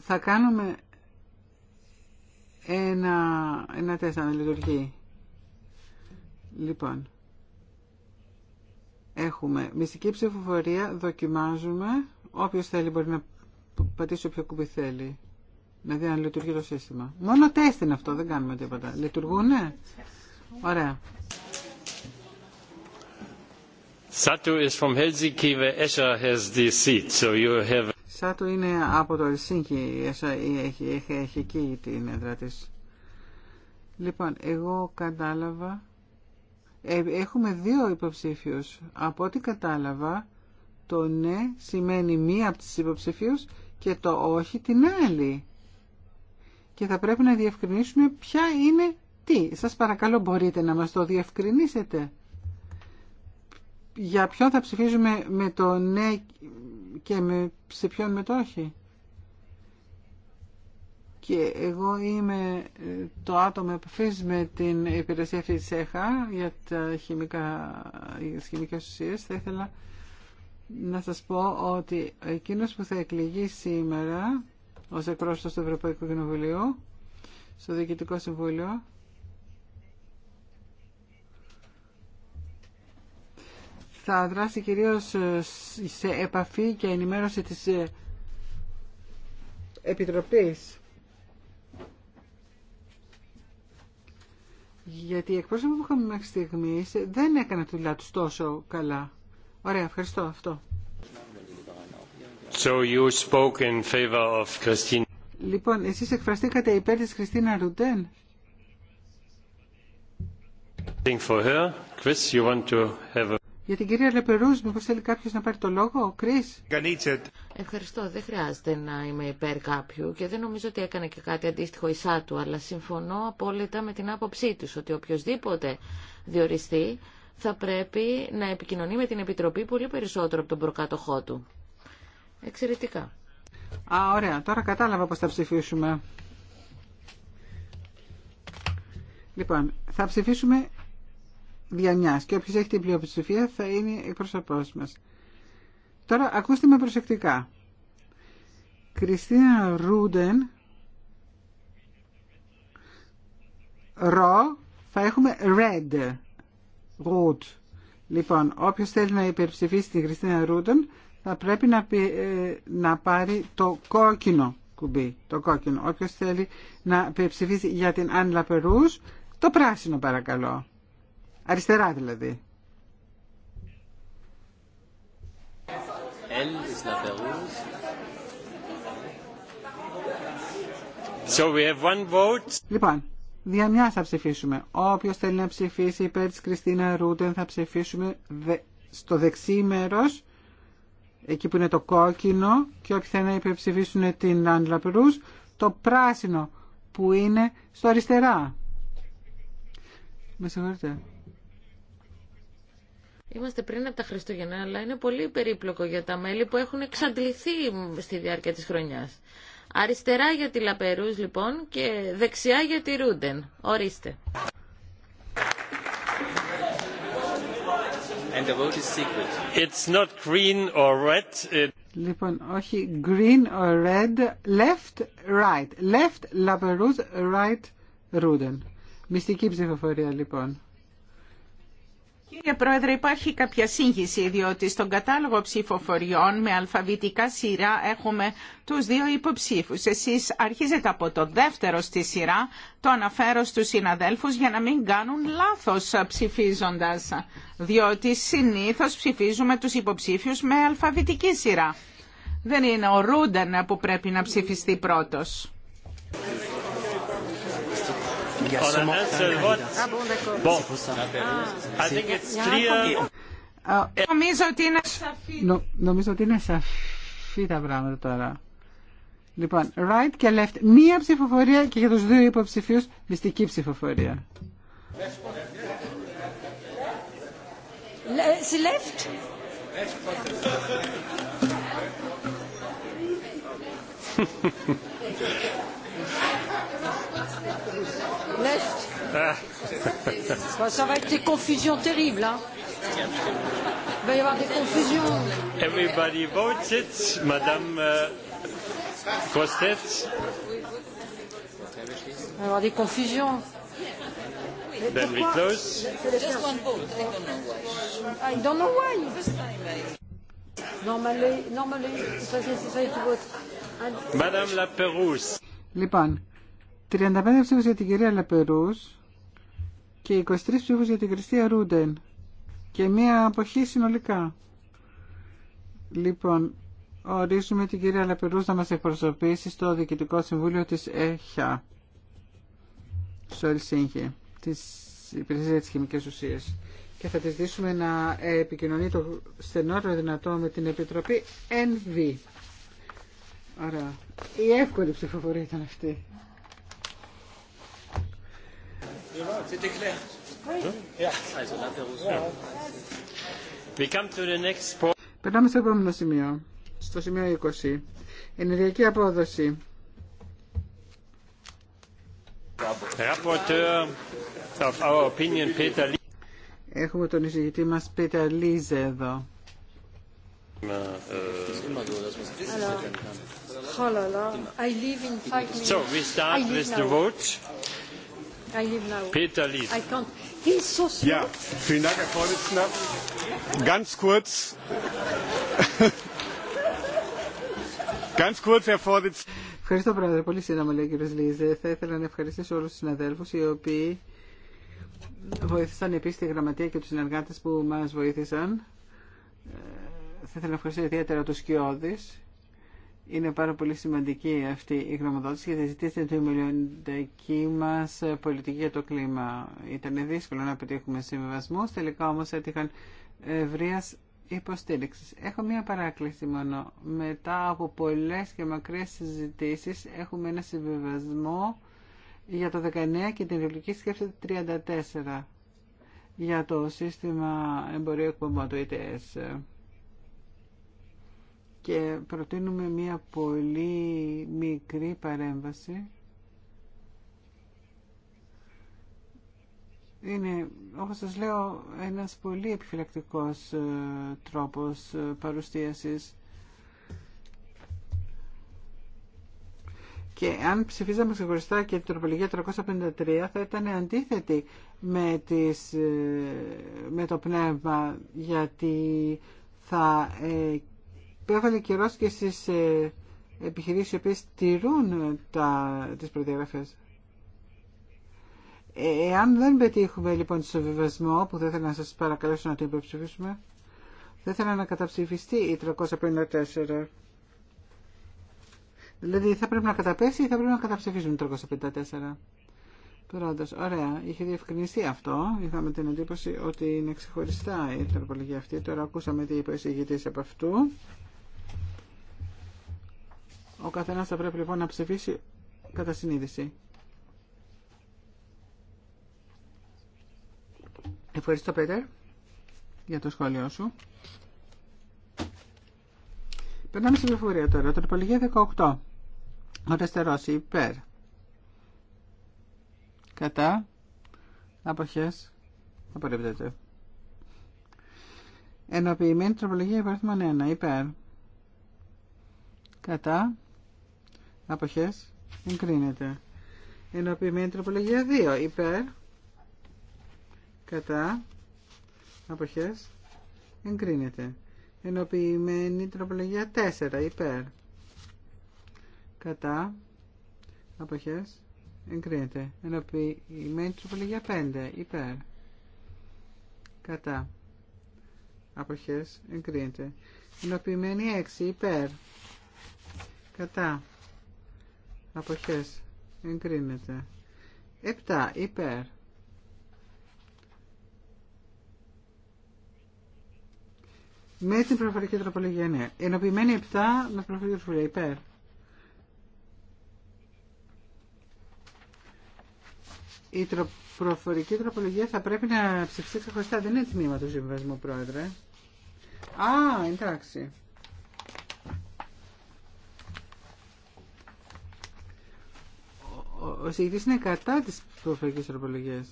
θα κάνουμε ένα, ένα τεστ να λειτουργεί. Λοιπόν, έχουμε μυστική ψηφοφορία, δοκιμάζουμε. Όποιος θέλει μπορεί να πατήσει όποιο κουμπί θέλει. Δηλαδή, να δει αν λειτουργεί το σύστημα. Μόνο τεστ είναι αυτό, δεν κάνουμε τίποτα. Λειτουργούνε. Ωραία. Satu is from Helsinki, where Escher has the seat, so you have... Σάτου είναι από το Ελσίνκι, έχει, έχει, εκεί την έδρα τη. Λοιπόν, εγώ κατάλαβα, ε, έχουμε δύο υποψήφιους. Από ό,τι κατάλαβα, το ναι σημαίνει μία από τις υποψηφίους και το όχι την άλλη. Και θα πρέπει να διευκρινίσουμε ποια είναι τι. Σας παρακαλώ μπορείτε να μας το διευκρινίσετε. Για ποιον θα ψηφίζουμε με το ναι και με, σε ποιον όχι. Και εγώ είμαι ε, το άτομο επαφής με την υπηρεσία αυτή της ΕΧΑ για, τα χημικά, για τις χημικές ουσίες. Θα ήθελα να σας πω ότι εκείνος που θα εκλεγεί σήμερα ως εκπρόσωπος του Ευρωπαϊκού Κοινοβουλίου στο Διοικητικό Συμβούλιο θα δράσει κυρίως ε, σε επαφή και ενημέρωση της ε, Επιτροπής. Γιατί οι εκπρόσωποι που είχαμε μέχρι στιγμή δεν έκανε τη δουλειά του τόσο καλά. Ωραία, ευχαριστώ αυτό. So you spoke in favor of Christine. Λοιπόν, εσείς εκφραστήκατε υπέρ της Χριστίνα Ρουντέν. For για την κυρία Λεπερούς, μήπως θέλει κάποιος να πάρει το λόγο, ο Κρίς. Ευχαριστώ, δεν χρειάζεται να είμαι υπέρ κάποιου και δεν νομίζω ότι έκανε και κάτι αντίστοιχο η αλλά συμφωνώ απόλυτα με την άποψή τους ότι οποιοδήποτε διοριστεί θα πρέπει να επικοινωνεί με την Επιτροπή πολύ περισσότερο από τον προκάτοχό του. Εξαιρετικά. Α, ωραία. Τώρα κατάλαβα πώς θα ψηφίσουμε. Λοιπόν, θα ψηφίσουμε και όποιο έχει την πλειοψηφία θα είναι η μα. Τώρα ακούστε με προσεκτικά. Κριστίνα Ρούντεν ρο θα έχουμε red root. Λοιπόν, Οποιο θέλει να υπερψηφίσει την Κριστίνα Ρούντεν θα πρέπει να, ε, να πάρει το κόκκινο κουμπί. Το κόκκινο. Όποιος θέλει να υπερψηφίσει για την Άννα Περούς, το πράσινο παρακαλώ. Αριστερά δηλαδή. So we have one vote. Λοιπόν, διαμιά θα ψηφίσουμε. Όποιο θέλει να ψηφίσει υπέρ τη Κριστίνα Ρούτεν θα ψηφίσουμε στο δεξί μέρος, εκεί που είναι το κόκκινο και όποιοι θέλουν να υπερψηφίσουν την Άντλα Περούς, το πράσινο που είναι στο αριστερά. Με συγχωρείτε. Είμαστε πριν από τα Χριστούγεννα, αλλά είναι πολύ περίπλοκο για τα μέλη που έχουν εξαντληθεί στη διάρκεια της χρονιάς. Αριστερά για τη Λαπερούς λοιπόν και δεξιά για τη Ρούντεν. Ορίστε. It's not green or red. Λοιπόν, όχι green or red, left, right. Left, Λαπερούς, right, Ρούντεν. Μυστική ψηφοφορία λοιπόν. Κύριε Πρόεδρε, υπάρχει κάποια σύγχυση, διότι στον κατάλογο ψηφοφοριών με αλφαβητικά σειρά έχουμε τους δύο υποψήφους. Εσείς αρχίζετε από το δεύτερο στη σειρά, το αναφέρω στους συναδέλφους για να μην κάνουν λάθος ψηφίζοντας, διότι συνήθως ψηφίζουμε τους υποψήφιους με αλφαβητική σειρά. Δεν είναι ο Ρούντεν που πρέπει να ψηφιστεί πρώτος. Νομίζω ότι είναι σαφή. τα πράγματα τώρα. Λοιπόν, right και left. Μία ψηφοφορία και για τους δύο υποψηφίους μυστική ψηφοφορία. left. left Left. Ça va être des confusions terribles. Hein. Il va y avoir des confusions. Everybody voted. Madame Grostet. Il va y avoir des confusions. Then we close. Just one vote. I don't know why. Normally, normally, Madame Laperouse. Λοιπόν, 35 ψήφους για την κυρία Λεπερούς και 23 ψήφους για την Κριστία Ρούντεν και μία αποχή συνολικά. Λοιπόν, ορίζουμε την κυρία Λεπερούς να μας εκπροσωπήσει στο Διοικητικό Συμβούλιο της ΕΧΑ στο Ελσίνχη, της Υπηρεσίας της Χημικής Ουσίας. Και θα της δείσουμε να επικοινωνεί το στενότερο δυνατό με την Επιτροπή ΕΝΒΗ. Ωραία. Η εύκολη ψηφοφορία ήταν αυτή. C'était clair. Ah, Περνάμε στο επόμενο σημείο, στο σημείο 20. Ενεργειακή απόδοση. Έχουμε τον εισηγητή μας Πίτερ Λίζε εδώ. Oh so, we start with the vote. Ευχαριστώ, Πρόεδρε. Πολύ σύντομα, λέει ο κ. Λίζε. Θα ήθελα να ευχαριστήσω όλου του συναδέλφου οι οποίοι βοήθησαν επίση τη γραμματεία και του συνεργάτε που μα βοήθησαν. Ε, θα ήθελα να ευχαριστήσω ιδιαίτερα του Σκιώδη είναι πάρα πολύ σημαντική αυτή η γραμματότηση γιατί ζητήσετε τη μελλοντική μα πολιτική για το κλίμα. Ήταν δύσκολο να πετύχουμε συμβιβασμού, τελικά όμω έτυχαν ευρεία υποστήριξη. Έχω μία παράκληση μόνο. Μετά από πολλέ και μακρέ συζητήσει, έχουμε ένα συμβιβασμό για το 19 και την ελληνική σκέψη 34 για το σύστημα εμπορίου εκπομπών, του ETS και προτείνουμε μία πολύ μικρή παρέμβαση. Είναι, όπως σας λέω, ένας πολύ επιφυλακτικός ε, τρόπος ε, παρουσίασης. Και αν ψηφίζαμε ξεχωριστά και την τροπολογία 353 θα ήταν αντίθετη με, ε, με το πνεύμα γιατί θα έβαλε και και στις ε, επιχειρήσει οι οποίε τηρούν τι τις ε, Εάν δεν πετύχουμε λοιπόν το συμβιβασμό που θα ήθελα να σα παρακαλέσω να το υπερψηφίσουμε, θα ήθελα να καταψηφιστεί η 354. Δηλαδή θα πρέπει να καταπέσει ή θα πρέπει να καταψηφίσουμε η 354. Πρώτος, ωραία, είχε διευκρινιστεί αυτό. Είχαμε την εντύπωση ότι είναι ξεχωριστά η τροπολογία αυτή. Τώρα ακούσαμε τι είπε ο από αυτού. Ο καθένα θα πρέπει λοιπόν να ψηφίσει κατά συνείδηση. Ευχαριστώ Πέτερ για το σχόλιο σου. Περνάμε στην πληροφορία τώρα. Τροπολογία 18. Ο υπέρ. Κατά. Αποχές. Απορρίπτεται. Ενοποιημένη τροπολογία υπαριθμών 1. Υπέρ. Κατά αποχές εγκρίνεται ενοποιημένη τροπολογία 2 υπέρ κατά αποχές εγκρίνεται ενοποιημένη τροπολογία 4 υπέρ κατά αποχές εγκρίνεται ενοποιημένη τροπολογία 5 υπέρ κατά αποχές εγκρίνεται ενοποιημένη 6 υπέρ κατά αποχές εγκρίνεται Επτά. υπέρ με την προφορική τροπολογία ναι ενοποιημένη επτά με προφορική τροπολογία υπέρ η προφορική τροπολογία θα πρέπει να ψηφιστεί ξεχωριστά δεν είναι τμήμα του συμβασμού πρόεδρε α εντάξει ο συγητής είναι κατά της προφορικής τροπολογίας.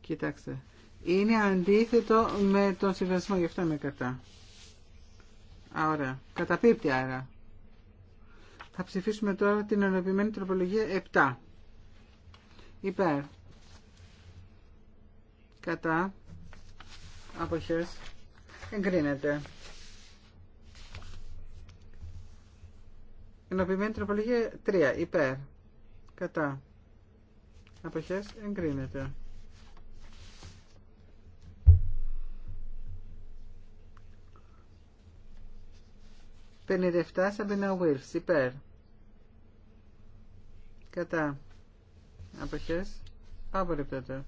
Κοιτάξτε. Είναι αντίθετο με τον συμβασμό, γι' αυτό είμαι κατά. Α, ωραία. Καταπίπτει άρα. Θα ψηφίσουμε τώρα την ενοποιημένη τροπολογία 7. Υπέρ. Κατά. Αποχές. Εγκρίνεται. Ενωπημένη τροπολογία 3. Υπέρ. Κατά. Αποχές εγκρίνεται. Πενιδευτά Σαμπίνα Βίλς. Υπέρ. Κατά. Αποχές. Απορρίπτεται.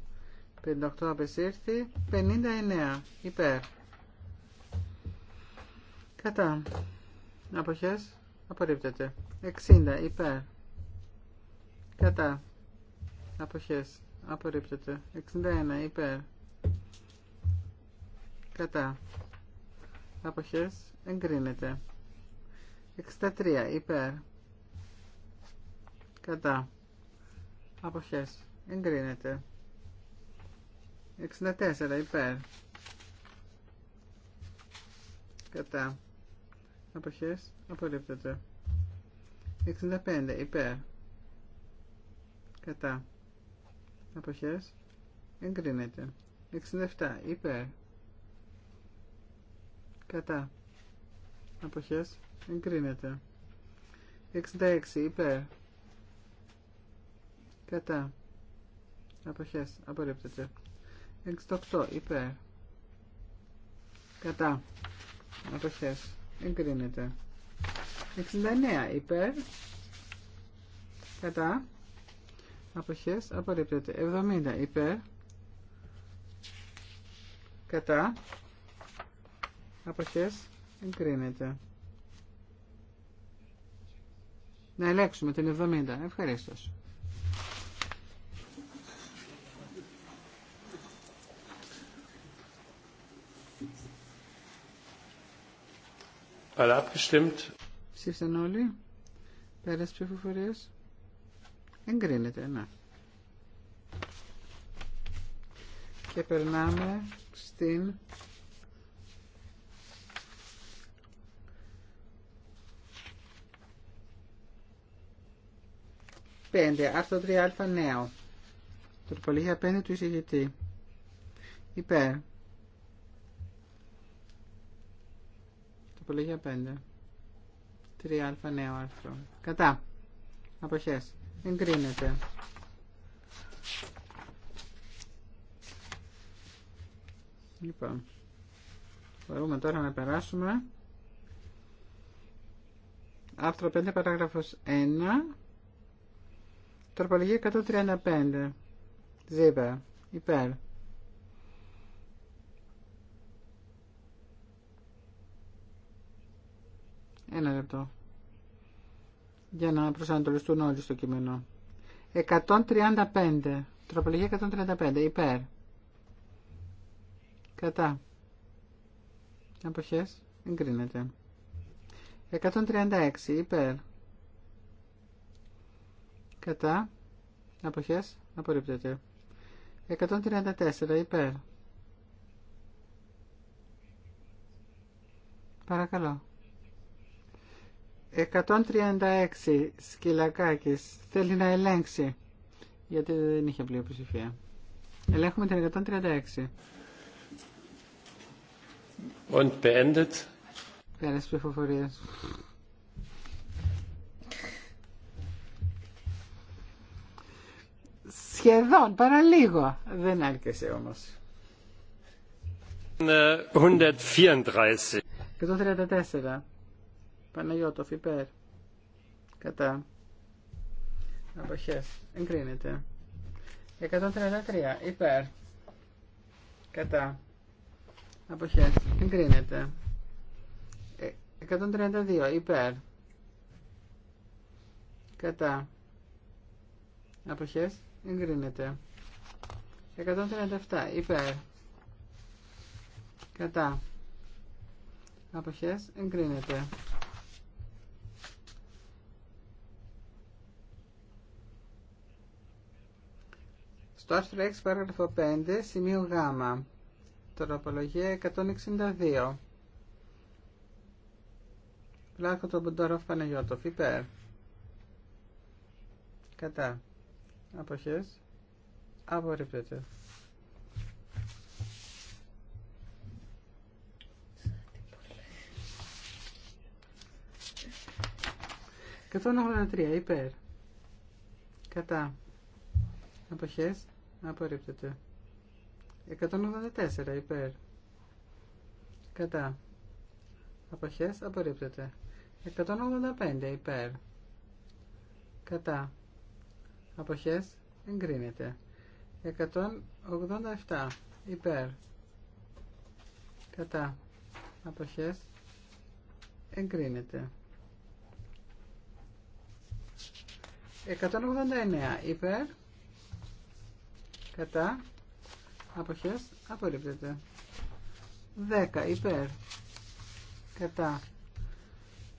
58 απεσύρθη. 59. Υπέρ. Κατά. Αποχές. Απορρίπτεται. 60 υπέρ. Κατά. Αποχές. Απορρίπτεται. 61 υπέρ. Κατά. Αποχές. Εγκρίνεται. 63 υπέρ. Κατά. Αποχές. Εγκρίνεται. 64 υπέρ. Κατά αποχές απορρίπτεται 65 υπέρ κατά αποχές εγκρίνεται 67 υπέρ κατά αποχές εγκρίνεται 66 υπέρ κατά αποχές απορρίπτεται 68 υπέρ κατά αποχές εγκρίνεται 69 υπέρ κατά αποχές απορρίπτεται 70 υπέρ κατά αποχές εγκρίνεται να ελέγξουμε την 70 Ευχαριστώ. Ψήφισαν όλοι. Πέρα ψηφοφορία. Εγκρίνεται, να. Και περνάμε στην. Πέντε. Άρθρο 3α νέο. Τροπολογία 5 του εισηγητή. Υπέρ. Τροπολογία 5. 3α νέο άρθρο. Κατά. Αποχές. Εγκρίνεται. Λοιπόν. Μπορούμε τώρα να περάσουμε. Άρθρο 5 παράγραφος 1. Τροπολογία 135. Ζήπε. Υπέρ. Ένα λεπτό. Για να προσανατολιστούν όλοι στο κείμενο. 135. Τροπολογία 135. Υπέρ. Κατά. Αποχές. Εγκρίνεται. 136. Υπέρ. Κατά. Αποχές. Απορρίπτεται. 134. Υπέρ. Παρακαλώ. 136 σκυλακάκης θέλει να ελέγξει γιατί δεν είχε πλειοψηφία. Ελέγχουμε την 136. Und beendet. Πέρας ψηφοφορίας. Σχεδόν, παραλίγο. Δεν άρχισε όμως. 134. 134. Παναγιώτοφ υπέρ. Κατά. Αποχές. Εγκρίνεται. 133 υπέρ. Κατά. Αποχές. Εγκρίνεται. 132 ε, υπέρ. Κατά. Αποχές. Εγκρίνεται. 137 υπέρ. Κατά. Αποχές. Εγκρίνεται. Το άρθρο 6 παράγραφο 5 σημείο Γ τροπολογία 162 Βλάχο των Μποντορόφ Παναγιώτοφ υπέρ κατά αποχές απορρίπτεται 183. 83 υπέρ κατά αποχές απορρίπτεται. 184 υπέρ. Κατά. Αποχές απορρίπτεται. 185 υπέρ. Κατά. Αποχές εγκρίνεται. 187 υπέρ. Κατά. Αποχές εγκρίνεται. 189 υπέρ κατά αποχές απορρίπτεται 10 υπέρ κατά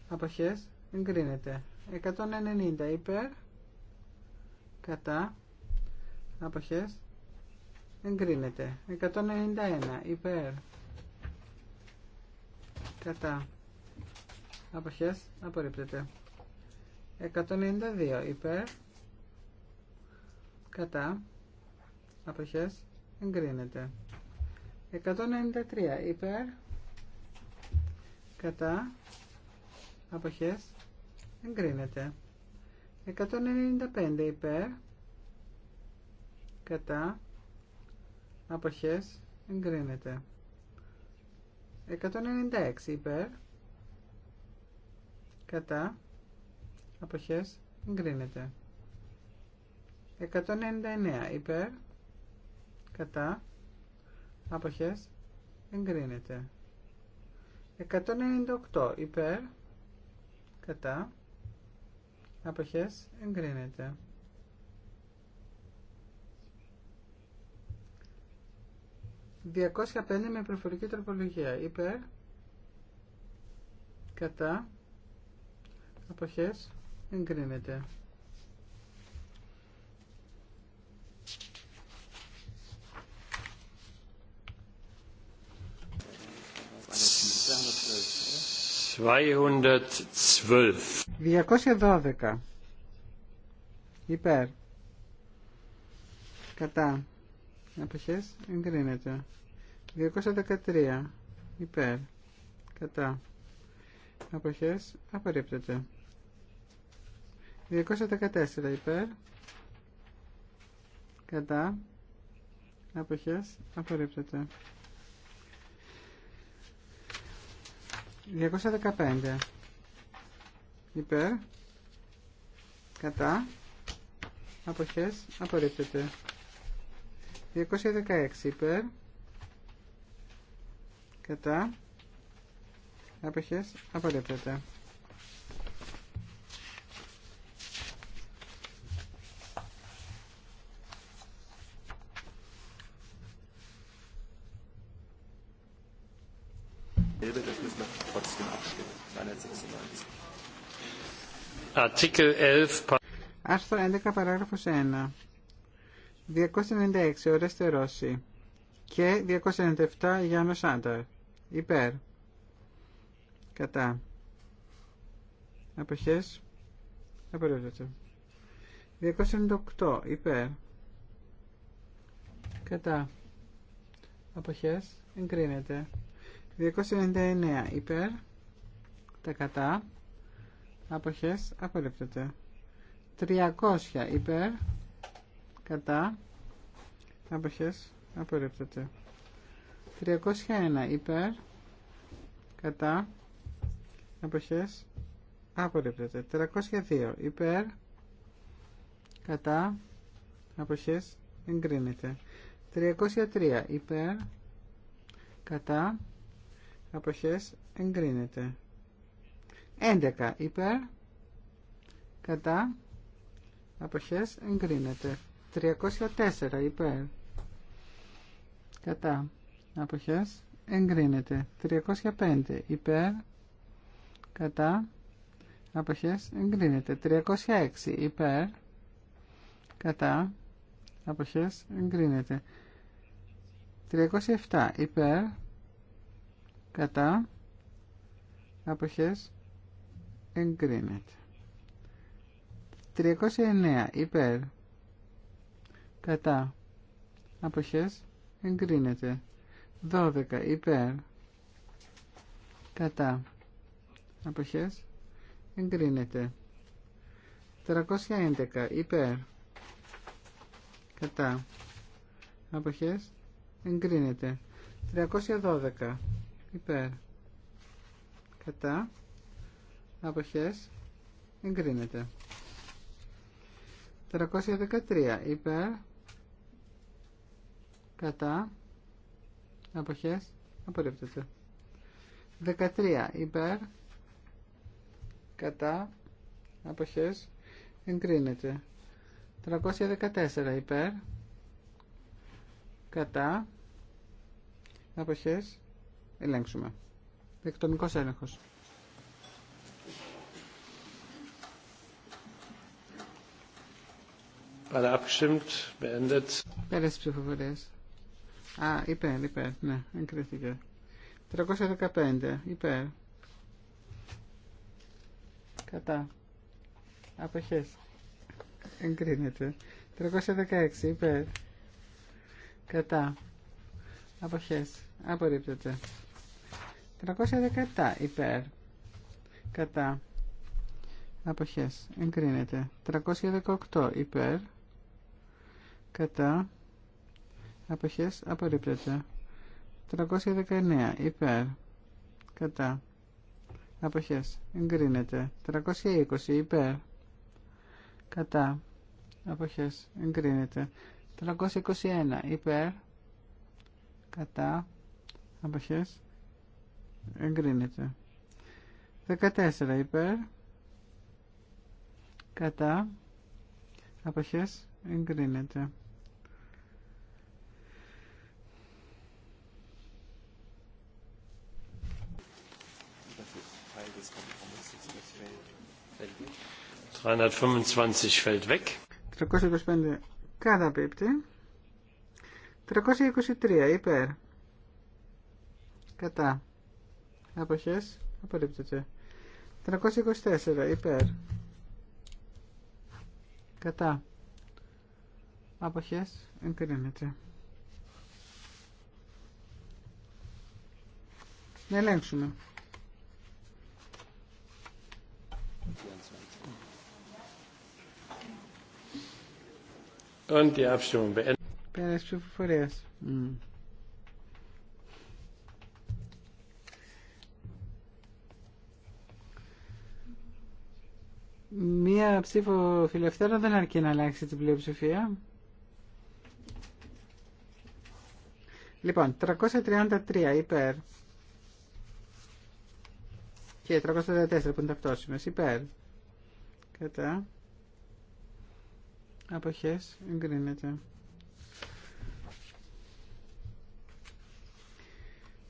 αποχές εγκρίνεται 190 υπέρ κατά αποχές εγκρίνεται 191 υπέρ κατά αποχές απορρίπτεται 192 υπέρ κατά αποχές εγκρίνεται 193 υπέρ κατά αποχές εγκρίνεται 195 υπέρ κατά αποχές εγκρίνεται 196 υπέρ κατά αποχές εγκρίνεται 199 υπέρ κατά αποχές εγκρίνεται 198 υπέρ κατά αποχές εγκρίνεται 205 με προφορική τροπολογία υπέρ κατά αποχές εγκρίνεται 212 υπέρ κατά αποχές εγκρίνεται 213 υπέρ κατά αποχές απορρίπτεται 214 υπέρ κατά αποχές απορρίπτεται 215 υπέρ κατά αποχές απορρίπτεται 216 υπέρ κατά αποχές απορρίπτεται Άρθρο 11 παράγραφος 1. 296 Ορέστε Ρώση και 297 Γιάννο Σάνταρ. Υπέρ. Κατά. Αποχές. Απορρίπτεται. 298 υπέρ. Κατά. Αποχές. Εγκρίνεται. 299 υπέρ. Τα κατά αποχές απορρίπτεται 300 υπέρ κατά αποχές απορρίπτεται 301 υπέρ κατά αποχές απορρίπτεται 302 υπέρ κατά αποχές εγκρίνεται 303 υπέρ κατά αποχές εγκρίνεται 11 υπέρ κατά αποχές εγκρίνεται 304 υπέρ κατά αποχές εγκρίνεται 305 υπέρ κατά αποχές εγκρίνεται 306 υπέρ κατά αποχές εγκρίνεται 307 υπέρ κατά αποχές εγκρίνεται 309 υπέρ κατά αποχές εγκρίνεται 12 υπέρ κατά αποχές εγκρίνεται 311 υπέρ κατά αποχές εγκρίνεται 312 υπέρ κατά αποχές εγκρίνεται 313 υπέρ κατά αποχές απορρίπτεται 13 υπέρ κατά αποχές εγκρίνεται 314 υπέρ κατά αποχές ελέγξουμε Δεκτομικός έλεγχος Alle abgestimmt, beendet. τη ψηφοφορία. Α, υπέρ, υπέρ, ναι, εγκρίθηκε. 315, υπέρ. Κατά. Αποχές. Εγκρίνεται. 316, υπέρ. Κατά. Αποχές. Απορρίπτεται. 317, υπέρ. Κατά. Αποχές. Εγκρίνεται. 318, υπέρ κατά αποχές απορρίπτεται 319 υπέρ κατά αποχές εγκρίνεται 320 υπέρ κατά αποχές εγκρίνεται 321 υπέρ κατά αποχές εγκρίνεται 14 υπέρ κατά αποχές εγκρίνεται 325 fällt weg. 325 καταπίπτει. 323 υπέρ. Κατά. Αποχές. Απορρίπτεται. 324 υπέρ. Κατά. Αποχές. Εγκρίνεται. Να ελέγξουμε. Und die Μία ψήφο φιλελευθέρω δεν αρκεί να αλλάξει την πλειοψηφία. Λοιπόν, 333 υπέρ. Και 334 που είναι ταυτόσιμες υπέρ. Κατά. Αποχές εγκρίνεται.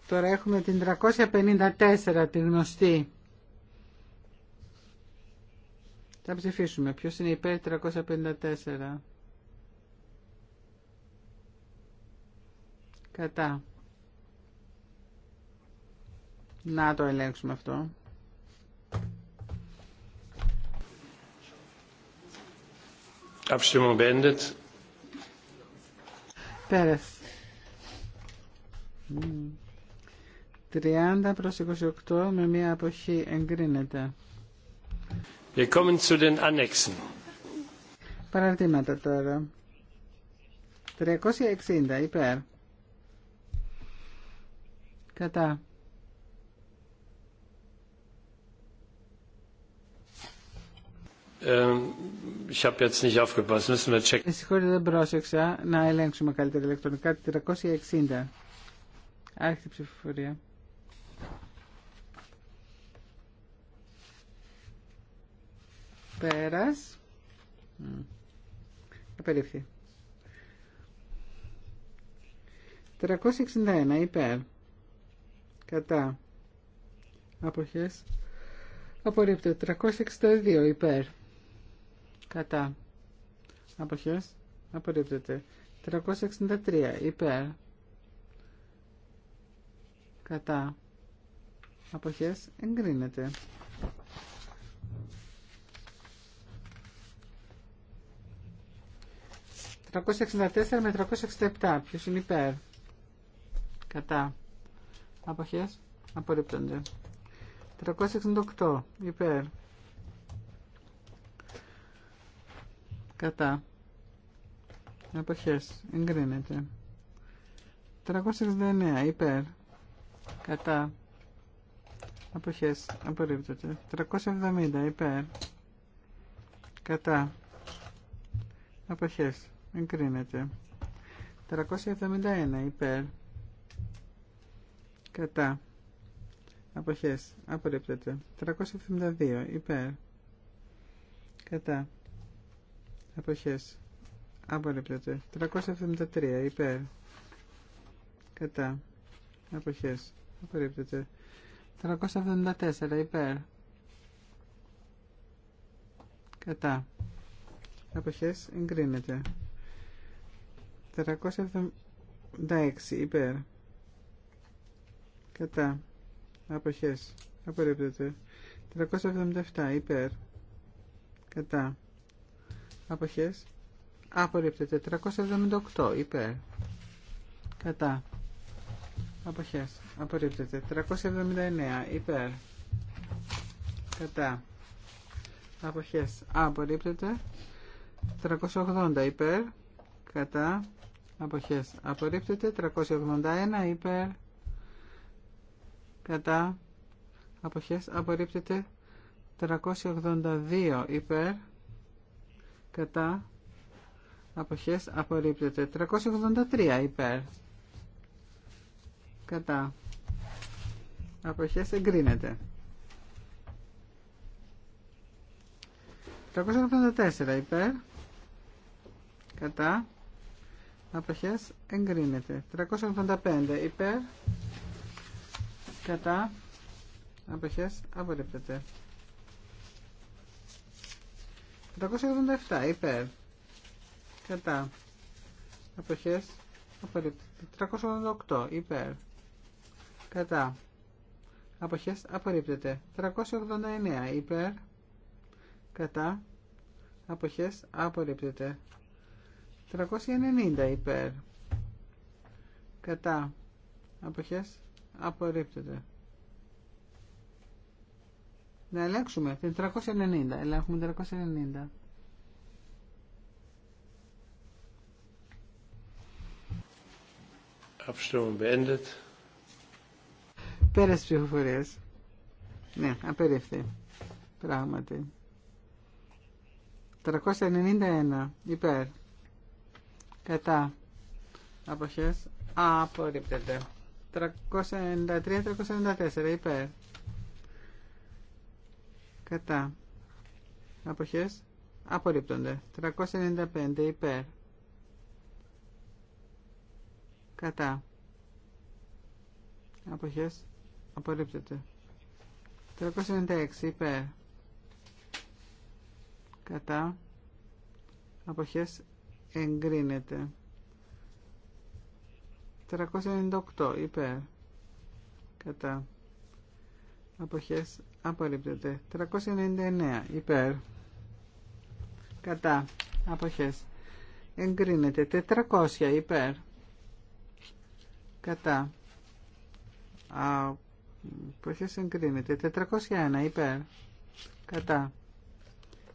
Τώρα έχουμε την 354, τη γνωστή. Θα ψηφίσουμε. Ποιος είναι υπέρ 354. Κατά. Να το ελέγξουμε αυτό. Abstimmung beendet. Πέρας. 30 προς 28 με μία αποχή εγκρίνεται. Wir kommen zu den Annexen. Παραρτήματα τώρα. 360 υπέρ. Κατά. Συγχωρείτε, δεν πρόσεξα να ελέγξουμε καλύτερα ηλεκτρονικά. 460. Άρχιτε ψηφοφορία. Πέρας. Απερίφθη. 361 υπέρ. Κατά. Αποχές. Απορρίπτω. 362 υπέρ κατά αποχές απορρίπτεται 363 υπέρ κατά αποχές εγκρίνεται ...364 με 367. Ποιος είναι υπέρ. Κατά. Αποχές. Απορρίπτονται. 368. Υπέρ. Κατά. Εποχές. Εγκρίνεται. 369. Υπέρ. Κατά. Αποχές. Απορρίπτεται. 370. Υπέρ. Κατά. Αποχές. Εγκρίνεται. 371. Υπέρ. Κατά. Αποχές. Απορρίπτεται. 372. Υπέρ. Κατά. Αποχές. Απορρίπτεται. 373. Υπέρ. Κατά. Αποχές. Απορρίπτεται. 374. Υπέρ. Κατά. Αποχές. Εγκρίνεται. 376. Υπέρ. Κατά. Αποχές. Απορρίπτεται. 377. Υπέρ. Κατά αποχές απορρίπτεται 378, υπέρ κατά αποχές απορρίπτεται 379 υπέρ κατά αποχές απορρίπτεται 380 υπέρ κατά αποχές απορρίπτεται 381 υπέρ κατά αποχές απορρίπτεται 382 υπέρ κατά αποχές απορρίπτεται 383 υπέρ κατά αποχές εγκρίνεται 384 υπέρ κατά αποχές εγκρίνεται 385 υπέρ κατά αποχές απορρίπτεται 387 υπέρ. Κατά. Αποχές. Απορρίπτεται. 388 υπέρ. Κατά. Αποχές. Απορρίπτεται. 389 υπέρ. Κατά. Αποχές. Απορρίπτεται. 390 υπέρ. Κατά. Αποχές. Απορρίπτεται. Να ελέγξουμε την 390. Ελέγχουμε 390. Abstimmung beendet. Πέρασε Ναι, απερίφθη. Πράγματι. 391. Υπέρ. Κατά. Αποχές. Απορρίπτεται. 393-394. Υπέρ κατά αποχές απορρίπτονται 395 υπέρ κατά αποχές απορρίπτονται 396 υπέρ κατά αποχές εγκρίνεται 398 υπέρ κατά αποχές Απολύπτεται. 399 υπέρ κατά αποχές εγκρίνεται. 400 υπέρ κατά αποχές εγκρίνεται. 401 υπέρ κατά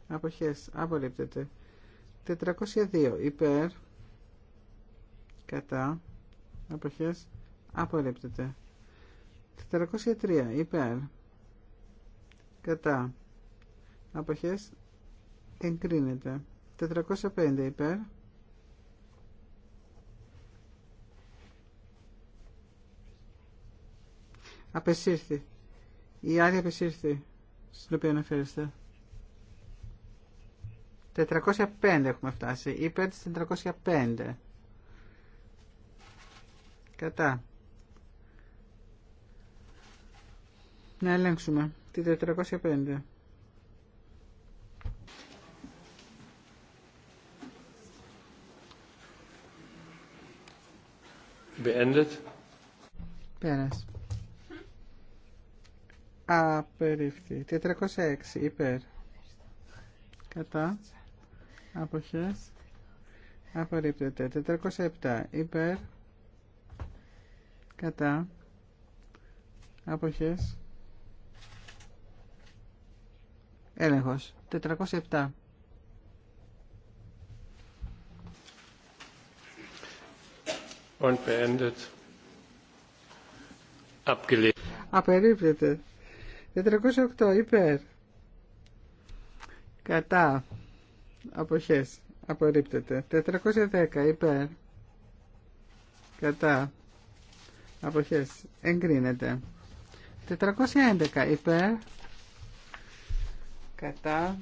αποχές απορρίπτεται. 402 υπέρ κατά αποχές απορρίπτεται. 403 υπέρ κατά αποχές εγκρίνεται 405 υπέρ απεσύρθη η άλλη απεσύρθη στην οποία αναφέρεστε 405 έχουμε φτάσει υπέρ της 405 κατά να ελέγξουμε Τη 405. Beendet. Πέρας. Απερίφθη. 406. Υπέρ. Κατά. Αποχές. Απορρίπτεται. 407. Υπέρ. Κατά. Αποχές. Έλεγχος. 407. Und beendet. Abgelehnt. 408. Υπέρ. Κατά. Αποχές. Απορρίπτεται. 410. Υπέρ. Κατά. Αποχές. Εγκρίνεται. 411. Υπέρ κατά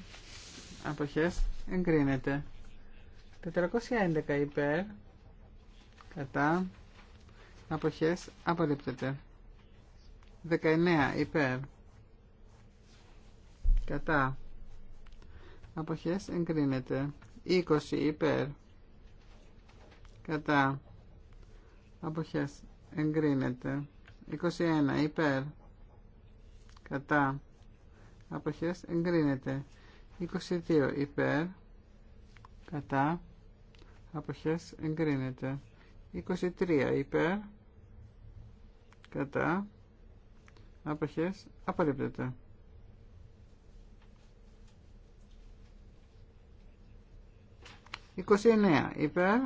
αποχές εγκρίνεται 411 υπέρ κατά αποχές απορρίπτεται 19 υπέρ κατά αποχές εγκρίνεται 20 υπέρ κατά αποχές εγκρίνεται 21 υπέρ κατά αποχές εγκρίνεται 22 υπέρ κατά αποχές εγκρίνεται 23 υπέρ κατά αποχές απορρίπτεται 29 υπέρ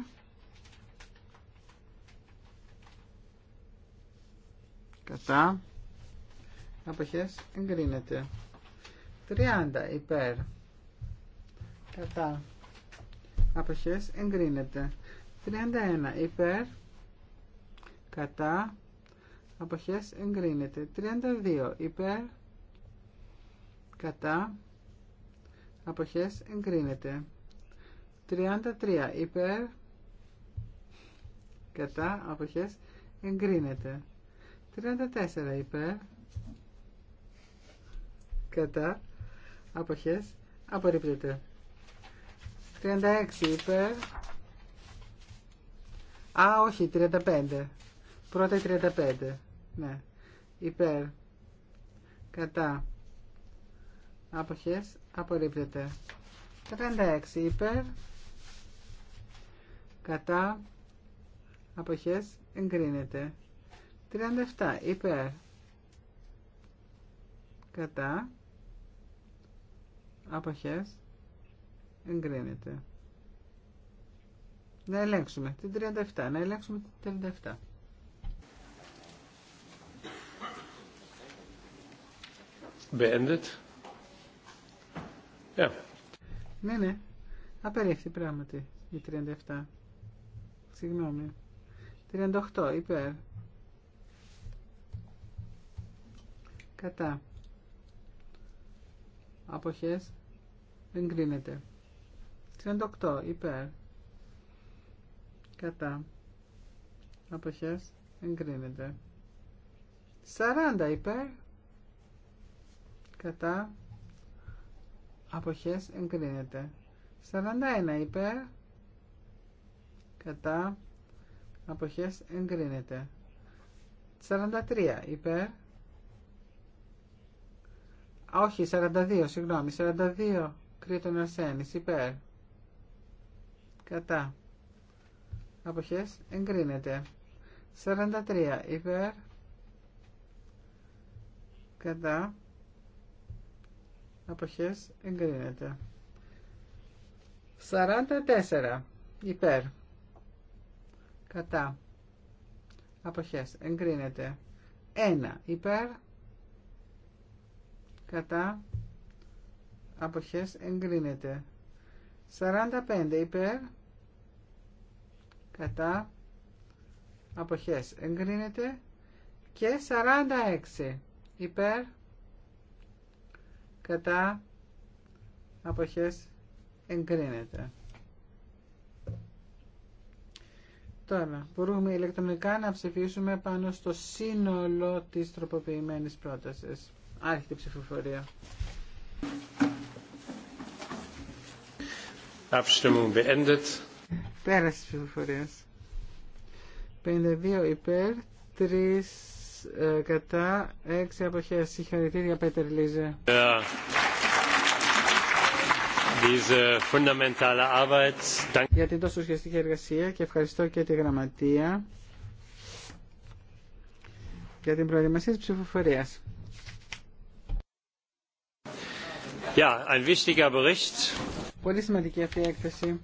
κατά αποχές εγκρίνεται 30 υπέρ κατά αποχές εγκρίνεται 31 υπέρ κατά αποχές εγκρίνεται 32 υπέρ κατά αποχές εγκρίνεται 33 υπέρ κατά αποχές εγκρίνεται 34 υπέρ κατά αποχές απορρίπτεται 36 υπέρ α όχι 35 πρώτα 35 ναι υπέρ κατά αποχές απορρίπτεται 36 υπέρ κατά αποχές εγκρίνεται 37 υπέρ κατά αποχές εγκρίνεται να ελέγξουμε την 37 να ελέγξουμε την 37 Beendet. Ναι, ναι. Απερίφθη πράγματι η 37. Συγγνώμη. 38 υπέρ. Κατά. Αποχές Εγκρίνεται. 38 υπέρ. Κατά. Αποχές. Εγκρίνεται. 40 υπέρ. Κατά. Αποχές. Εγκρίνεται. 41 υπέρ. Κατά. Αποχές. Εγκρίνεται. 43 υπέρ. όχι, 42, συγγνώμη, 42 Κρήτον Αρσένης υπέρ κατά αποχές εγκρίνεται 43 υπέρ κατά αποχές εγκρίνεται 44 υπέρ κατά αποχές εγκρίνεται 1 υπέρ κατά αποχές εγκρίνεται 45 υπέρ κατά αποχές εγκρίνεται και 46 υπέρ κατά αποχές εγκρίνεται Τώρα, μπορούμε ηλεκτρονικά να ψηφίσουμε πάνω στο σύνολο της τροποποιημένης πρότασης. Άρχεται ψηφοφορία. Abstimmung beendet. Πέρασε τη ψηφοφορία. 52 υπέρ, 3 ε, κατά, 6 αποχέ. Συγχαρητήρια, Πέτερ Λίζε. Yeah. Arbeit... Για την τόσο ουσιαστική εργασία και ευχαριστώ και τη Γραμματεία για την προετοιμασία τη ψηφοφορία. Yeah, ein wichtiger Bericht. Πολύ σημαντική αυτή η έκθεση.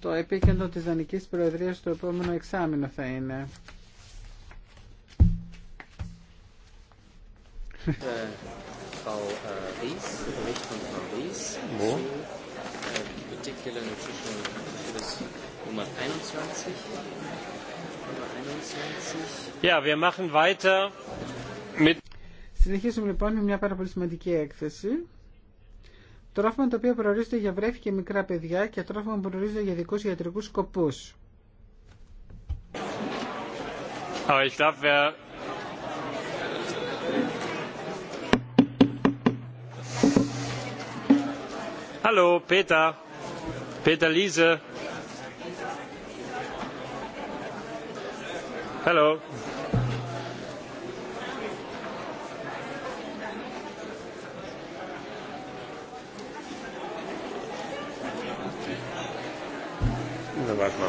Το επίκεντρο της Δανικής Προεδρίας στο επόμενο εξάμεινο θα είναι. Ja, wir machen weiter mit. Συνεχίζουμε λοιπόν με μια πάρα πολύ σημαντική έκθεση τρόφιμα τα οποία προορίζονται για βρέφη και μικρά παιδιά και τρόφιμα που προορίζονται για δικού ιατρικού σκοπού. Hallo, Peter. Peter Liese. Hallo. warte mal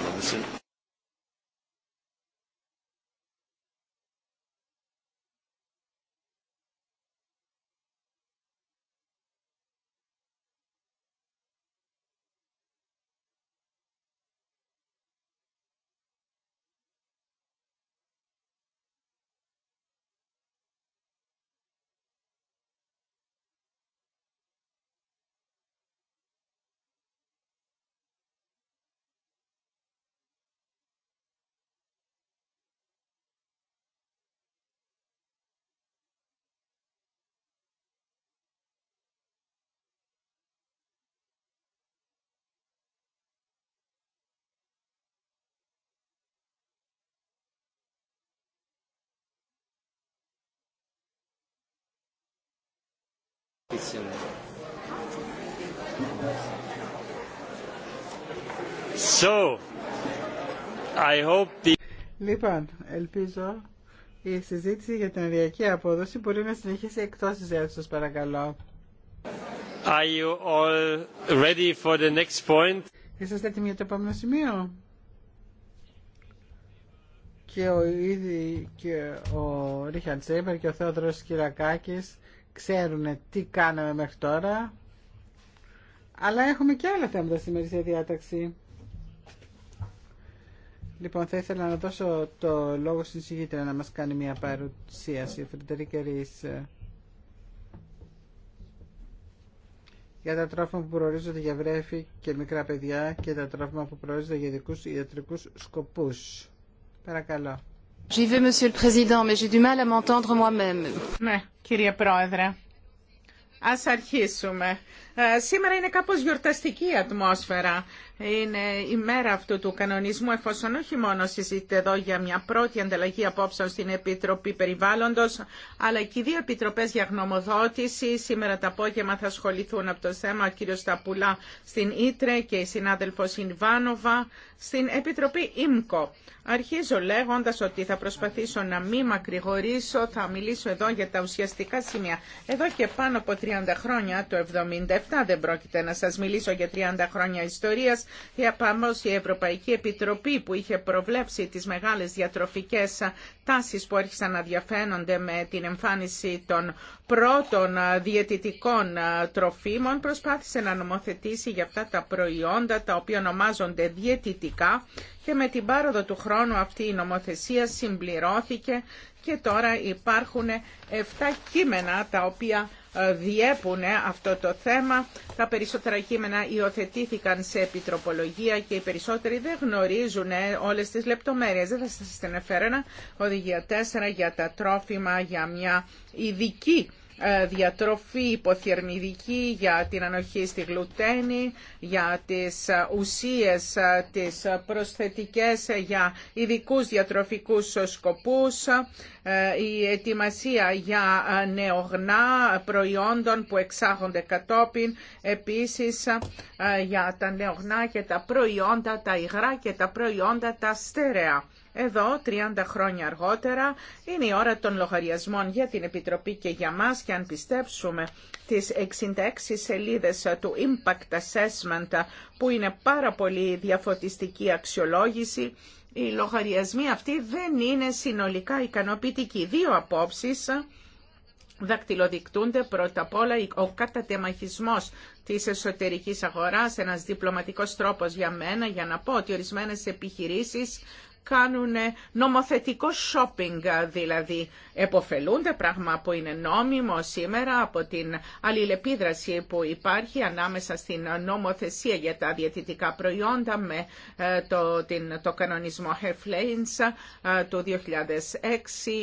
Λοιπόν, ελπίζω η συζήτηση για την ενεργειακή απόδοση μπορεί να συνεχίσει εκτός της αίθουσας, παρακαλώ. Are you all ready for the next point? Είσαστε έτοιμοι για το επόμενο σημείο? Και ο, ήδη, και ο και ο Θεόδρος Κυρακάκης ξέρουν τι κάναμε μέχρι τώρα. Αλλά έχουμε και άλλα θέματα στη μερική διάταξη. Λοιπόν, θα ήθελα να δώσω το λόγο στην συγγήτρια να μας κάνει μια παρουσίαση, η Φρεντερίκε για τα τρόφιμα που προορίζονται για βρέφη και μικρά παιδιά και τα τρόφιμα που προορίζονται για ειδικούς ιατρικούς σκοπούς. Παρακαλώ. Ναι, κύριε Πρόεδρε. Ας αρχίσουμε. Ε, σήμερα είναι κάπως γιορταστική η ατμόσφαιρα. Είναι η μέρα αυτού του κανονισμού, εφόσον όχι μόνο συζητείται εδώ για μια πρώτη ανταλλαγή απόψεων στην Επιτροπή Περιβάλλοντος, αλλά και οι δύο επιτροπές για γνωμοδότηση. Σήμερα το απόγευμα θα ασχοληθούν από το θέμα ο κ. Σταπουλά στην Ήτρε και η συνάδελφο Ινβάνοβα στην Επιτροπή ΙΜΚΟ. Αρχίζω λέγοντας ότι θα προσπαθήσω να μην μακρηγορήσω, θα μιλήσω εδώ για τα ουσιαστικά σημεία. Εδώ και πάνω από 30 χρόνια, το 77, λεπτά Δεν πρόκειται να σας μιλήσω για 30 χρόνια ιστορίας. Για πάμε η Ευρωπαϊκή Επιτροπή που είχε προβλέψει τις μεγάλες διατροφικές τάσεις που άρχισαν να διαφαίνονται με την εμφάνιση των πρώτων διαιτητικών τροφίμων προσπάθησε να νομοθετήσει για αυτά τα προϊόντα τα οποία ονομάζονται διαιτητικά και με την πάροδο του χρόνου αυτή η νομοθεσία συμπληρώθηκε και τώρα υπάρχουν 7 κείμενα τα οποία διέπουν αυτό το θέμα. Τα περισσότερα κείμενα υιοθετήθηκαν σε επιτροπολογία και οι περισσότεροι δεν γνωρίζουν ε, όλες τις λεπτομέρειες. Δεν θα σας την οδηγία 4 για τα τρόφιμα, για μια ειδική ε, διατροφή υποθερμιδική για την ανοχή στη γλουτένη, για τις ε, ουσίες, ε, τις προσθετικές για ειδικούς διατροφικούς σκοπούς, η ετοιμασία για νεογνά προϊόντων που εξάγονται κατόπιν, επίσης για τα νεογνά και τα προϊόντα, τα υγρά και τα προϊόντα τα στέρεα. Εδώ, 30 χρόνια αργότερα, είναι η ώρα των λογαριασμών για την Επιτροπή και για μας και αν πιστέψουμε τις 66 σελίδες του Impact Assessment που είναι πάρα πολύ διαφωτιστική αξιολόγηση, οι λογαριασμοί αυτοί δεν είναι συνολικά ικανοποιητικοί. Δύο απόψεις δακτυλοδεικτούνται πρώτα απ' όλα ο κατατεμαχισμός της εσωτερικής αγοράς, ένας διπλωματικός τρόπος για μένα για να πω ότι ορισμένες επιχειρήσεις κάνουν νομοθετικό shopping δηλαδή. Εποφελούνται πράγμα που είναι νόμιμο σήμερα από την αλληλεπίδραση που υπάρχει ανάμεσα στην νομοθεσία για τα διατητικά προϊόντα με ε, το, την, το κανονισμό Herflains ε, του 2006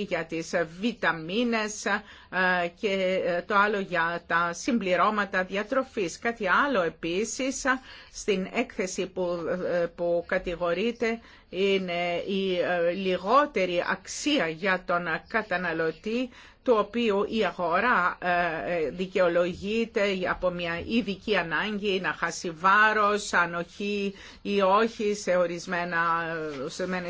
για τις βιταμίνες ε, και ε, το άλλο για τα συμπληρώματα διατροφής. Κάτι άλλο επίσης στην έκθεση που, ε, που κατηγορείται είναι η λιγότερη αξία για τον καταναλωτή του οποίου η αγορά ε, ε, δικαιολογείται από μια ειδική ανάγκη να χάσει βάρος, ανοχή ή όχι σε ορισμένα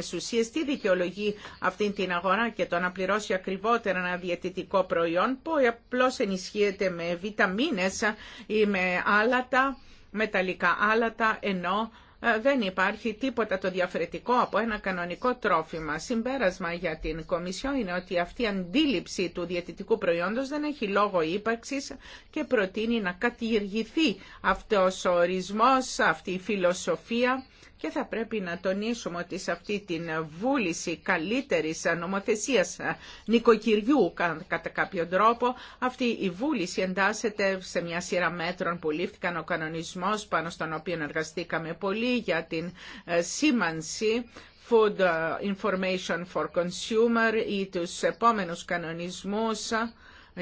σε ουσίες. Τι δικαιολογεί αυτή την αγορά και το να πληρώσει ακριβότερα ένα διαιτητικό προϊόν που απλώ ενισχύεται με βιταμίνες ή με άλατα, μεταλλικά άλατα, ενώ ε, δεν υπάρχει τίποτα το διαφορετικό από ένα κανονικό τρόφιμα. Συμπέρασμα για την Κομισιό είναι ότι αυτή η αντίληψη του διατητικού προϊόντος δεν έχει λόγο ύπαρξης και προτείνει να κατηργηθεί αυτός ο ορισμός, αυτή η φιλοσοφία και θα πρέπει να τονίσουμε ότι σε αυτή την βούληση καλύτερης νομοθεσίας ε, νοικοκυριού κατά κάποιο τρόπο αυτή η βούληση εντάσσεται σε μια σειρά μέτρων που λήφθηκαν ο κανονισμός πάνω στον οποίο εργαστήκαμε πολύ για την ε, σήμανση Food ε, Information for Consumer ή τους επόμενους κανονισμούς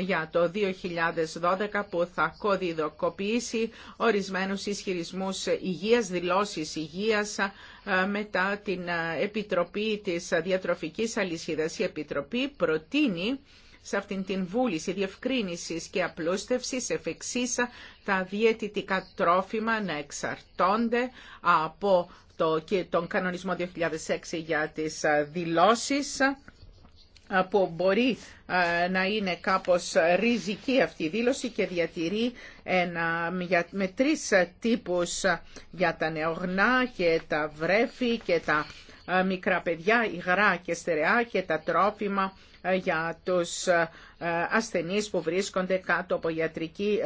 για το 2012 που θα κωδιδοκοποιήσει ορισμένους ισχυρισμούς υγείας, δηλώσεις υγείας ε, μετά την ε, Επιτροπή της Διατροφικής Αλυσίδας. Η Επιτροπή προτείνει σε αυτήν την βούληση διευκρίνησης και απλούστευσης εφεξήσα τα διαιτητικά τρόφιμα να εξαρτώνται από το, και τον κανονισμό 2006 για τις ε, δηλώσεις που μπορεί να είναι κάπως ριζική αυτή η δήλωση και διατηρεί ένα, με τρεις τύπους για τα νεογνά και τα βρέφη και τα μικρά παιδιά, υγρά και στερεά και τα τρόφιμα ε, για τους ε, ε, ασθενείς που βρίσκονται κάτω από ιατρική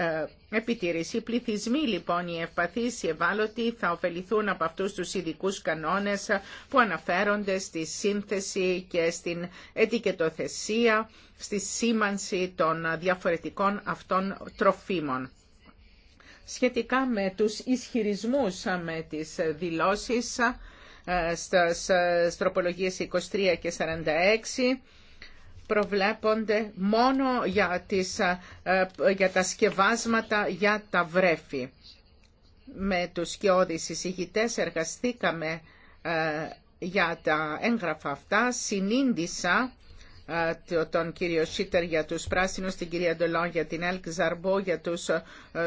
επιτήρηση. Οι πληθυσμοί λοιπόν, οι ευπαθείς, οι ευάλωτοι θα ωφεληθούν από αυτούς τους ειδικού κανόνες που αναφέρονται στη σύνθεση και στην ετικετοθεσία, στη σήμανση των διαφορετικών αυτών τροφίμων σχετικά με τους ισχυρισμούς με τις δηλώσεις στις τροπολογίες 23 και 46 προβλέπονται μόνο για, τις, ε, ε, για τα σκευάσματα για τα βρέφη. Με τους σκιώδεις εισηγητές εργαστήκαμε ε, για τα έγγραφα αυτά, συνήντησα τον κύριο Σίτερ για τους πράσινους, την κυρία Ντολόν για την Ελκ Ζαρμπό, για τους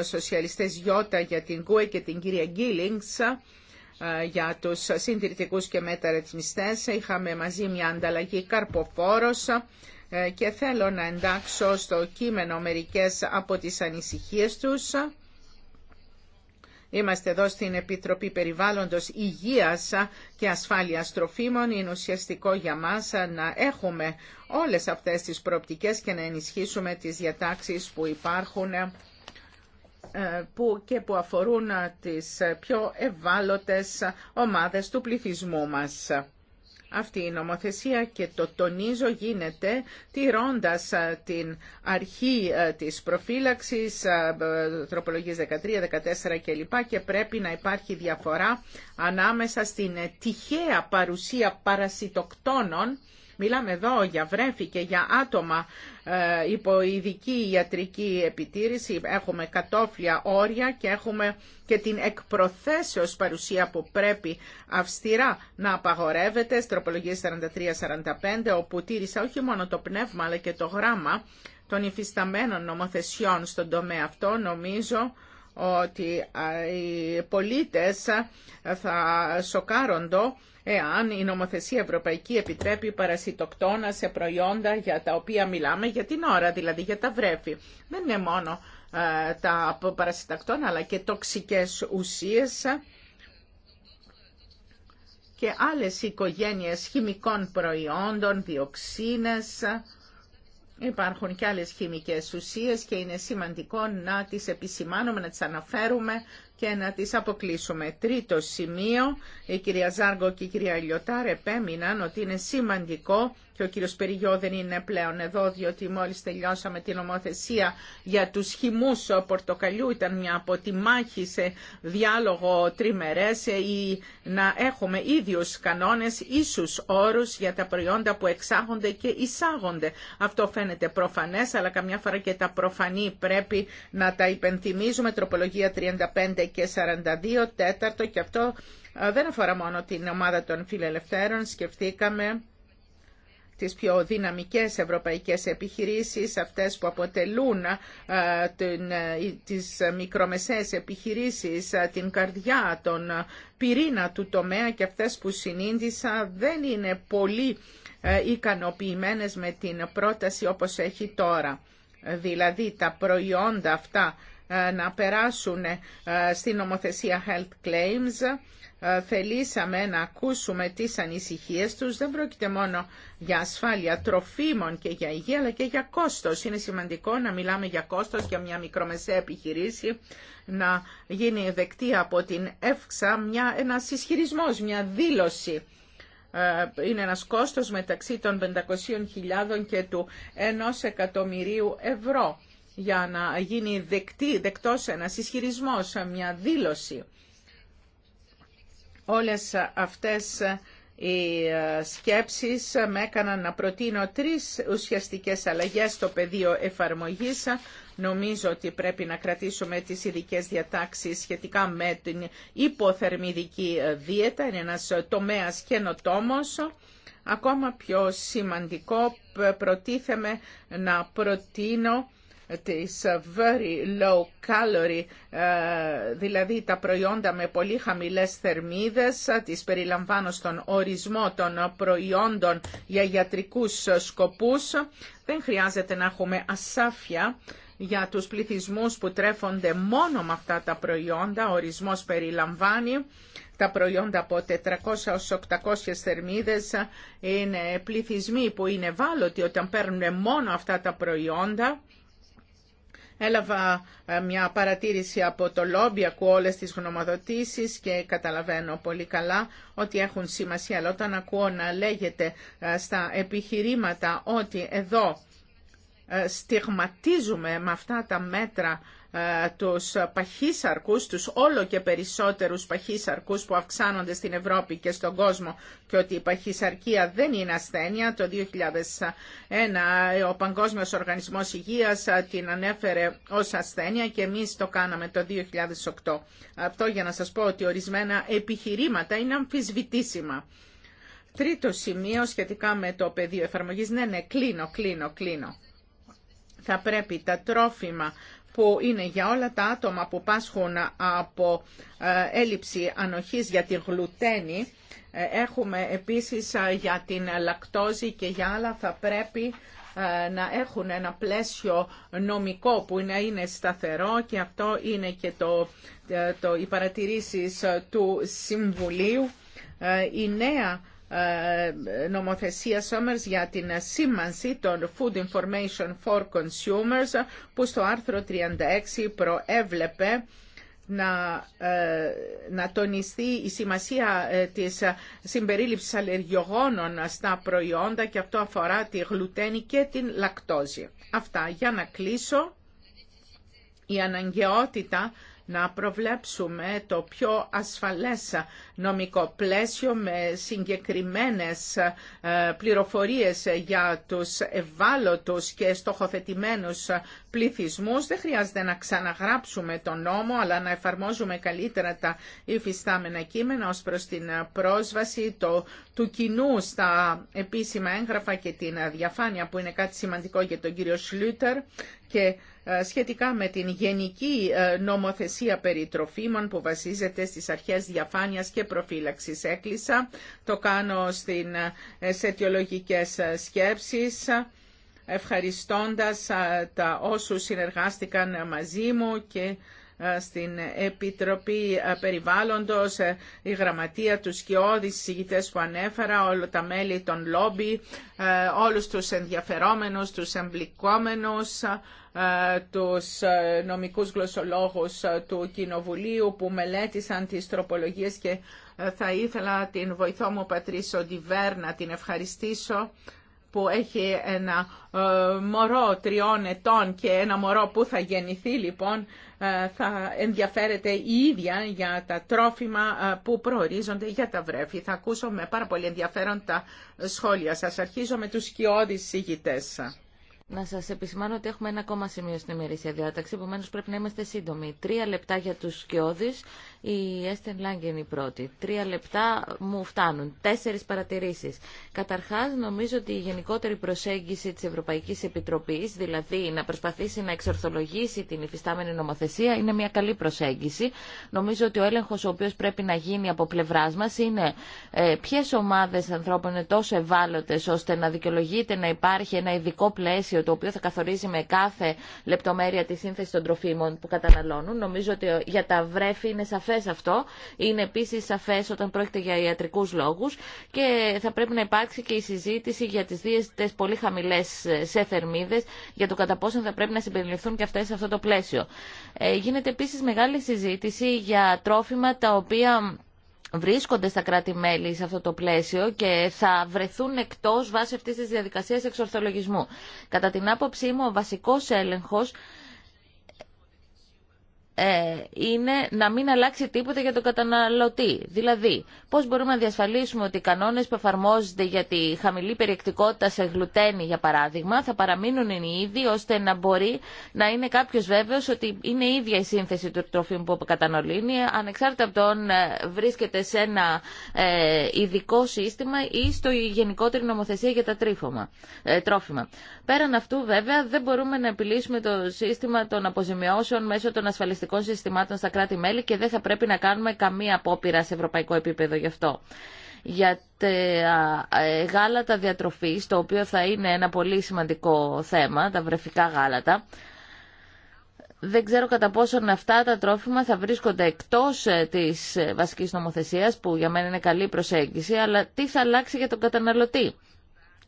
σοσιαλιστές Γιώτα, για την Κούε και την κυρία Γκίλινγκς ε, για τους συντηρητικούς και μεταρρυθμιστές. Είχαμε μαζί μια ανταλλαγή καρποφόρος ε, και θέλω να εντάξω στο κείμενο μερικές από τις ανησυχίες τους. Είμαστε εδώ στην Επιτροπή Περιβάλλοντος Υγείας και Ασφάλειας Τροφίμων. Είναι ουσιαστικό για μας να έχουμε όλες αυτές τις προοπτικές και να ενισχύσουμε τις διατάξεις που υπάρχουν ε, και που αφορούν ε, τις ε, πιο ευάλωτες ομάδες του πληθυσμού μας. Αυτή η νομοθεσία και το τονίζω γίνεται τηρώντας την αρχή της προφύλαξης, τροπολογίες 13, 14 κλπ. και πρέπει να υπάρχει διαφορά ανάμεσα στην τυχαία παρουσία παρασιτοκτόνων Μιλάμε εδώ για βρέφη και για άτομα ε, υπό ειδική ιατρική επιτήρηση. Έχουμε κατόφλια όρια και έχουμε και την εκπροθέσεως παρουσία που πρέπει αυστηρά να απαγορεύεται στροπολογίες 43-45 όπου τήρησα όχι μόνο το πνεύμα αλλά και το γράμμα των υφισταμένων νομοθεσιών στον τομέα αυτό νομίζω ότι οι πολίτες θα σοκάροντο εάν η νομοθεσία ευρωπαϊκή επιτρέπει παρασιτοκτόνα σε προϊόντα για τα οποία μιλάμε για την ώρα, δηλαδή για τα βρέφη. Δεν είναι μόνο ε, τα παρασιτοκτόνα, αλλά και τοξικές ουσίες και άλλες οικογένειες χημικών προϊόντων, διοξίνες Υπάρχουν και άλλες χημικές ουσίες και είναι σημαντικό να τις επισημάνουμε, να τις αναφέρουμε και να τις αποκλείσουμε. Τρίτο σημείο, η κυρία Ζάργο και η κυρία Λιωτάρ επέμειναν ότι είναι σημαντικό και ο κύριος Περιγιώ δεν είναι πλέον εδώ διότι μόλις τελειώσαμε την ομοθεσία για τους χυμούς πορτοκαλιού ήταν μια μάχη σε διάλογο τριμερές ε, ή να έχουμε ίδιους κανόνες, ίσους όρους για τα προϊόντα που εξάγονται και εισάγονται. Αυτό φαίνεται προφανές αλλά καμιά φορά και τα προφανή πρέπει να τα υπενθυμίζουμε. Τροπολογία 35 και 42 τέταρτο και αυτό ε, δεν αφορά μόνο την ομάδα των φιλελευθέρων. Σκεφτήκαμε τις πιο δυναμικές ευρωπαϊκές επιχειρήσεις, αυτές που αποτελούν ε, ε, τις μικρομεσαίες επιχειρήσεις, ε, την καρδιά, τον πυρήνα του τομέα και αυτές που συνήντησα δεν είναι πολύ ικανοποιημένες με την πρόταση όπως έχει τώρα. Δηλαδή τα προϊόντα αυτά να περάσουν στην νομοθεσία Health Claims ε, θελήσαμε να ακούσουμε τις ανησυχίες τους. Δεν πρόκειται μόνο για ασφάλεια τροφίμων και για υγεία, αλλά και για κόστος. Είναι σημαντικό να μιλάμε για κόστος για μια μικρομεσαία επιχειρήση, να γίνει δεκτή από την ΕΦΞΑ μια, ένας ισχυρισμός, μια δήλωση ε, είναι ένας κόστος μεταξύ των 500.000 και του 1 εκατομμυρίου ευρώ για να γίνει δεκτή, δεκτός ένας ισχυρισμός, μια δήλωση. Όλες αυτές οι ε, σκέψεις με έκαναν να προτείνω τρεις ουσιαστικές αλλαγές στο πεδίο εφαρμογής. Νομίζω ότι πρέπει να κρατήσουμε τις ειδικέ διατάξεις σχετικά με την υποθερμιδική ε, δίαιτα. Είναι ένας ε, τομέας καινοτόμος. Ακόμα πιο σημαντικό προτίθεμε να προτείνω της very low calorie, ε, δηλαδή τα προϊόντα με πολύ χαμηλές θερμίδες, ε, τις περιλαμβάνω στον ορισμό των προϊόντων για γιατρικούς σκοπούς. Δεν χρειάζεται να έχουμε ασάφεια για τους πληθυσμούς που τρέφονται μόνο με αυτά τα προϊόντα. Ο ορισμός περιλαμβάνει τα προϊόντα από 400 έως 800 θερμίδες. Είναι πληθυσμοί που είναι βάλωτοι όταν παίρνουν μόνο αυτά τα προϊόντα Έλαβα ε, μια παρατήρηση από το λόμπι, ακούω όλες τις γνωμοδοτήσεις και καταλαβαίνω πολύ καλά ότι έχουν σημασία. Αλλά όταν ακούω να λέγεται ε, στα επιχειρήματα ότι εδώ ε, στιγματίζουμε με αυτά τα μέτρα ε, τους παχύσαρκους, τους όλο και περισσότερους παχύσαρκους που αυξάνονται στην Ευρώπη και στον κόσμο και ότι η παχύσαρκία δεν είναι ασθένεια. Το 2001 ο Παγκόσμιος Οργανισμός Υγείας ε, την ανέφερε ως ασθένεια και εμείς το κάναμε το 2008. Αυτό για να σας πω ότι ορισμένα επιχειρήματα είναι αμφισβητήσιμα. Τρίτο σημείο σχετικά με το πεδίο εφαρμογής. Ναι, ναι, κλείνω, κλείνω, κλείνω θα πρέπει τα τρόφιμα που είναι για όλα τα άτομα που πάσχουν από ε, έλλειψη ανοχής για τη γλουτένη. Ε, έχουμε επίσης ε, για την λακτόζη και για άλλα θα πρέπει να έχουν ένα πλαίσιο νομικό που να είναι σταθερό και αυτό είναι και το, το, οι παρατηρήσεις του Συμβουλίου. Η νέα ε, νομοθεσία Somers για την σήμανση των Food Information for Consumers που στο άρθρο 36 προέβλεπε να, ε, να τονιστεί η σημασία ε, της συμπερίληψης αλλεργιογόνων στα προϊόντα και αυτό αφορά τη γλουτένη και την λακτόζη. Αυτά για να κλείσω η αναγκαιότητα να προβλέψουμε το πιο ασφαλές νομικό πλαίσιο με συγκεκριμένες ε, πληροφορίες για τους ευάλωτους και στοχοθετημένους πληθυσμούς. Δεν χρειάζεται να ξαναγράψουμε τον νόμο, αλλά να εφαρμόζουμε καλύτερα τα υφιστάμενα κείμενα ως προς την πρόσβαση το, του κοινού στα επίσημα έγγραφα και την διαφάνεια που είναι κάτι σημαντικό για τον κύριο Σλούτερ και ε, σχετικά με την γενική ε, νομοθεσία περί τροφίμων που βασίζεται στις αρχές διαφάνειας και προφύλαξης. Έκλεισα, το κάνω στην, ε, σε αιτιολογικές ε, σκέψεις ευχαριστώντας ε, τα όσους συνεργάστηκαν μαζί μου και ε, στην Επιτροπή ε, Περιβάλλοντος, ε, η Γραμματεία, Σκιώδη, Σκιώδης, συγητές που ανέφερα, όλα τα μέλη των λόμπι, όλους τους ενδιαφερόμενους, τους εμπλικόμενους, τους νομικούς γλωσσολόγους του Κοινοβουλίου που μελέτησαν τις τροπολογίες και θα ήθελα την βοηθό μου Πατρίσο Ντιβέρ να την ευχαριστήσω που έχει ένα μωρό τριών ετών και ένα μωρό που θα γεννηθεί λοιπόν ε, θα ενδιαφέρεται η ίδια για τα τρόφιμα ε, που προορίζονται για τα βρέφη. Θα ακούσω με πάρα πολύ ενδιαφέρον τα σχόλια σας. Αρχίζω με τους σκιώδεις συγητές. Να σα επισημάνω ότι έχουμε ένα ακόμα σημείο στην ημερήσια διάταξη, επομένω πρέπει να είμαστε σύντομοι. Τρία λεπτά για του σκιώδει, η Έστεν Λάγκεν η πρώτη. Τρία λεπτά μου φτάνουν. Τέσσερι παρατηρήσει. Καταρχά, νομίζω ότι η γενικότερη προσέγγιση τη Ευρωπαϊκή Επιτροπή, δηλαδή να προσπαθήσει να εξορθολογήσει την υφιστάμενη νομοθεσία, είναι μια καλή προσέγγιση. Νομίζω ότι ο έλεγχο ο οποίο πρέπει να γίνει από πλευρά μα είναι ε, ποιε ομάδε ανθρώπων είναι τόσο ευάλωτε ώστε να δικαιολογείται να υπάρχει ένα ειδικό πλαίσιο το οποίο θα καθορίζει με κάθε λεπτομέρεια τη σύνθεση των τροφίμων που καταναλώνουν. Νομίζω ότι για τα βρέφη είναι σαφέ αυτό. Είναι επίσης σαφέ όταν πρόκειται για ιατρικούς λόγους και θα πρέπει να υπάρξει και η συζήτηση για τις δίαιτες πολύ χαμηλές ε, σε θερμίδες για το κατά πόσο θα πρέπει να συμπεριληφθούν και αυτέ σε αυτό το πλαίσιο. Ε, γίνεται επίση μεγάλη συζήτηση για τρόφιμα τα οποία βρίσκονται στα κράτη-μέλη σε αυτό το πλαίσιο και θα βρεθούν εκτός βάσει αυτής της διαδικασίας εξορθολογισμού. Κατά την άποψή μου, ο βασικός έλεγχος ε, είναι να μην αλλάξει τίποτα για τον καταναλωτή. Δηλαδή, πώ μπορούμε να διασφαλίσουμε ότι οι κανόνε που εφαρμόζονται για τη χαμηλή περιεκτικότητα σε γλουτένι, για παράδειγμα, θα παραμείνουν οι ίδιοι, ώστε να μπορεί να είναι κάποιο βέβαιο ότι είναι ίδια η σύνθεση του τροφίμου που καταναλύνει, ανεξάρτητα από το αν ε, βρίσκεται σε ένα ε, ειδικό σύστημα ή στο γενικότερη νομοθεσία για τα τρίφωμα, ε, τρόφιμα. Πέραν αυτού, βέβαια, δεν μπορούμε να επιλύσουμε το σύστημα των αποζημιώσεων μέσω των ασφαλιστικών ασφαλιστικών συστημάτων στα κράτη-μέλη και δεν θα πρέπει να κάνουμε καμία απόπειρα σε ευρωπαϊκό επίπεδο γι' αυτό για τα ε, γάλατα διατροφής, το οποίο θα είναι ένα πολύ σημαντικό θέμα, τα βρεφικά γάλατα. Δεν ξέρω κατά πόσον αυτά τα τρόφιμα θα βρίσκονται εκτός ε, της ε, βασικής νομοθεσίας, που για μένα είναι καλή προσέγγιση, αλλά τι θα αλλάξει για τον καταναλωτή.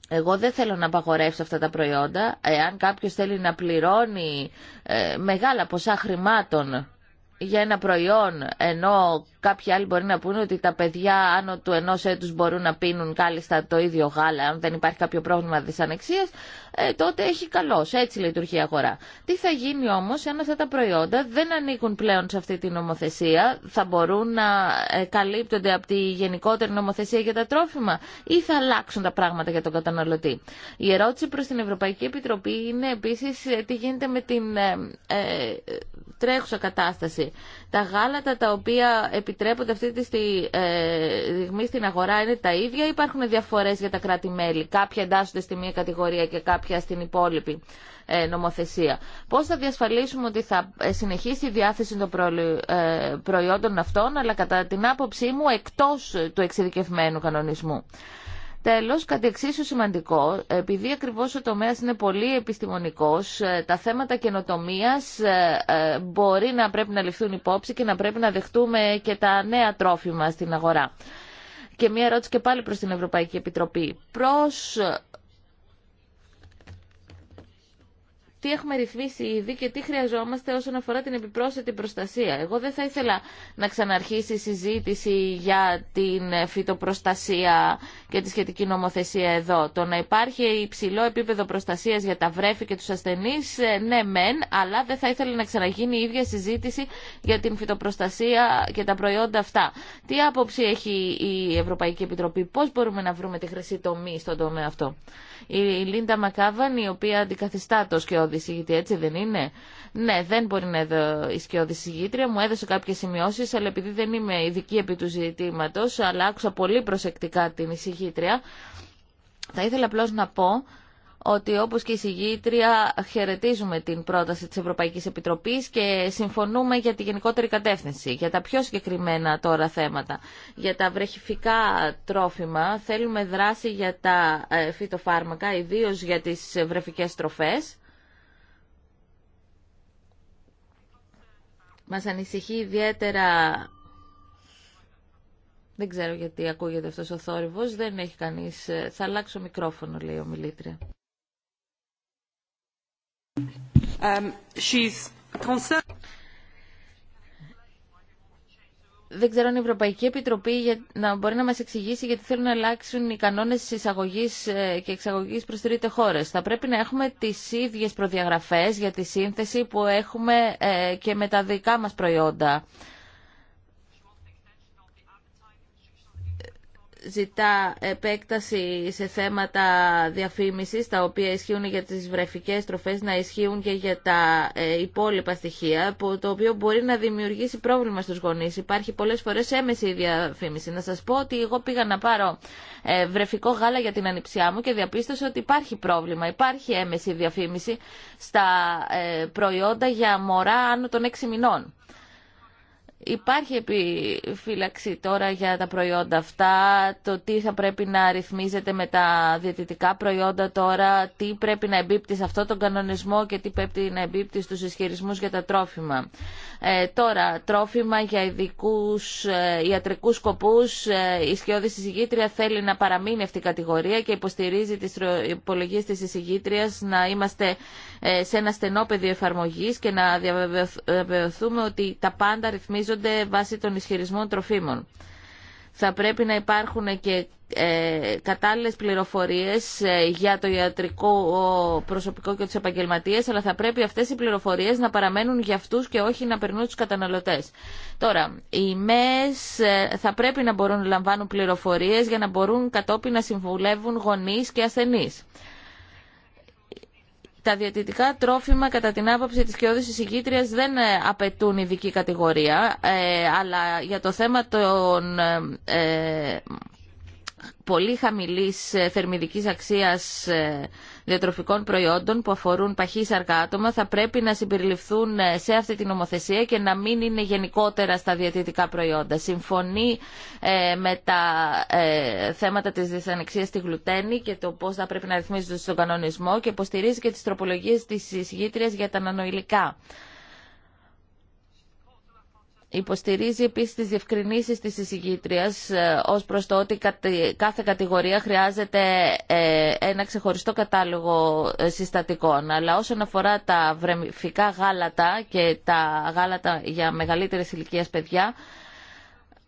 Εγώ δεν θέλω να απαγορεύσω αυτά τα προϊόντα. Εάν κάποιος θέλει να πληρώνει ε, μεγάλα ποσά χρημάτων για ένα προϊόν ενώ Κάποιοι άλλοι μπορεί να πούνε ότι τα παιδιά άνω του ενό έτου μπορούν να πίνουν κάλλιστα το ίδιο γάλα, αν δεν υπάρχει κάποιο πρόβλημα δυσανεξία, ε, τότε έχει καλώ. Έτσι λειτουργεί η αγορά. Τι θα γίνει όμω αν αυτά τα προϊόντα δεν ανήκουν πλέον σε αυτή την νομοθεσία, θα μπορούν να ε, καλύπτονται από τη γενικότερη νομοθεσία για τα τρόφιμα ή θα αλλάξουν τα πράγματα για τον καταναλωτή. Η ερώτηση προ την Ευρωπαϊκή Επιτροπή είναι επίση ε, τι γίνεται με την ε, ε τρέχουσα κατάσταση. Τα γάλατα τα οποία επιτρέπονται αυτή τη ε, στιγμή στην αγορά είναι τα ίδια. Υπάρχουν διαφορές για τα κράτη-μέλη. Κάποια εντάσσονται στη μία κατηγορία και κάποια στην υπόλοιπη ε, νομοθεσία. Πώς θα διασφαλίσουμε ότι θα ε, συνεχίσει η διάθεση των προϊόντων αυτών, αλλά κατά την άποψή μου εκτός του εξειδικευμένου κανονισμού. Τελό κάτι εξίσου σημαντικό, επειδή ακριβώς ο τομέα είναι πολύ επιστημονικός, ε, τα θέματα καινοτομία ε, ε, μπορεί να πρέπει να ληφθούν υπόψη και να πρέπει να δεχτούμε και τα νέα τρόφιμα στην αγορά. Και μία ερώτηση και πάλι προς την Ευρωπαϊκή Επιτροπή. Προς τι έχουμε ρυθμίσει ήδη και τι χρειαζόμαστε όσον αφορά την επιπρόσθετη προστασία. Εγώ δεν θα ήθελα να ξαναρχίσει η συζήτηση για την φυτοπροστασία και τη σχετική νομοθεσία εδώ. Το να υπάρχει υψηλό επίπεδο προστασία για τα βρέφη και τους ασθενείς, ε, ναι μεν, αλλά δεν θα ήθελα να ξαναγίνει η ίδια συζήτηση για την φυτοπροστασία και τα προϊόντα αυτά. Τι άποψη έχει η Ευρωπαϊκή Επιτροπή, πώ μπορούμε να βρούμε τη χρυσή τομή στον τομέα αυτό. Η Λίντα Μακάβαν, η οποία αντικαθιστά το σκιώδη εισηγητή, έτσι δεν είναι. Ναι, δεν μπορεί να είναι η σκιώδη εισηγήτρια. Μου έδωσε κάποιε σημειώσει, αλλά επειδή δεν είμαι ειδική επί του ζητήματο, αλλά άκουσα πολύ προσεκτικά την εισηγήτρια, θα ήθελα απλώ να πω ότι όπως και η συγγήτρια χαιρετίζουμε την πρόταση της Ευρωπαϊκής Επιτροπής και συμφωνούμε για τη γενικότερη κατεύθυνση, για τα πιο συγκεκριμένα τώρα θέματα. Για τα βρεχηφικά τρόφιμα θέλουμε δράση για τα ε, φυτοφάρμακα, ιδίω για τις βρεφικές τροφές. Μας ανησυχεί ιδιαίτερα... Δεν ξέρω γιατί ακούγεται αυτός ο θόρυβος, δεν έχει κανείς... Ε, θα αλλάξω μικρόφωνο, λέει ο μιλήτρια. Um, δεν ξέρω αν η Ευρωπαϊκή Επιτροπή για, να μπορεί να μας εξηγήσει γιατί θέλουν να αλλάξουν οι κανόνες εισαγωγής ε, και εξαγωγής προς τρίτε χώρες. Θα πρέπει να έχουμε τις ίδιες προδιαγραφές για τη σύνθεση που έχουμε ε, και με τα δικά μας προϊόντα ζητά επέκταση σε θέματα διαφήμισης, τα οποία ισχύουν για τις βρεφικές τροφές, να ισχύουν και για τα ε, υπόλοιπα στοιχεία, το οποίο μπορεί να δημιουργήσει πρόβλημα στους γονείς. Υπάρχει πολλές φορές έμεση διαφήμιση. Να σας πω ότι εγώ πήγα να πάρω ε, βρεφικό γάλα για την ανιψιά μου και διαπίστωσα ότι υπάρχει πρόβλημα. Υπάρχει έμεση διαφήμιση στα ε, προϊόντα για μωρά άνω των 6 μηνών. Υπάρχει επιφύλαξη τώρα για τα προϊόντα αυτά, το τι θα πρέπει να ρυθμίζεται με τα διαιτητικά προϊόντα τώρα, τι πρέπει να εμπίπτει σε αυτό τον κανονισμό και τι πρέπει να εμπίπτει στους ισχυρισμούς για τα τρόφιμα. Ε, τώρα, τρόφιμα για ειδικού ε, ιατρικούς σκοπούς, ε, η σκιώδη εισηγήτρια θέλει να παραμείνει αυτή η κατηγορία και υποστηρίζει τις υπολογίες της εισηγήτριας να είμαστε ε, σε ένα στενό πεδίο εφαρμογής και να διαβεβαιωθούμε ε, ότι τα πάντα καθορίζονται βάσει των ισχυρισμών τροφίμων. Θα πρέπει να υπάρχουν και ε, κατάλληλες πληροφορίες ε, για το ιατρικό προσωπικό και τους επαγγελματίες, αλλά θα πρέπει αυτές οι πληροφορίες να παραμένουν για αυτούς και όχι να περνούν τους καταναλωτές. Τώρα, οι ΜΕΣ ε, θα πρέπει να μπορούν να λαμβάνουν πληροφορίες για να μπορούν κατόπιν να συμβουλεύουν γονείς και ασθενείς. Τα διατητικά τρόφιμα, κατά την άποψη της κοιόδησης ηγήτριας, δεν ε, απαιτούν ειδική κατηγορία, ε, αλλά για το θέμα των... Ε, πολύ χαμηλής θερμιδικής αξίας διατροφικών προϊόντων που αφορούν παχύσαρκα άτομα θα πρέπει να συμπεριληφθούν ε, σε αυτή την νομοθεσία και να μην είναι γενικότερα στα διατηρητικά προϊόντα. Συμφωνεί ε, με τα ε, θέματα της δυσανεξία στη γλουτένη και το πώ θα πρέπει να ρυθμίζονται στον κανονισμό και υποστηρίζει και τι τροπολογίε της εισηγήτριας για τα νανοηλικά. Υποστηρίζει επίση τι διευκρινήσεις τη εισηγήτριας ε, ως προς το ότι κάθε κατηγορία χρειάζεται ε, ένα ξεχωριστό κατάλογο ε, συστατικών. Αλλά όσον αφορά τα βρεμφικά γάλατα και τα γάλατα για μεγαλύτερε ηλικίε παιδιά,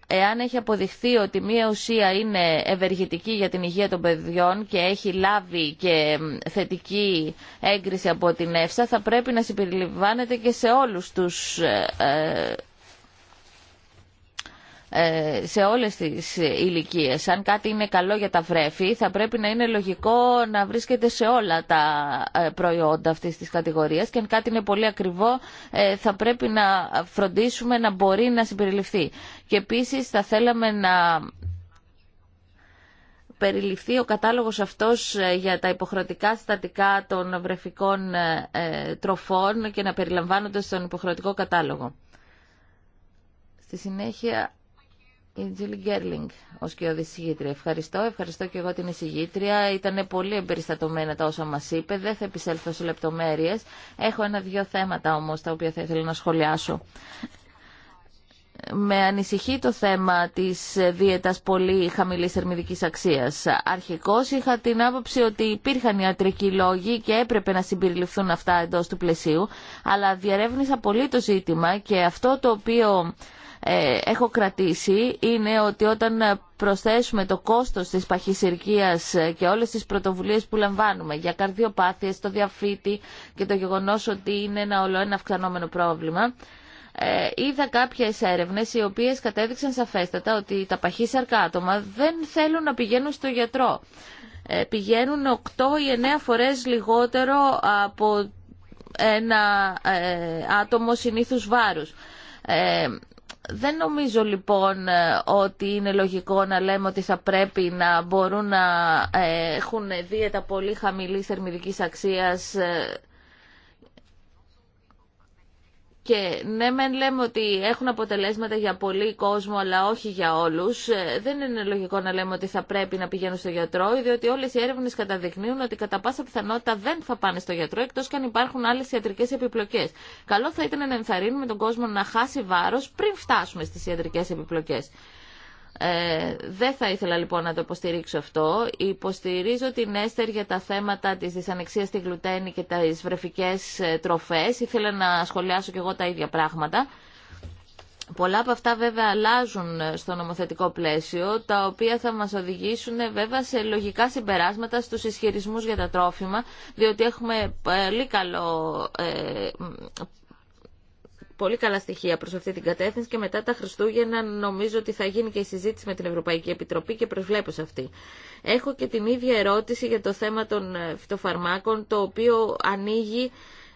εάν έχει αποδειχθεί ότι μία ουσία είναι ευεργετική για την υγεία των παιδιών και έχει λάβει και θετική έγκριση από την ΕΦΣΑ, θα πρέπει να συμπεριλαμβάνεται και σε όλους τους ε, σε όλες τις ηλικίε. Αν κάτι είναι καλό για τα βρέφη, θα πρέπει να είναι λογικό να βρίσκεται σε όλα τα ε, προϊόντα αυτής της κατηγορίας και αν κάτι είναι πολύ ακριβό, ε, θα πρέπει να φροντίσουμε να μπορεί να συμπεριληφθεί. Και επίσης θα θέλαμε να περιληφθεί ο κατάλογος αυτός για τα υποχρεωτικά στατικά των βρεφικών τροφών και να περιλαμβάνονται στον υποχρεωτικό κατάλογο. Στη συνέχεια η Τζίλι Γκέρλινγκ ω και εισηγήτρια. Ευχαριστώ, ευχαριστώ και εγώ την εισηγήτρια. Ήταν πολύ εμπεριστατωμένα τα όσα μα είπε. Δεν θα επισέλθω σε λεπτομέρειε. Έχω ένα-δύο θέματα όμω τα οποία θα ήθελα να σχολιάσω. Με ανησυχεί το θέμα της δίαιτας πολύ χαμηλής θερμιδικής αξίας. Αρχικώς είχα την άποψη ότι υπήρχαν ιατρικοί λόγοι και έπρεπε να συμπεριληφθούν αυτά εντός του πλαισίου, αλλά διαρεύνησα πολύ το ζήτημα και αυτό το οποίο ε, έχω κρατήσει είναι ότι όταν προσθέσουμε το κόστος της παχυσυρκίας ε, και όλες τις πρωτοβουλίες που λαμβάνουμε για καρδιοπάθειες, το διαφύτη και το γεγονός ότι είναι ένα ολοένα αυξανόμενο πρόβλημα, ε, είδα κάποιες έρευνες οι οποίες κατέδειξαν σαφέστατα ότι τα παχύσαρκα άτομα δεν θέλουν να πηγαίνουν στο γιατρό. Πηγαίνουν 8 ή 9 φορές λιγότερο από ένα άτομο συνήθους βάρους. Ε, δεν νομίζω λοιπόν ε, ότι είναι λογικό να λέμε ότι θα πρέπει να μπορούν να ε, έχουν δίαιτα πολύ χαμηλής θερμιδικής αξίας ε, και ναι, μεν λέμε ότι έχουν αποτελέσματα για πολύ κόσμο, αλλά όχι για όλου. Ε, δεν είναι λογικό να λέμε ότι θα πρέπει να πηγαίνουν στο γιατρό, διότι όλε οι έρευνε καταδεικνύουν ότι κατά πάσα πιθανότητα δεν θα πάνε στο γιατρό, εκτό και αν υπάρχουν άλλε ιατρικέ επιπλοκές. Καλό θα ήταν να ενθαρρύνουμε τον κόσμο να χάσει βάρο πριν φτάσουμε στι ιατρικέ επιπλοκέ. Ε, δεν θα ήθελα λοιπόν να το υποστηρίξω αυτό. Υποστηρίζω την Έστερ για τα θέματα της δυσανεξίας στη γλουτένη και τις βρεφικές ε, τροφές. Ήθελα να σχολιάσω και εγώ τα ίδια πράγματα. Πολλά από αυτά βέβαια αλλάζουν στο νομοθετικό πλαίσιο, τα οποία θα μας οδηγήσουν βέβαια σε λογικά συμπεράσματα στους ισχυρισμούς για τα τρόφιμα, διότι έχουμε πολύ καλό ε, πολύ καλά στοιχεία προς αυτή την κατεύθυνση και μετά τα Χριστούγεννα νομίζω ότι θα γίνει και η συζήτηση με την Ευρωπαϊκή Επιτροπή και προσβλέπω σε αυτή. Έχω και την ίδια ερώτηση για το θέμα των ε, φυτοφαρμάκων το οποίο ανοίγει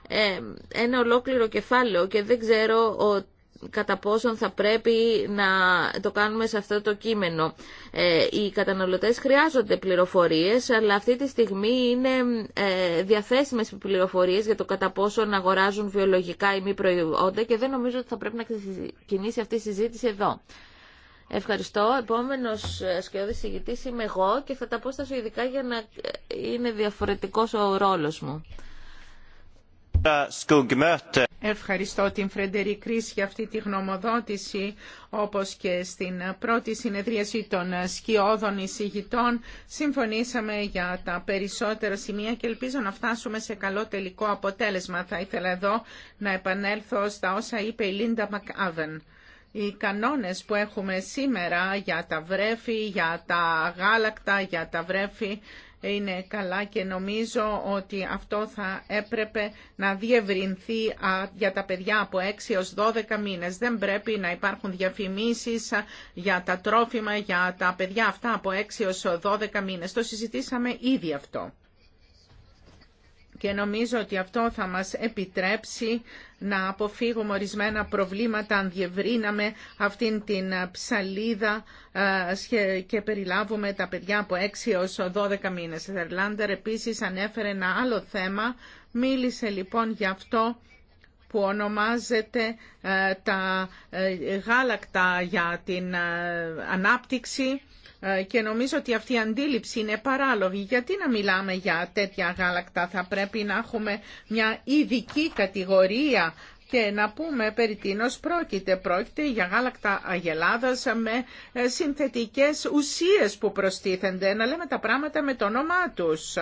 ε, ένα ολόκληρο κεφάλαιο και δεν ξέρω ότι κατά πόσον θα πρέπει να το κάνουμε σε αυτό το κείμενο. Ε, οι καταναλωτές χρειάζονται πληροφορίες, αλλά αυτή τη στιγμή είναι ε, διαθέσιμες πληροφορίες για το κατά πόσον αγοράζουν βιολογικά ή μη προϊόντα και δεν νομίζω ότι θα πρέπει να ξεκινήσει αυτή η συζήτηση εδώ. Ευχαριστώ. Επόμενο ε, σκιώδη ηγητή είμαι εγώ και θα τα πω στα σου ειδικά για να είναι διαφορετικός ο ρόλος μου. Ευχαριστώ την Φρεντερή Κρίση για αυτή τη γνωμοδότηση, όπως και στην πρώτη συνεδρίαση των σκιώδων εισηγητών. Συμφωνήσαμε για τα περισσότερα σημεία και ελπίζω να φτάσουμε σε καλό τελικό αποτέλεσμα. Θα ήθελα εδώ να επανέλθω στα όσα είπε η Λίντα Μακάβεν οι κανόνες που έχουμε σήμερα για τα βρέφη, για τα γάλακτα, για τα βρέφη είναι καλά και νομίζω ότι αυτό θα έπρεπε να διευρυνθεί για τα παιδιά από 6 έως 12 μήνες. Δεν πρέπει να υπάρχουν διαφημίσεις για τα τρόφιμα για τα παιδιά αυτά από 6 έως 12 μήνες. Το συζητήσαμε ήδη αυτό. Και νομίζω ότι αυτό θα μας επιτρέψει να αποφύγουμε ορισμένα προβλήματα αν διευρύναμε αυτήν την ε, ψαλίδα ε, και περιλάβουμε τα παιδιά από 6 έως 12 μήνες. Η επίσης ανέφερε ένα άλλο θέμα. Μίλησε λοιπόν για αυτό που ονομάζεται ε, τα γάλακτα για την ανάπτυξη ε, και νομίζω ότι αυτή η αντίληψη είναι παράλογη. Γιατί να μιλάμε για τέτοια γάλακτα, θα πρέπει να έχουμε μια ειδική κατηγορία και να πούμε περί τίνος πρόκειται. Πρόκειται για γάλακτα αγελάδας με ε, συνθετικές ουσίες που προστίθενται, να λέμε τα πράγματα με το όνομά τους.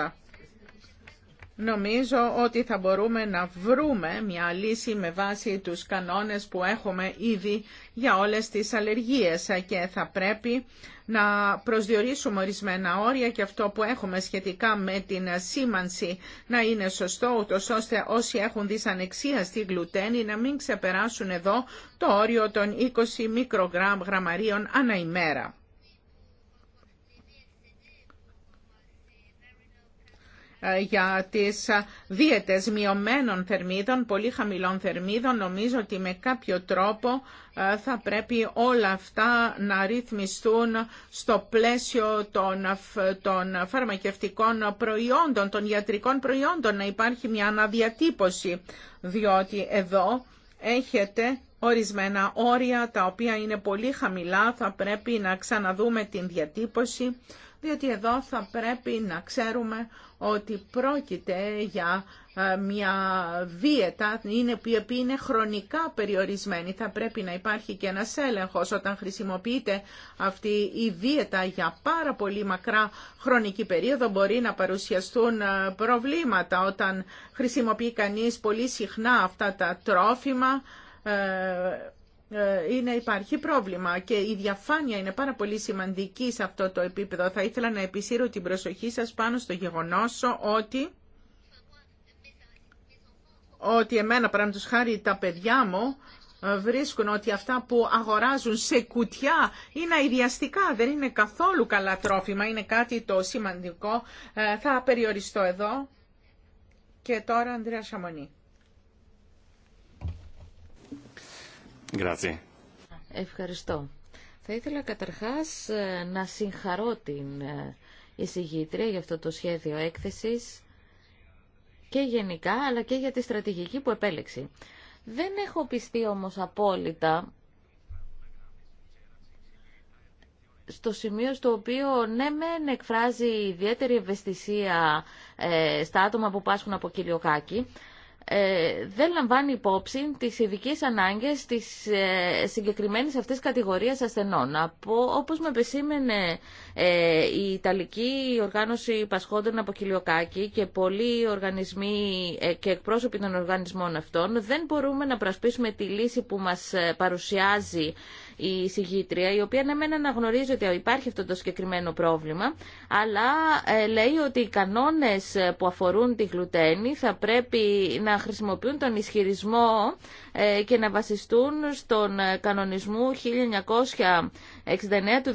Νομίζω ότι θα μπορούμε να βρούμε μια λύση με βάση τους κανόνες που έχουμε ήδη για όλες τις αλλεργίες και θα πρέπει να προσδιορίσουμε ορισμένα όρια και αυτό που έχουμε σχετικά με την σήμανση να είναι σωστό, ούτως ώστε όσοι έχουν δυσανεξία στη γλουτένη να μην ξεπεράσουν εδώ το όριο των 20 μικρογραμμαρίων ανά ημέρα. για τις δίαιτες μειωμένων θερμίδων, πολύ χαμηλών θερμίδων. Νομίζω ότι με κάποιο τρόπο ε, θα πρέπει όλα αυτά να ρυθμιστούν στο πλαίσιο των, φαρμακευτικών προϊόντων, των ιατρικών προϊόντων, να υπάρχει μια αναδιατύπωση, διότι εδώ έχετε ορισμένα όρια τα οποία είναι πολύ χαμηλά, θα πρέπει να ξαναδούμε την διατύπωση, διότι εδώ θα πρέπει να ξέρουμε ότι πρόκειται για ε, μια δίαιτα είναι, η οποία είναι χρονικά περιορισμένη. Θα πρέπει να υπάρχει και ένας έλεγχος όταν χρησιμοποιείται αυτή η δίαιτα για πάρα πολύ μακρά χρονική περίοδο. Μπορεί να παρουσιαστούν ε, προβλήματα όταν χρησιμοποιεί κανείς πολύ συχνά αυτά τα τρόφιμα ε, ε, είναι, υπάρχει πρόβλημα και η διαφάνεια είναι πάρα πολύ σημαντική σε αυτό το επίπεδο. Θα ήθελα να επισύρω την προσοχή σας πάνω στο γεγονός ότι ότι εμένα, παραδείγματος χάρη, τα παιδιά μου ε, βρίσκουν ότι αυτά που αγοράζουν σε κουτιά είναι αειδιαστικά, δεν είναι καθόλου καλά τρόφιμα, είναι κάτι το σημαντικό. Ε, θα περιοριστώ εδώ. Και τώρα, Ανδρέα Σαμονή. Ευχαριστώ. Θα ήθελα καταρχάς ε, να συγχαρώ την ε, εισηγήτρια για αυτό το σχέδιο έκθεσης και γενικά αλλά και για τη στρατηγική που επέλεξε. Δεν έχω πιστεί όμως απόλυτα στο σημείο στο οποίο ναι μεν εκφράζει ιδιαίτερη ευαισθησία ε, στα άτομα που πάσχουν από κυριοκάκι, ε, δεν λαμβάνει υπόψη τις ειδικέ ανάγκες της ε, συγκεκριμένης αυτής κατηγορίας ασθενών. Από, όπως με επισήμενε ε, η Ιταλική Οργάνωση Πασχόντων από Κιλιοκάκη και πολλοί οργανισμοί ε, και εκπρόσωποι των οργανισμών αυτών, δεν μπορούμε να προσπίσουμε τη λύση που μας ε, παρουσιάζει η συγγήτρια, η οποία ναι μεν αναγνωρίζει ότι υπάρχει αυτό το συγκεκριμένο πρόβλημα, αλλά ε, λέει ότι οι κανόνες που αφορούν τη γλουτένη θα πρέπει να χρησιμοποιούν τον ισχυρισμό ε, και να βασιστούν στον κανονισμό 1969 του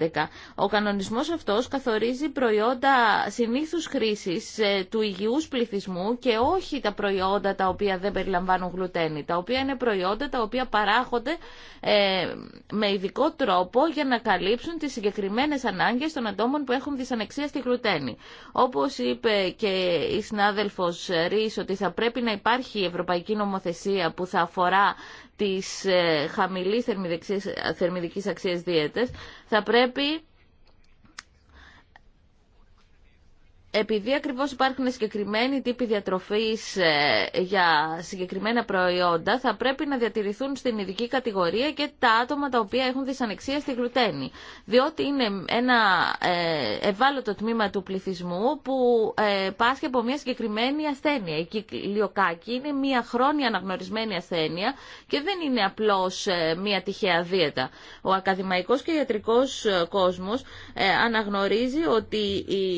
2011. Ο κανονισμός αυτός καθορίζει προϊόντα συνήθους χρήσης ε, του υγιούς πληθυσμού και όχι τα προϊόντα τα οποία δεν περιλαμβάνουν γλουτένη, τα οποία είναι προϊόντα τα οποία παράγονται με ειδικό τρόπο για να καλύψουν τις συγκεκριμένες ανάγκες των ατόμων που έχουν δυσανεξία στη γλουτένη. Όπως είπε και η συνάδελφος Ρης ότι θα πρέπει να υπάρχει ευρωπαϊκή νομοθεσία που θα αφορά τις ε, χαμηλής θερμιδικής αξίας δίαιτες, θα πρέπει επειδή ακριβώς υπάρχουν συγκεκριμένοι τύποι διατροφής ε, για συγκεκριμένα προϊόντα, θα πρέπει να διατηρηθούν στην ειδική κατηγορία και τα άτομα τα οποία έχουν δυσανεξία στη γλουτένη. Διότι είναι ένα ε, ευάλωτο τμήμα του πληθυσμού που ε, πάσχει από μια συγκεκριμένη ασθένεια. Η κυκλιοκάκη είναι μια χρόνια αναγνωρισμένη ασθένεια και δεν είναι απλώς μια τυχαία δίαιτα. Ο ακαδημαϊκός και ιατρικός κόσμος αναγνωρίζει ότι η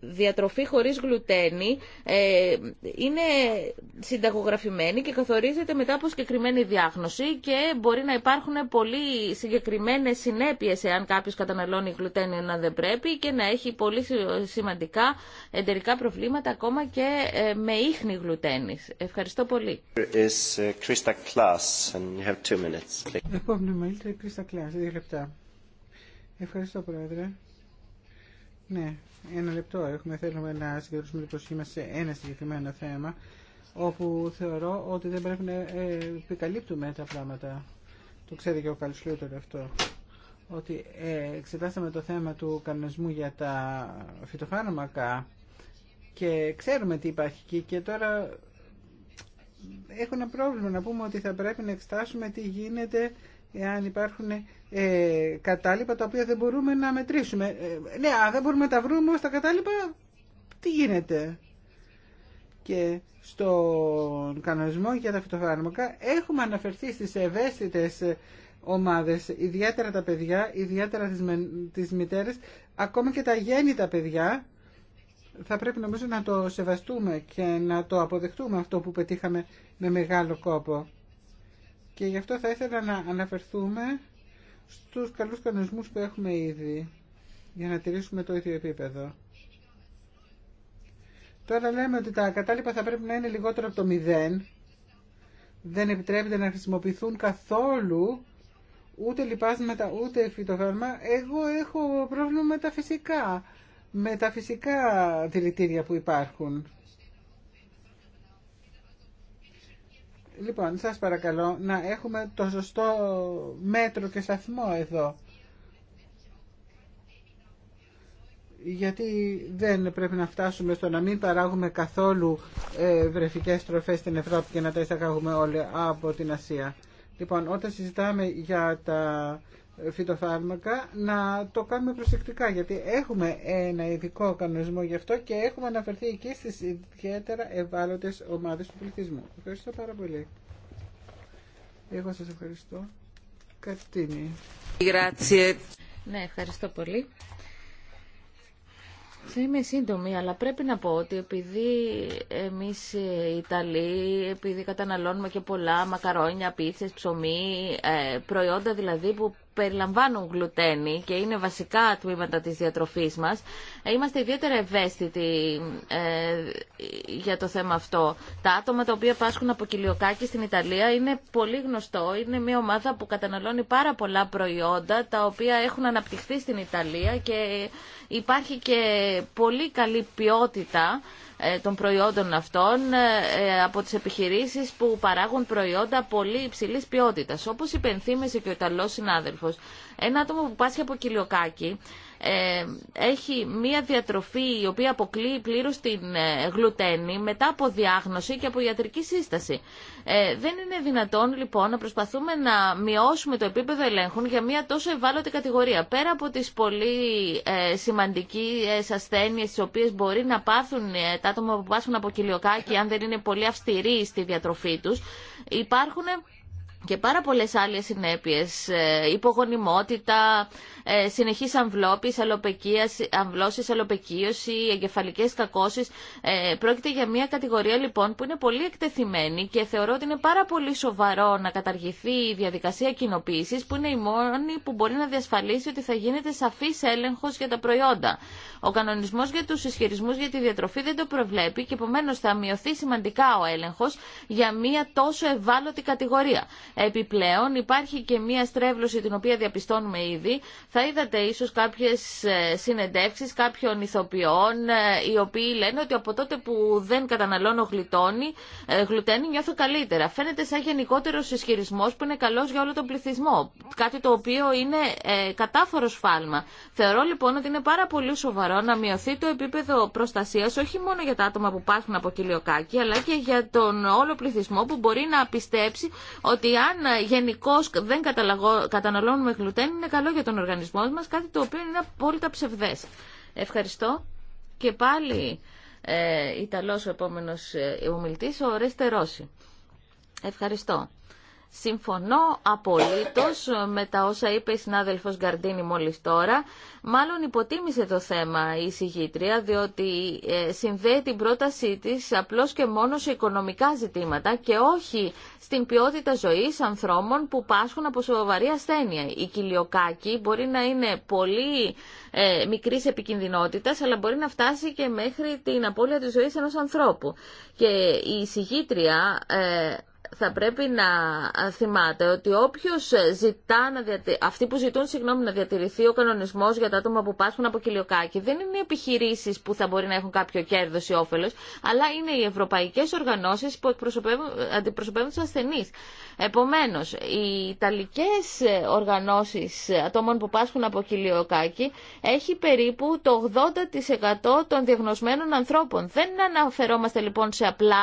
διατροφή χωρίς γλουτένη ε, είναι συνταγογραφημένη και καθορίζεται μετά από συγκεκριμένη διάγνωση και μπορεί να υπάρχουν πολύ συγκεκριμένες συνέπειες εάν κάποιος καταναλώνει γλουτένη να δεν πρέπει και να έχει πολύ σημαντικά εταιρικά προβλήματα ακόμα και ε, με ίχνη γλουτένης. Ευχαριστώ πολύ. Ευχαριστώ, Πρόεδρε. Ναι, ένα λεπτό έχουμε, θέλουμε να συγκεντρώσουμε την λοιπόν προσοχή μας σε ένα συγκεκριμένο θέμα, όπου θεωρώ ότι δεν πρέπει να ε, επικαλύπτουμε τα πράγματα. Το ξέρει και ο Καλσλούτερ αυτό. Ότι ε, εξετάσαμε το θέμα του κανονισμού για τα φυτοφάρμακα και ξέρουμε τι υπάρχει εκεί και τώρα έχω ένα πρόβλημα να πούμε ότι θα πρέπει να εξετάσουμε τι γίνεται εάν υπάρχουν ε, κατάλοιπα τα οποία δεν μπορούμε να μετρήσουμε. Ε, ναι, αν δεν μπορούμε να τα βρούμε όμως τα κατάλοιπα, τι γίνεται. Και στον κανονισμό για τα φυτοφάρμακα έχουμε αναφερθεί στις ευαίσθητες ε, ομάδες, ιδιαίτερα τα παιδιά, ιδιαίτερα τις, τις μητέρες, ακόμα και τα γέννητα παιδιά, θα πρέπει νομίζω να το σεβαστούμε και να το αποδεχτούμε αυτό που πετύχαμε με μεγάλο κόπο. Και γι' αυτό θα ήθελα να αναφερθούμε στους καλούς κανονισμούς που έχουμε ήδη για να τηρήσουμε το ίδιο επίπεδο. Τώρα λέμε ότι τα κατάλοιπα θα πρέπει να είναι λιγότερο από το 0. Δεν επιτρέπεται να χρησιμοποιηθούν καθόλου ούτε λιπάσματα ούτε φυτοφάρμα. Εγώ έχω πρόβλημα με τα φυσικά, με τα φυσικά δηλητήρια που υπάρχουν. Λοιπόν, σας παρακαλώ να έχουμε το σωστό μέτρο και σταθμό εδώ. Γιατί δεν πρέπει να φτάσουμε στο να μην παράγουμε καθόλου ε, βρεφικές τροφές στην Ευρώπη και να τα εισαγάγουμε όλοι από την Ασία. Λοιπόν, όταν συζητάμε για τα ε, φυτοφάρμακα να το κάνουμε προσεκτικά γιατί έχουμε ένα ειδικό κανονισμό γι' αυτό και έχουμε αναφερθεί εκεί στις ιδιαίτερα ευάλωτες ομάδες του πληθυσμού. Ευχαριστώ πάρα πολύ. Εγώ σας ευχαριστώ. Καρτίνη. Ναι, ευχαριστώ πολύ. Θα είμαι σύντομη, αλλά πρέπει να πω ότι επειδή εμείς οι Ιταλοί, επειδή καταναλώνουμε και πολλά μακαρόνια, πίτσες, ψωμί, ε, προϊόντα δηλαδή που περιλαμβάνουν γλουτένη και είναι βασικά τμήματα της διατροφής μας. Ε, είμαστε ιδιαίτερα ευαίσθητοι ε, για το θέμα αυτό. Τα άτομα τα οποία πάσχουν από κοιλιοκάκι στην Ιταλία είναι πολύ γνωστό. Είναι μια ομάδα που καταναλώνει πάρα πολλά προϊόντα τα οποία έχουν αναπτυχθεί στην Ιταλία και Υπάρχει και πολύ καλή ποιότητα ε, των προϊόντων αυτών ε, από τις επιχειρήσεις που παράγουν προϊόντα πολύ υψηλής ποιότητας. Όπως υπενθύμησε και ο Ιταλός συνάδελφος, ένα άτομο που πάσχει από κοιλιοκάκι ε, έχει μία διατροφή η οποία αποκλείει πλήρως την ε, γλουτένη μετά από διάγνωση και από ιατρική σύσταση. Ε, δεν είναι δυνατόν λοιπόν να προσπαθούμε να μειώσουμε το επίπεδο ελέγχων για μία τόσο ευάλωτη κατηγορία. Πέρα από τις πολύ ε, σημαντικές ασθένειες τις οποίες μπορεί να πάθουν τα άτομα που πάσχουν από κοιλιοκάκι αν δεν είναι πολύ αυστηροί στη διατροφή τους, υπάρχουν και πάρα πολλές άλλες συνέπειες, υπογονιμότητα, ε, συνεχής αλοπεκίας, αμβλώσεις, αλοπεκίωση, εγκεφαλικές κακώσεις. Ε, πρόκειται για μια κατηγορία λοιπόν που είναι πολύ εκτεθειμένη και θεωρώ ότι είναι πάρα πολύ σοβαρό να καταργηθεί η διαδικασία κοινοποίηση που είναι η μόνη που μπορεί να διασφαλίσει ότι θα γίνεται σαφής έλεγχος για τα προϊόντα. Ο κανονισμός για τους ισχυρισμούς για τη διατροφή δεν το προβλέπει και επομένως θα μειωθεί σημαντικά ο έλεγχος για μια τόσο ευάλωτη κατηγορία. Επιπλέον υπάρχει και μια στρέβλωση την οποία διαπιστώνουμε ήδη. Θα είδατε ίσως κάποιες ε, συνεντεύξεις κάποιων ηθοποιών ε, οι οποίοι λένε ότι από τότε που δεν καταναλώνω ε, γλουτένι νιώθω καλύτερα. Φαίνεται σαν γενικότερο ισχυρισμό που είναι καλός για όλο τον πληθυσμό. Κάτι το οποίο είναι κατάφορο σφάλμα. Θεωρώ λοιπόν ότι είναι πάρα πολύ σοβαρό να μειωθεί το επίπεδο προστασίας όχι μόνο για τα άτομα που πάθουν από κοιλιοκάκι αλλά και για τον όλο πληθυσμό που μπορεί να πιστέψει ότι αν γενικώ δεν καταναλώνουμε γλουτένι είναι καλό για τον οργανισμό κανονισμός μας, κάτι το οποίο είναι απόλυτα ψευδές. Ευχαριστώ. Και πάλι ε, Ιταλός ο επόμενος ε, ομιλητής, ο Ρέστε Ρώση. Ευχαριστώ. Συμφωνώ απολύτως με τα όσα είπε η συνάδελφος Γκαρντίνη μόλις τώρα. Μάλλον υποτίμησε το θέμα η συγγήτρια, διότι ε, συνδέει την πρότασή της απλώς και μόνο σε οικονομικά ζητήματα και όχι στην ποιότητα ζωής ανθρώπων που πάσχουν από σοβαρή ασθένεια. Η κοιλιοκάκη μπορεί να είναι πολύ ε, μικρής επικινδυνότητας, αλλά μπορεί να φτάσει και μέχρι την απώλεια της ζωής ενός ανθρώπου. Και η συγγήτρια... Ε, θα πρέπει να θυμάται ότι όποιος ζητά να αυτοί που ζητούν συγγνώμη να διατηρηθεί ο κανονισμό για τα άτομα που πάσχουν από κοιλιοκάκι δεν είναι οι επιχειρήσεις που θα μπορεί να έχουν κάποιο κέρδο ή όφελο, αλλά είναι οι ευρωπαϊκές οργανώσεις που αντιπροσωπεύουν τους ασθενείς. Επομένως, οι Ιταλικές οργανώσεις ατόμων που πάσχουν από κοιλιοκάκι έχει περίπου το 80% των διαγνωσμένων ανθρώπων. Δεν αναφερόμαστε λοιπόν σε απλά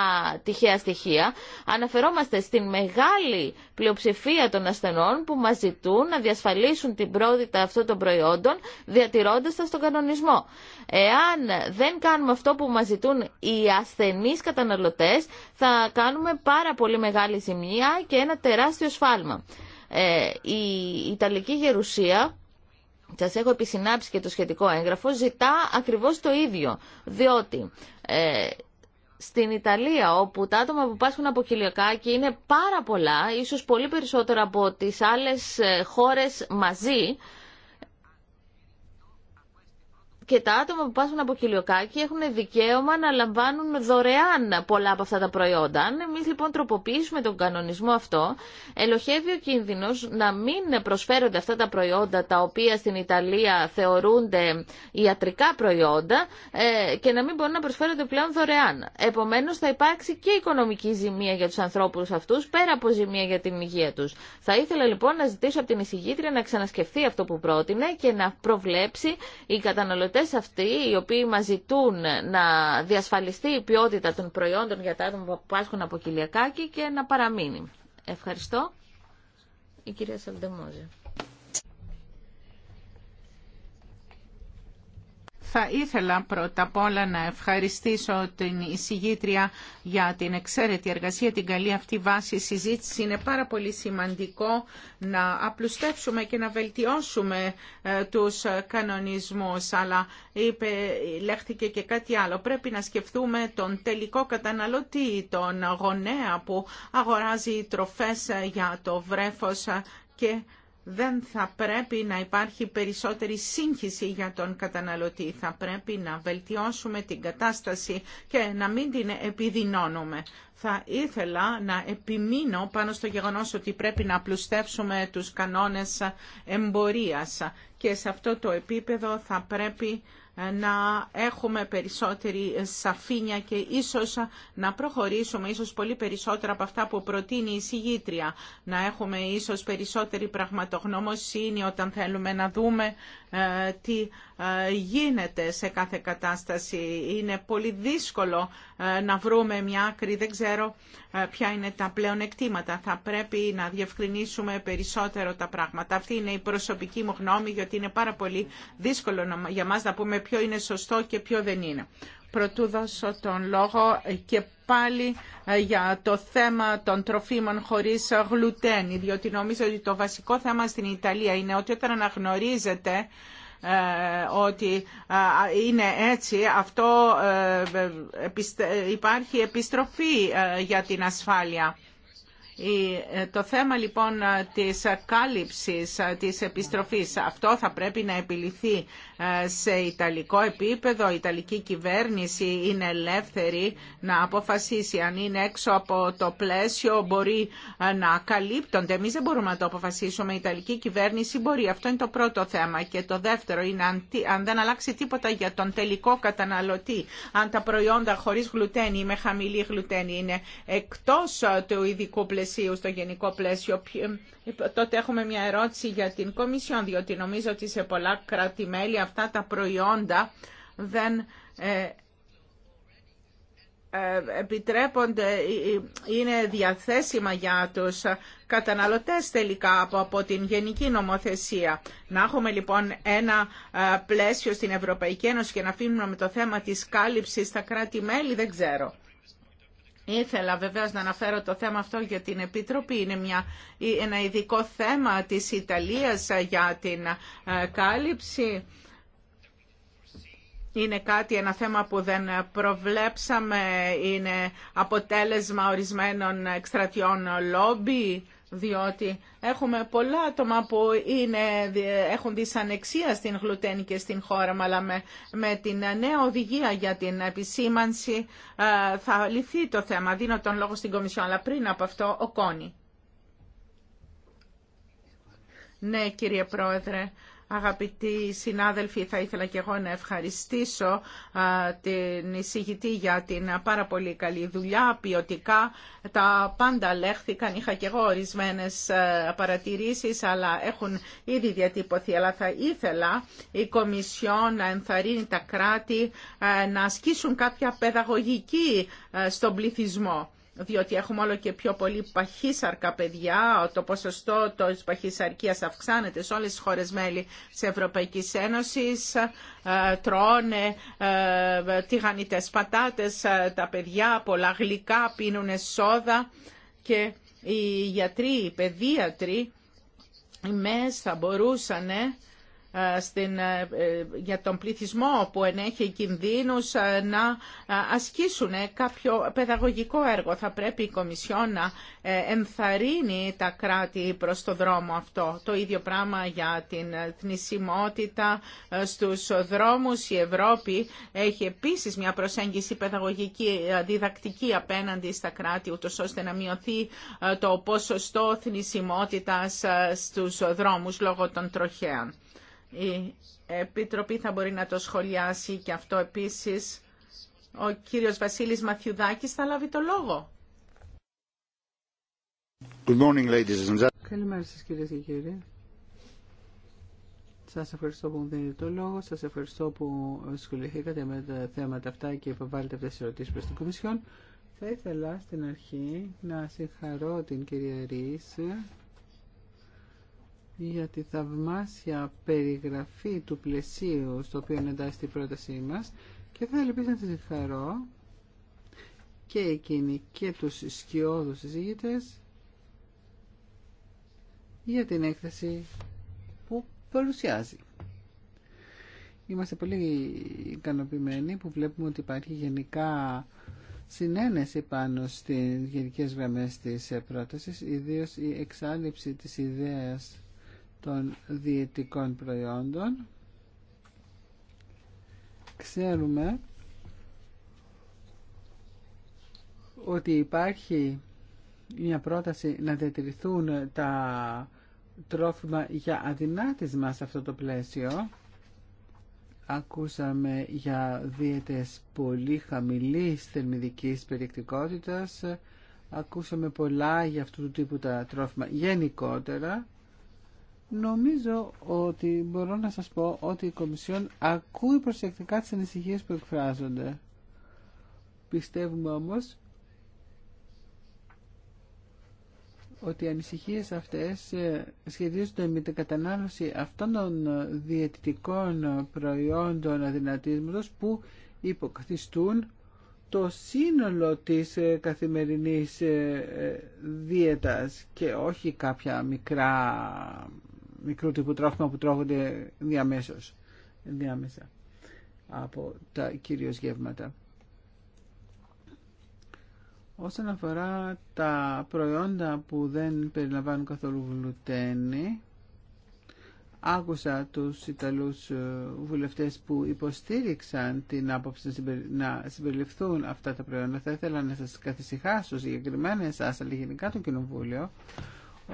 τυχαία στοιχεία, αναφερόμαστε στην μεγάλη πλειοψηφία των ασθενών που μας ζητούν να διασφαλίσουν την πρότητα αυτών των προϊόντων διατηρώντας τα στον κανονισμό. Εάν δεν κάνουμε αυτό που μας ζητούν οι ασθενείς καταναλωτές, θα κάνουμε πάρα πολύ μεγάλη ζημιά και ένα τεράστιο σφάλμα. Ε, η Ιταλική Γερουσία Σα έχω επισυνάψει και το σχετικό έγγραφο, ζητά ακριβώς το ίδιο, διότι ε, στην Ιταλία, όπου τα άτομα που πάσχουν από κοιλιακάκι είναι πάρα πολλά, ίσως πολύ περισσότερα από τις άλλες ε, χώρες μαζί, και τα άτομα που πάσχουν από κοιλιοκάκι έχουν δικαίωμα να λαμβάνουν δωρεάν πολλά από αυτά τα προϊόντα. Αν εμεί λοιπόν τροποποιήσουμε τον κανονισμό αυτό, ελοχεύει ο κίνδυνο να μην προσφέρονται αυτά τα προϊόντα τα οποία στην Ιταλία θεωρούνται ιατρικά προϊόντα ε, και να μην μπορούν να προσφέρονται πλέον δωρεάν. Επομένω, θα υπάρξει και οικονομική ζημία για του ανθρώπου αυτού, πέρα από ζημία για την υγεία του. Θα ήθελα λοιπόν να ζητήσω από την εισηγήτρια να ξανασκεφτεί αυτό που πρότεινε και να προβλέψει οι καταναλωτέ καταναλωτές αυτοί οι οποίοι μας ζητούν να διασφαλιστεί η ποιότητα των προϊόντων για τα άτομα που πάσχουν από κοιλιακάκι και να παραμείνει. Ευχαριστώ. Η κυρία Θα ήθελα πρώτα απ' όλα να ευχαριστήσω την εισηγήτρια για την εξαίρετη εργασία, την καλή αυτή βάση συζήτηση. Είναι πάρα πολύ σημαντικό να απλουστεύσουμε και να βελτιώσουμε ε, τους κανονισμούς, αλλά είπε, λέχθηκε και κάτι άλλο. Πρέπει να σκεφτούμε τον τελικό καταναλωτή, τον γονέα που αγοράζει τροφές ε, για το βρέφος ε, και δεν θα πρέπει να υπάρχει περισσότερη σύγχυση για τον καταναλωτή. Θα πρέπει να βελτιώσουμε την κατάσταση και να μην την επιδεινώνουμε. Θα ήθελα να επιμείνω πάνω στο γεγονός ότι πρέπει να απλουστεύσουμε τους κανόνες εμπορίας και σε αυτό το επίπεδο θα πρέπει να έχουμε περισσότερη σαφήνια και ίσως να προχωρήσουμε ίσως πολύ περισσότερα από αυτά που προτείνει η συγγήτρια. Να έχουμε ίσως περισσότερη πραγματογνωμοσύνη όταν θέλουμε να δούμε ε, τι ε, γίνεται σε κάθε κατάσταση. Είναι πολύ δύσκολο ε, να βρούμε μια άκρη. Δεν ξέρω ποια είναι τα πλέον Θα πρέπει να διευκρινίσουμε περισσότερο τα πράγματα. Αυτή είναι η προσωπική μου γνώμη, γιατί είναι πάρα πολύ δύσκολο για μας να πούμε ποιο είναι σωστό και ποιο δεν είναι προτού δώσω τον λόγο και πάλι ε, για το θέμα των τροφίμων χωρίς γλουτένι, διότι νομίζω ότι το βασικό θέμα στην Ιταλία είναι ότι όταν αναγνωρίζεται ε, ότι ε, είναι έτσι, αυτό υπάρχει επιστροφή για την ασφάλεια. Ε, το θέμα λοιπόν ε, της κάλυψης ε, της επιστροφής, αυτό θα πρέπει να επιληθεί σε ιταλικό επίπεδο. Η ιταλική κυβέρνηση είναι ελεύθερη να αποφασίσει αν είναι έξω από το πλαίσιο, μπορεί να καλύπτονται. Εμείς δεν μπορούμε να το αποφασίσουμε, η ιταλική κυβέρνηση μπορεί. Αυτό είναι το πρώτο θέμα. Και το δεύτερο είναι αν δεν αλλάξει τίποτα για τον τελικό καταναλωτή, αν τα προϊόντα χωρίς γλουτένη ή με χαμηλή γλουτένη είναι εκτός του ειδικού πλαισίου πλαισίου, στο γενικό πλαίσιο. Τότε έχουμε μια ερώτηση για την Κομισιόν, διότι νομίζω ότι σε πολλά κράτη-μέλη αυτά τα προϊόντα δεν ε, ε, επιτρέπονται, ε, είναι διαθέσιμα για τους καταναλωτές τελικά από, από την γενική νομοθεσία. Να έχουμε λοιπόν ένα πλαίσιο στην Ευρωπαϊκή Ένωση και να αφήνουμε με το θέμα της κάλυψης στα κράτη-μέλη, δεν ξέρω. Ήθελα βεβαίω να αναφέρω το θέμα αυτό για την Επίτροπη. Είναι μια, ένα ειδικό θέμα της Ιταλίας ε, για την ε, κάλυψη. Είναι κάτι, ένα θέμα που δεν προβλέψαμε, είναι αποτέλεσμα ορισμένων εκστρατιών λόμπι διότι έχουμε πολλά άτομα που είναι, έχουν δυσανεξία στην γλουτένη και στην χώρα μα, αλλά με, την νέα οδηγία για την επισήμανση ε, θα λυθεί το θέμα. Δίνω τον λόγο στην Κομισιόν, αλλά πριν από αυτό ο Κόνη. Ναι, κύριε Πρόεδρε, Αγαπητοί συνάδελφοι, θα ήθελα και εγώ να ευχαριστήσω την εισηγητή για την πάρα πολύ καλή δουλειά, ποιοτικά. Τα πάντα λέχθηκαν, είχα και εγώ ορισμένε παρατηρήσεις, αλλά έχουν ήδη διατυπωθεί. Αλλά θα ήθελα η Κομισιό να ενθαρρύνει τα κράτη να ασκήσουν κάποια παιδαγωγική στον πληθυσμό διότι έχουμε όλο και πιο πολύ παχύσαρκα παιδιά, το ποσοστό της παχύσαρκίας αυξάνεται σε όλες τις χώρες μέλη της Ευρωπαϊκής Ένωσης, ε, τρώνε ε, τηγανιτές πατάτες ε, τα παιδιά, πολλά γλυκά, πίνουν σόδα και οι γιατροί, οι παιδίατροι, οι ΜΕΣ θα μπορούσαν ε, στην, ε, ε, για τον πληθυσμό που ενέχει κινδύνους να ασκήσουν κάποιο παιδαγωγικό έργο. Θα πρέπει η Κομισιόν να ενθαρρύνει τα κράτη προς το δρόμο αυτό. Το ίδιο πράγμα για την θνησιμότητα στους δρόμους. Η Ευρώπη έχει επίσης μια προσέγγιση παιδαγωγική διδακτική απέναντι στα κράτη ούτως ώστε να μειωθεί το ποσοστό θνησιμότητας στους δρόμους λόγω των τροχέων η Επιτροπή θα μπορεί να το σχολιάσει και αυτό επίσης. Ο κύριος Βασίλης Μαθιουδάκης θα λάβει το λόγο. Καλημέρα σας κύριε και κύριοι. Σας ευχαριστώ που μου δίνετε το λόγο. Σας ευχαριστώ που ασχοληθήκατε με τα θέματα αυτά και υποβάλλετε βάλετε αυτές τις ερωτήσεις προς την Κομισιόν. Θα ήθελα στην αρχή να συγχαρώ την κυρία Ρίση για τη θαυμάσια περιγραφή του πλαισίου στο οποίο εντάσσεται η πρότασή μας και θα ελπίζω να σας ευχαρώ και εκείνη και τους σκιώδους συζήτητες για την έκθεση που παρουσιάζει. Είμαστε πολύ ικανοποιημένοι που βλέπουμε ότι υπάρχει γενικά συνένεση πάνω στις γενικές γραμμές της πρότασης, ιδίως η εξάλληψη της ιδέας των διαιτικών προϊόντων. Ξέρουμε ότι υπάρχει μια πρόταση να διατηρηθούν τα τρόφιμα για αδυνάτισμα σε αυτό το πλαίσιο. Ακούσαμε για δίαιτες πολύ χαμηλής θερμιδικής περιεκτικότητας. Ακούσαμε πολλά για αυτού του τύπου τα τρόφιμα γενικότερα. Νομίζω ότι μπορώ να σας πω ότι η Κομισιόν ακούει προσεκτικά τις ανησυχίες που εκφράζονται. Πιστεύουμε όμως ότι οι ανησυχίες αυτές ε, σχετίζονται με την κατανάλωση αυτών των διαιτητικών προϊόντων αδυνατίσματος που υποκαθιστούν το σύνολο της ε, καθημερινής ε, δίαιτας και όχι κάποια μικρά μικρού τύπου τρόφιμα που τρώγονται διαμέσως, διάμεσα από τα κυρίως γεύματα. Όσον αφορά τα προϊόντα που δεν περιλαμβάνουν καθόλου βλουτένη, άκουσα τους Ιταλούς ε, βουλευτές που υποστήριξαν την άποψη να συμπεριληφθούν αυτά τα προϊόντα. Θα ήθελα να σας καθησυχάσω συγκεκριμένα εσάς, αλλά γενικά το Κοινοβούλιο,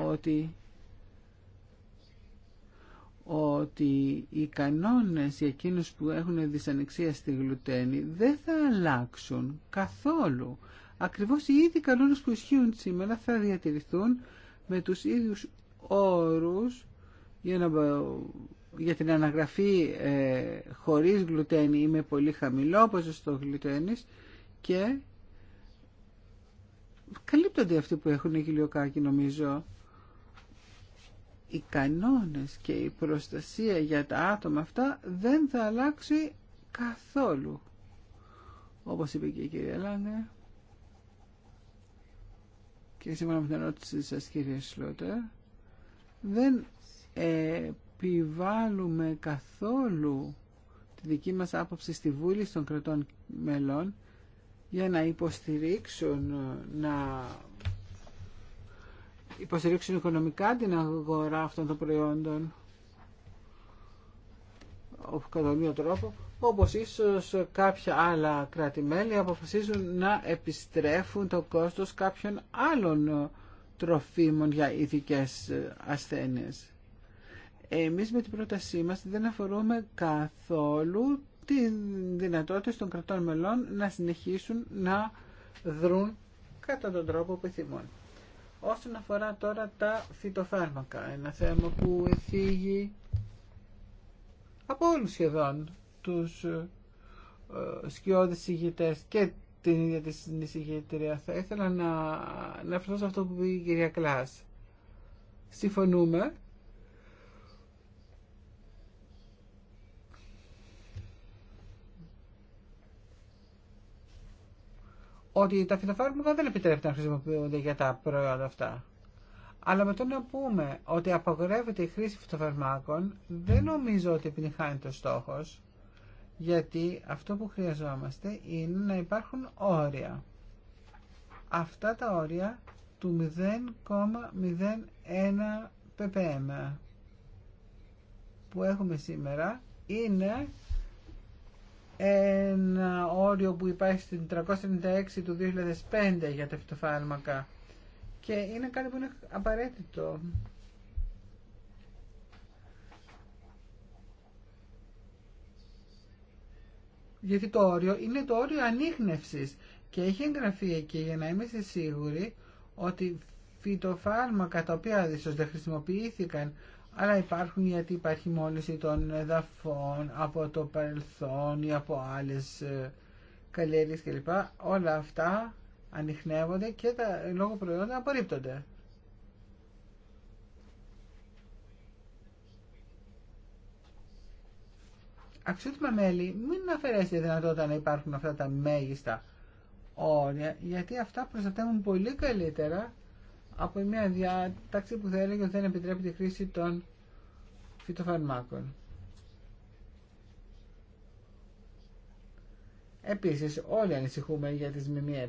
ότι ότι οι κανόνες για εκείνους που έχουν δυσανεξία στη γλουτένη δεν θα αλλάξουν καθόλου. Ακριβώς οι ίδιοι κανόνες που ισχύουν σήμερα θα διατηρηθούν με τους ίδιους όρους για, να, την αναγραφή ε, χωρίς γλουτένη ή με πολύ χαμηλό ποσοστό γλουτένης και καλύπτονται αυτοί που έχουν γλυοκάκι νομίζω οι κανόνες και η προστασία για τα άτομα αυτά δεν θα αλλάξει καθόλου. Όπως είπε και η κυρία Λάνε και σήμερα με την ερώτηση σας κύριε Σλότερ δεν επιβάλλουμε καθόλου τη δική μας άποψη στη Βούλη των κρατών μελών για να υποστηρίξουν να υποστηρίξουν οικονομικά την αγορά αυτών των προϊόντων κατά μία τρόπο, όπως ίσως κάποια άλλα κράτη-μέλη αποφασίζουν να επιστρέφουν το κόστος κάποιων άλλων τροφίμων για ειδικές ασθένειες. Εμείς με την πρότασή μας δεν αφορούμε καθόλου τη δυνατότητα των κρατών μελών να συνεχίσουν να δρουν κατά τον τρόπο που επιθυμούν. Όσον αφορά τώρα τα φυτοφάρμακα, ένα θέμα που εφήγει από όλους σχεδόν τους ε, και την ίδια τη συνεισηγητρία. Θα ήθελα να να αυτό που είπε η κυρία Κλάς. Συμφωνούμε ότι τα φυτοφάρμακα δεν επιτρέπεται να χρησιμοποιούνται για τα προϊόντα αυτά. Αλλά με το να πούμε ότι απαγορεύεται η χρήση φυτοφαρμάκων, δεν νομίζω ότι επιτυχάνει το στόχος, γιατί αυτό που χρειαζόμαστε είναι να υπάρχουν όρια. Αυτά τα όρια του 0,01 ppm που έχουμε σήμερα είναι ένα όριο που υπάρχει στην 396 του 2005 για τα φυτοφάρμακα και είναι κάτι που είναι απαραίτητο. Γιατί το όριο είναι το όριο ανείχνευσης και έχει εγγραφεί εκεί για να είμαστε σίγουροι ότι φυτοφάρμακα τα οποία ίσως δεν χρησιμοποιήθηκαν αλλά υπάρχουν γιατί υπάρχει μόλυνση των εδαφών από το παρελθόν ή από άλλες ε, καλλιέργειες κλπ. Όλα αυτά ανοιχνεύονται και τα λόγω προϊόντα απορρίπτονται. Αξιότιμα μέλη, μην αφαιρέσετε τη δυνατότητα να υπάρχουν αυτά τα μέγιστα όρια, γιατί αυτά προστατεύουν πολύ καλύτερα από μια διάταξη που θα έλεγε ότι δεν επιτρέπει τη χρήση των φυτοφαρμάκων. Επίσης, όλοι ανησυχούμε για τις ΜΜΕ.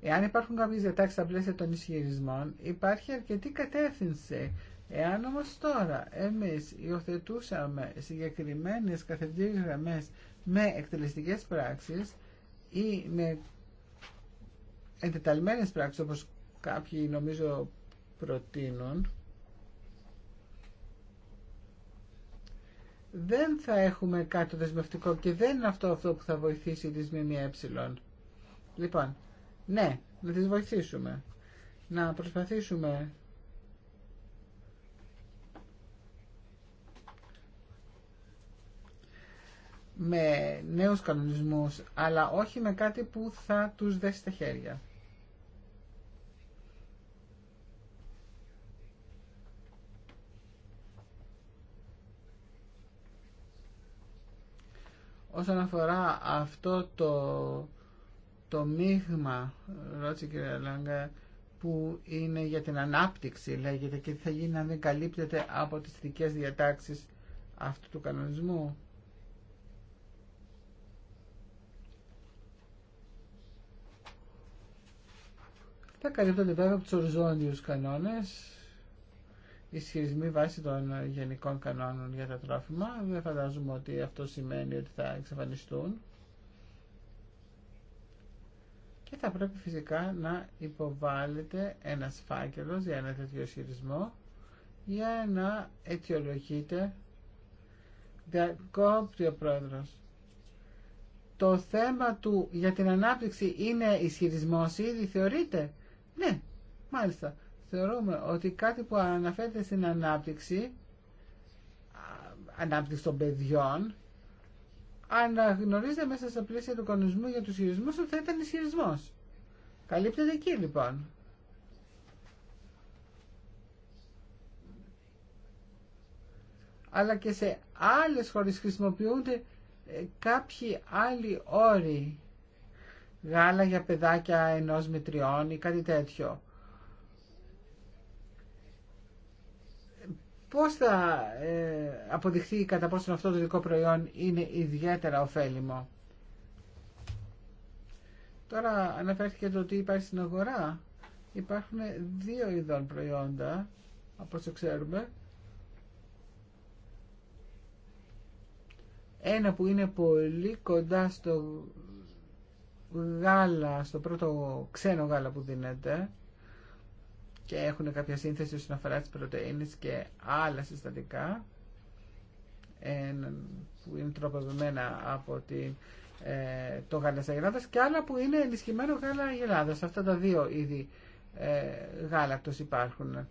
Εάν υπάρχουν κάποιες διατάξεις στα πλαίσια των ισχυρισμών, υπάρχει αρκετή κατεύθυνση Εάν όμως τώρα εμείς υιοθετούσαμε συγκεκριμένες καθημερινές γραμμές με εκτελεστικές πράξεις ή με εντεταλμένες πράξεις όπως κάποιοι νομίζω προτείνουν δεν θα έχουμε κάτι δεσμευτικό και δεν είναι αυτό αυτό που θα βοηθήσει τις ΜΜΕ. Λοιπόν, ναι, να τις βοηθήσουμε. Να προσπαθήσουμε με νέους κανονισμούς, αλλά όχι με κάτι που θα τους δέσει τα χέρια. Όσον αφορά αυτό το, το μείγμα, ρώτησε κύριε Λάγκα, που είναι για την ανάπτυξη λέγεται και τι θα γίνει να δεν καλύπτεται από τις δικές διατάξεις αυτού του κανονισμού. καλύπτονται βέβαια από του οριζόντιου κανόνε, ισχυρισμοί βάσει των γενικών κανόνων για τα τρόφιμα. Δεν φαντάζομαι ότι αυτό σημαίνει ότι θα εξαφανιστούν. Και θα πρέπει φυσικά να υποβάλλεται ένα φάκελος για ένα τέτοιο ισχυρισμό για να αιτιολογείται διακόπτει ο πρόεδρος. Το θέμα του για την ανάπτυξη είναι ισχυρισμός ήδη θεωρείται ναι, μάλιστα. Θεωρούμε ότι κάτι που αναφέρεται στην ανάπτυξη, ανάπτυξη των παιδιών, αναγνωρίζεται μέσα στα πλαίσια του κανονισμού για τους χειρισμούς ότι θα ήταν ισχυρισμός. Καλύπτεται εκεί λοιπόν. αλλά και σε άλλες χώρες χρησιμοποιούνται ε, κάποιοι άλλοι όροι γάλα για παιδάκια ενός με ή κάτι τέτοιο. Πώς θα ε, αποδειχθεί κατά πόσο αυτό το δικό προϊόν είναι ιδιαίτερα ωφέλιμο. Τώρα αναφέρθηκε το ότι υπάρχει στην αγορά. Υπάρχουν δύο ειδών προϊόντα, από όσο ξέρουμε. Ένα που είναι πολύ κοντά στο γάλα, στο πρώτο ξένο γάλα που δίνεται και έχουν κάποια σύνθεση όσον αφορά τις πρωτεΐνες και άλλα συστατικά που είναι τροποποιημένα από τη ε, το γάλα της Αγελάδας και άλλα που είναι ενισχυμένο γάλα Αγελάδας. Αυτά τα δύο είδη ε, γάλακτος υπάρχουν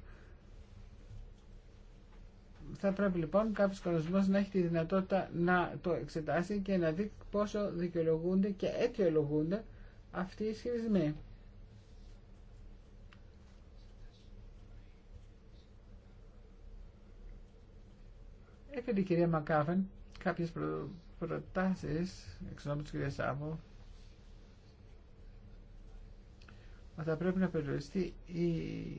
θα πρέπει λοιπόν κάποιος κανονισμός να έχει τη δυνατότητα να το εξετάσει και να δει πόσο δικαιολογούνται και αιτιολογούνται αυτοί οι ισχυρισμοί. Έκανε η κυρία Μακάβεν κάποιες προ... προτάσεις εξ ονόμου της κυρίας Σάβου θα πρέπει να περιοριστεί η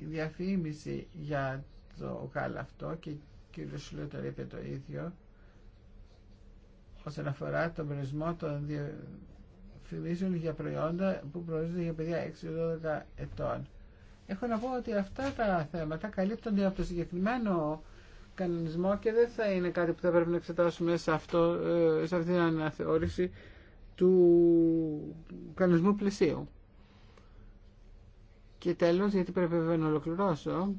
διαφήμιση για το γάλα αυτό και κ. Σλούτερ είπε το ίδιο όσον αφορά τον περιορισμό των διαφημίσεων για προϊόντα που προορίζονται για παιδιά 6-12 ετών. Έχω να πω ότι αυτά τα θέματα καλύπτονται από το συγκεκριμένο κανονισμό και δεν θα είναι κάτι που θα πρέπει να εξετάσουμε σε, αυτό, ε, σε αυτή την αναθεώρηση του κανονισμού πλαισίου. Και τέλος, γιατί πρέπει να ολοκληρώσω,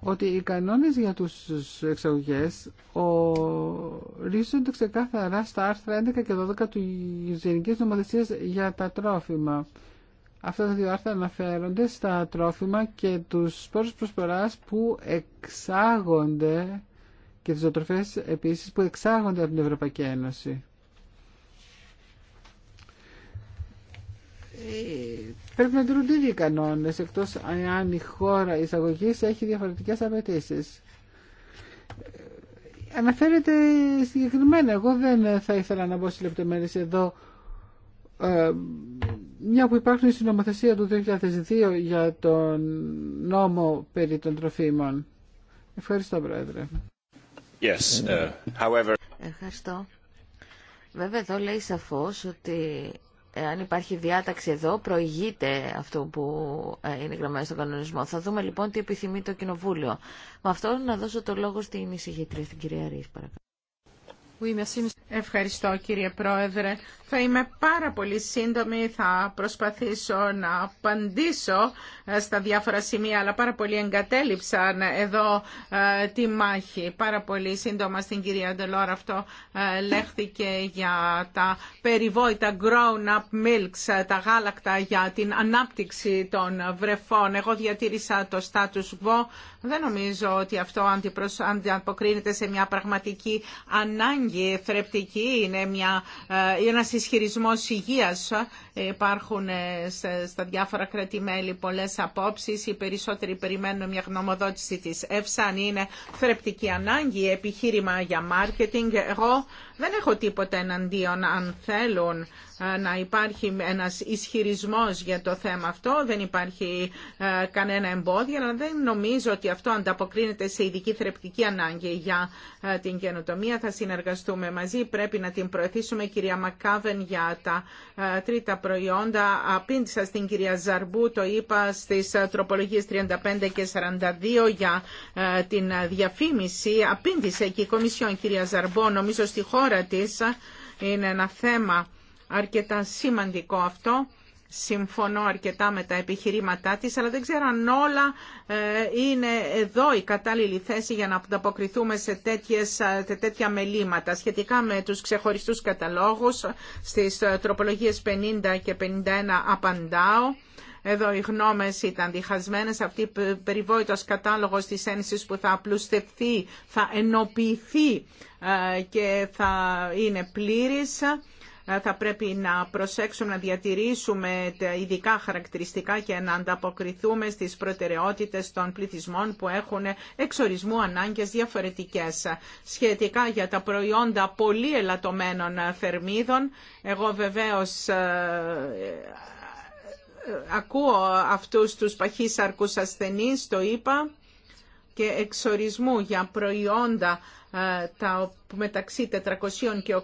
ότι οι κανόνες για τους εξαγωγές ορίζονται ξεκάθαρα στα άρθρα 11 και 12 του Γενικής Νομοθεσίας για τα τρόφιμα. Αυτά τα δύο άρθρα αναφέρονται στα τρόφιμα και τους σπόρους προσποράς που εξάγονται και τις ζωοτροφές επίσης που εξάγονται από την Ευρωπαϊκή Ένωση. πρέπει να τηρούνται οι κανόνες εκτός αν η χώρα εισαγωγής έχει διαφορετικές απαιτήσει. Αναφέρεται συγκεκριμένα, εγώ δεν θα ήθελα να μπω σε λεπτομέρειες εδώ, ε, μια που υπάρχουν στην νομοθεσία του 2002 για τον νόμο περί των τροφίμων. Ευχαριστώ, Πρόεδρε. Yes, uh, however... Ευχαριστώ. Βέβαια, εδώ λέει σαφώς ότι αν υπάρχει διάταξη εδώ, προηγείται αυτό που ε, είναι γραμμένο στον κανονισμό. Θα δούμε λοιπόν τι επιθυμεί το Κοινοβούλιο. Με αυτό να δώσω το λόγο στην εισηγήτρια, στην κυρία Ρήφ. παρακαλώ. Ευχαριστώ κύριε Πρόεδρε. Θα είμαι πάρα πολύ σύντομη, θα προσπαθήσω να απαντήσω ε, στα διάφορα σημεία, αλλά πάρα πολύ εγκατέλειψαν ε, εδώ ε, τη μάχη. Πάρα πολύ σύντομα στην κυρία Ντελόρ αυτό λέχθηκε για τα περιβόητα grown-up milks, τα γάλακτα για την ανάπτυξη των βρεφών. Εγώ διατήρησα το status quo. Δεν νομίζω ότι αυτό αντιποκρίνεται σε μια πραγματική ανάγκη ανάγκη θρεπτική, είναι μια, ε, ένας ισχυρισμός υγείας. Ε, υπάρχουν ε, στα διάφορα κρατημέλη πολλές απόψεις. Οι περισσότεροι περιμένουν μια γνωμοδότηση της ΕΦΣΑ αν είναι θρεπτική ανάγκη, επιχείρημα για μάρκετινγκ. Εγώ δεν έχω τίποτα εναντίον αν θέλουν να υπάρχει ένας ισχυρισμός για το θέμα αυτό, δεν υπάρχει ε, κανένα εμπόδιο, αλλά δεν νομίζω ότι αυτό ανταποκρίνεται σε ειδική θρεπτική ανάγκη για ε, την καινοτομία. Θα συνεργαστούμε μαζί, πρέπει να την προωθήσουμε, κυρία Μακάβεν, για τα ε, τρίτα προϊόντα. Απήντησα στην κυρία Ζαρμπού, το είπα στις τροπολογίες 35 και 42 για την διαφήμιση. Απήντησε και η Κομισιόν, κυρία Ζαρμπό, νομίζω στη χώρα τη είναι ένα θέμα αρκετά σημαντικό αυτό. Συμφωνώ αρκετά με τα επιχειρήματά της, αλλά δεν ξέρω αν όλα ε, είναι εδώ η κατάλληλη θέση για να αποκριθούμε σε, ε, σε τέτοια μελήματα. Σχετικά με τους ξεχωριστούς καταλόγους, στις ε, τροπολογίες 50 και 51 απαντάω. Εδώ οι γνώμε ήταν διχασμένες. Αυτή η περιβόητος κατάλογος της ένσης που θα απλουστευτεί, θα ενοποιηθεί και θα είναι πλήρης. Ε, θα πρέπει να προσέξουμε να διατηρήσουμε τα ειδικά χαρακτηριστικά και να ανταποκριθούμε στις προτεραιότητες των πληθυσμών που έχουν εξορισμού ανάγκες διαφορετικές. Σχετικά για τα προϊόντα πολύ ελαττωμένων θερμίδων, εγώ βεβαίως ε, ε, ακούω αυτούς τους παχύσαρκους ασθενείς, το είπα, και εξορισμού για προϊόντα τα, μεταξύ 400 και 800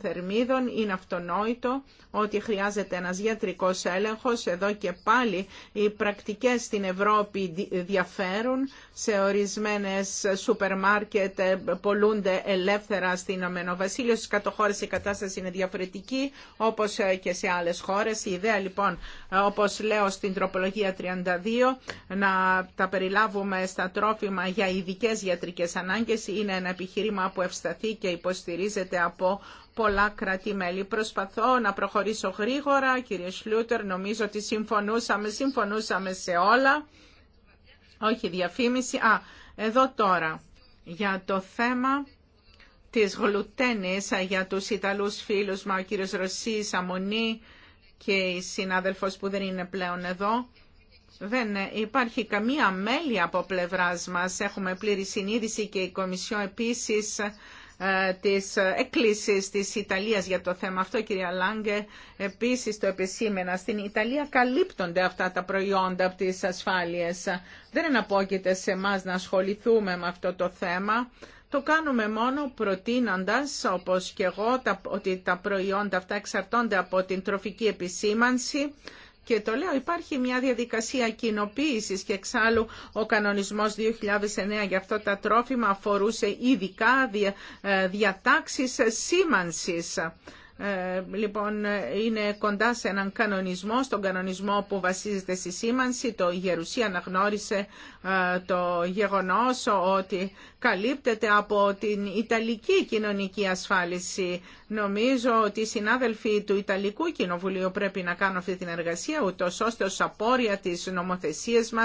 θερμίδων είναι αυτονόητο ότι χρειάζεται ένας γιατρικός έλεγχος. Εδώ και πάλι οι πρακτικές στην Ευρώπη διαφέρουν. Σε ορισμένες σούπερ μάρκετ ε, πολλούνται ελεύθερα στην Αμένο Βασίλειο. Στις κατοχώρες η κατάσταση είναι διαφορετική όπως ε, και σε άλλες χώρες. Η ιδέα λοιπόν ε, όπως λέω στην τροπολογία 32 να τα περιλάβουμε στα τρόφιμα για ειδικέ γιατρικές ανάγκες και είναι ένα επιχείρημα που ευσταθεί και υποστηρίζεται από πολλά Προσπαθώ να προχωρήσω γρήγορα, κύριε Σλούτερ, νομίζω ότι συμφωνούσαμε, συμφωνούσαμε σε όλα. Όχι διαφήμιση. Α, εδώ τώρα για το θέμα της γλουτένης για τους Ιταλούς φίλους, μα ο κύριος Ρωσής, Αμονή και η συνάδελφος που δεν είναι πλέον εδώ. Δεν υπάρχει καμία μέλη από πλευράς μας. Έχουμε πλήρη συνείδηση και η Κομισιό επίσης ε, της εκκλήσης της Ιταλίας για το θέμα αυτό, κυρία Λάγκε, επίσης το επισήμενα. Στην Ιταλία καλύπτονται αυτά τα προϊόντα από τις ασφάλειες. Δεν εναπόκειται σε εμά να ασχοληθούμε με αυτό το θέμα. Το κάνουμε μόνο προτείνοντας, όπως και εγώ, ότι τα προϊόντα αυτά εξαρτώνται από την τροφική επισήμανση και το λέω, υπάρχει μια διαδικασία κοινοποίηση και εξάλλου ο κανονισμός 2009 για αυτό τα τρόφιμα αφορούσε ειδικά δια, ε, διατάξεις σήμανσης. Ε, λοιπόν, είναι κοντά σε έναν κανονισμό, στον κανονισμό που βασίζεται στη σήμανση. Το Γερουσία αναγνώρισε ε, το γεγονός ότι καλύπτεται από την Ιταλική κοινωνική ασφάλιση Νομίζω ότι οι συνάδελφοι του Ιταλικού Κοινοβουλίου πρέπει να κάνουν αυτή την εργασία, ούτω ώστε ω απόρρια τη νομοθεσία μα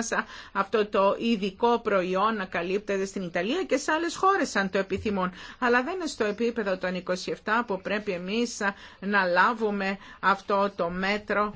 αυτό το ειδικό προϊόν να καλύπτεται στην Ιταλία και σε άλλε χώρε αν το επιθυμούν. Αλλά δεν είναι στο επίπεδο των 27 που πρέπει εμεί να λάβουμε αυτό το μέτρο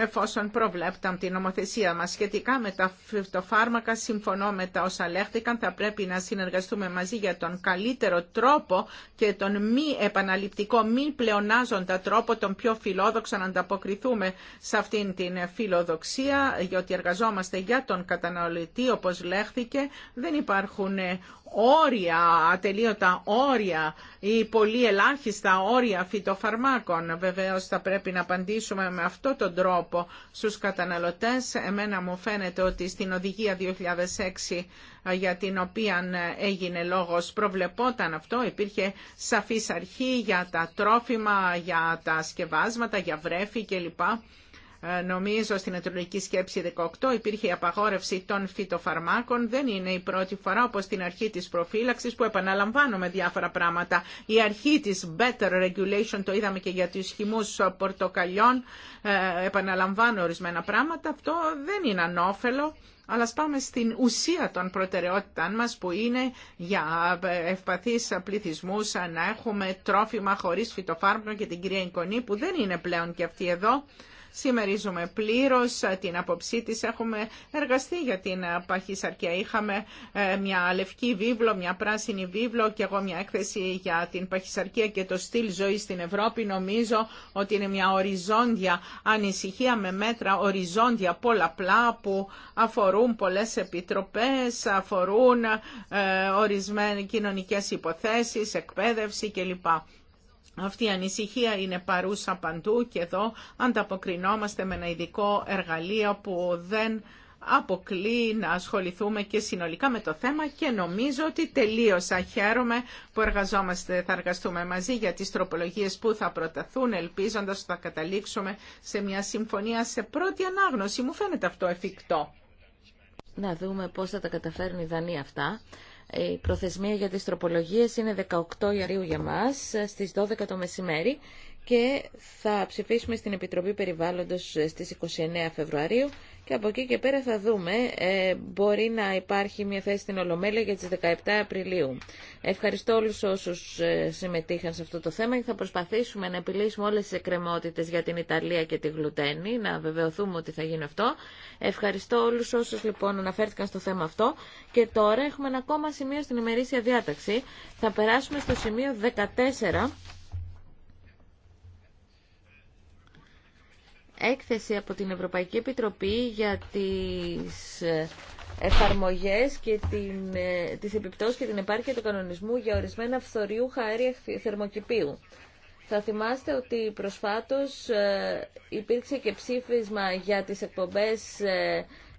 εφόσον προβλέπταν την νομοθεσία μας σχετικά με τα φυτοφάρμακα, συμφωνώ με τα όσα λέχθηκαν, θα πρέπει να συνεργαστούμε μαζί για τον καλύτερο τρόπο και τον μη επαναληπτικό, μη πλεονάζοντα τρόπο, τον πιο φιλόδοξο να ανταποκριθούμε σε αυτήν την φιλοδοξία, γιατί εργαζόμαστε για τον καταναλωτή, όπως λέχθηκε, δεν υπάρχουν όρια, ατελείωτα όρια ή πολύ ελάχιστα όρια φυτοφαρμάκων. Βεβαίως θα πρέπει να απαντήσουμε με αυτόν τον τρόπο στους καταναλωτές. Εμένα μου φαίνεται ότι στην οδηγία 2006 για την οποία ε, έγινε λόγος προβλεπόταν αυτό, υπήρχε σαφής αρχή για τα τρόφιμα, για τα σκευάσματα, για βρέφη κλπ. Ε, νομίζω στην Ετρολογική Σκέψη 18 υπήρχε η απαγόρευση των φυτοφαρμάκων. Δεν είναι η πρώτη φορά όπως στην αρχή της προφύλαξης που επαναλαμβάνουμε διάφορα πράγματα. Η αρχή της Better Regulation το είδαμε και για τους χυμούς πορτοκαλιών. Ε, επαναλαμβάνω ορισμένα πράγματα. Αυτό δεν είναι ανώφελο. Αλλά πάμε στην ουσία των προτεραιότητων μας που είναι για ε, ευπαθείς πληθυσμού να έχουμε τρόφιμα χωρίς φυτοφάρμακο και την κυρία Εικονή που δεν είναι πλέον και αυτή εδώ. Σημερίζουμε πλήρω, ε, την αποψή τη, Έχουμε εργαστεί για την ε, παχυσαρκία. Είχαμε ε, μια λευκή βίβλο, μια πράσινη βίβλο και εγώ μια έκθεση για την παχυσαρκία και το στυλ ζωής στην Ευρώπη. Νομίζω ότι είναι μια οριζόντια ανησυχία με μέτρα οριζόντια πολλαπλά που αφορούν πολλέ επιτροπέ, αφορούν ορισμένε κοινωνικέ υποθέσει, εκπαίδευση κλπ. Αυτή η ανησυχία είναι παρούσα παντού και εδώ ανταποκρινόμαστε με ένα ειδικό εργαλείο που δεν αποκλεί να ασχοληθούμε και συνολικά με το θέμα και νομίζω ότι τελείωσα. Χαίρομαι που εργαζόμαστε, θα εργαστούμε μαζί για τις τροπολογίες που θα προταθούν, ελπίζοντας ότι θα καταλήξουμε σε μια συμφωνία σε πρώτη ανάγνωση. Μου φαίνεται αυτό εφικτό. Να δούμε πώς θα τα καταφέρουν οι Δανείοι αυτά. Η προθεσμία για τις τροπολογίες είναι 18 Ιαρίου για μας, στις 12 το μεσημέρι και θα ψηφίσουμε στην Επιτροπή Περιβάλλοντος στις 29 Φεβρουαρίου και από εκεί και πέρα θα δούμε, ε, μπορεί να υπάρχει μια θέση στην Ολομέλεια για τις 17 Απριλίου. Ευχαριστώ όλους όσους ε, συμμετείχαν σε αυτό το θέμα και θα προσπαθήσουμε να επιλύσουμε όλες τις εκκρεμότητες για την Ιταλία και τη Γλουτένη, να βεβαιωθούμε ότι θα γίνει αυτό. Ευχαριστώ όλους όσους λοιπόν αναφέρθηκαν στο θέμα αυτό και τώρα έχουμε ένα ακόμα σημείο στην ημερήσια διάταξη. Θα περάσουμε στο σημείο 14 έκθεση από την Ευρωπαϊκή Επιτροπή για τις ε, εφαρμογές και την, ε, τις επιπτώσεις και την επάρκεια του κανονισμού για ορισμένα φθοριού χαέρια θερμοκηπίου. Θα θυμάστε ότι προσφάτως ε, υπήρξε και ψήφισμα για τις εκπομπές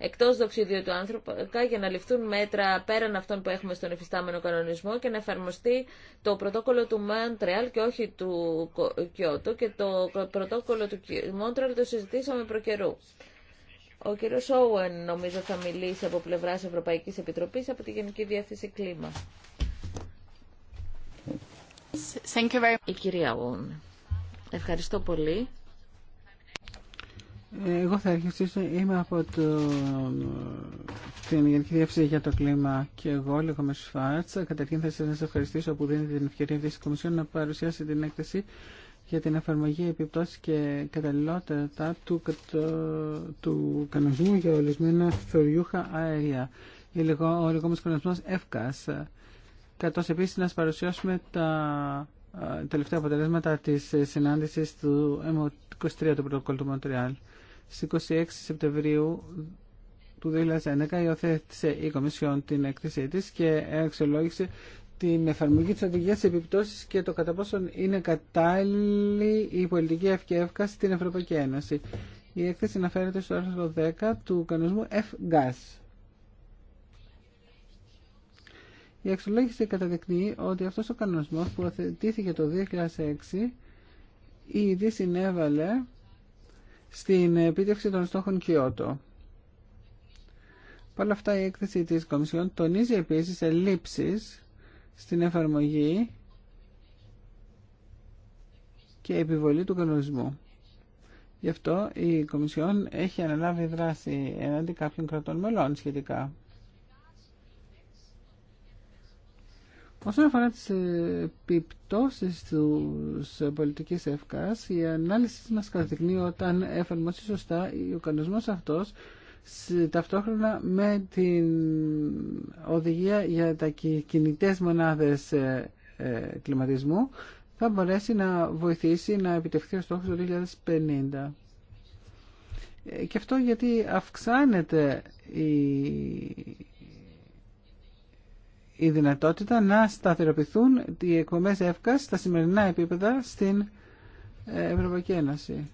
εκτός δοξιδίου του άνθρωπα για να ληφθούν μέτρα πέραν αυτών που έχουμε στον εφιστάμενο κανονισμό και να εφαρμοστεί το πρωτόκολλο του Μόντρεαλ και όχι του Κιώτο και το πρωτόκολλο του Μόντρεαλ το συζητήσαμε προκαιρού. Ο κύριος Όουεν νομίζω θα μιλήσει από πλευράς Ευρωπαϊκής Επιτροπής από τη Γενική Διεύθυνση Κλίμα. Η κυρία Όουεν. Ευχαριστώ πολύ. Εγώ θα αρχίσω, είμαι από το, την Γενική Διεύθυνση για το Κλίμα και εγώ, λίγο με Σφάτς. Καταρχήν θα σα ευχαριστήσω που δίνετε την ευκαιρία αυτή της Κομισιόν να παρουσιάσει την έκθεση για την εφαρμογή επιπτώσει και καταλληλότητα του, του κανονισμού για ορισμένα θεωριούχα αέρια. Ο λεγόμενο κανονισμό ΕΦΚΑΣ. Καθώ επίση να σα παρουσιάσουμε τα τελευταία αποτελέσματα τη συνάντηση του ΕΜΟ 23 του πρωτοκόλλου του Μοντρεάλ. Στις 26 Σεπτεμβρίου του 2011 υιοθέτησε η Κομισιόν την έκθεσή της και αξιολόγησε την εφαρμογή της οδηγίας επιπτώσεις και το κατά πόσον είναι κατάλληλη η πολιτική ευκαιρία στην Ευρωπαϊκή Ένωση. Η έκθεση αναφέρεται στο άρθρο 10 του κανονισμού F-GAS. Η αξιολόγηση καταδεικνύει ότι αυτός ο κανονισμός που οθετήθηκε το 2006 ήδη συνέβαλε στην επίτευξη των στόχων Κιώτο. Παρ' αυτά η έκθεση της Κομισιόν τονίζει επίσης ελλείψεις στην εφαρμογή και επιβολή του κανονισμού. Γι' αυτό η Κομισιόν έχει αναλάβει δράση εναντί κάποιων κρατών μελών σχετικά. Όσον αφορά τις επιπτώσεις του πολιτικής ευκάς, η ανάλυση μας καταδεικνύει όταν εφαρμοστεί σωστά ο κανονισμός αυτός ταυτόχρονα με την οδηγία για τα κινητές μονάδες ε, ε, κλιματισμού θα μπορέσει να βοηθήσει να επιτευχθεί ο στόχος του 2050. Ε, και αυτό γιατί αυξάνεται η η δυνατότητα να σταθεροποιηθούν οι εκπομπές ΕΦΚΑ στα σημερινά επίπεδα στην ε, Ευρωπαϊκή Ένωση.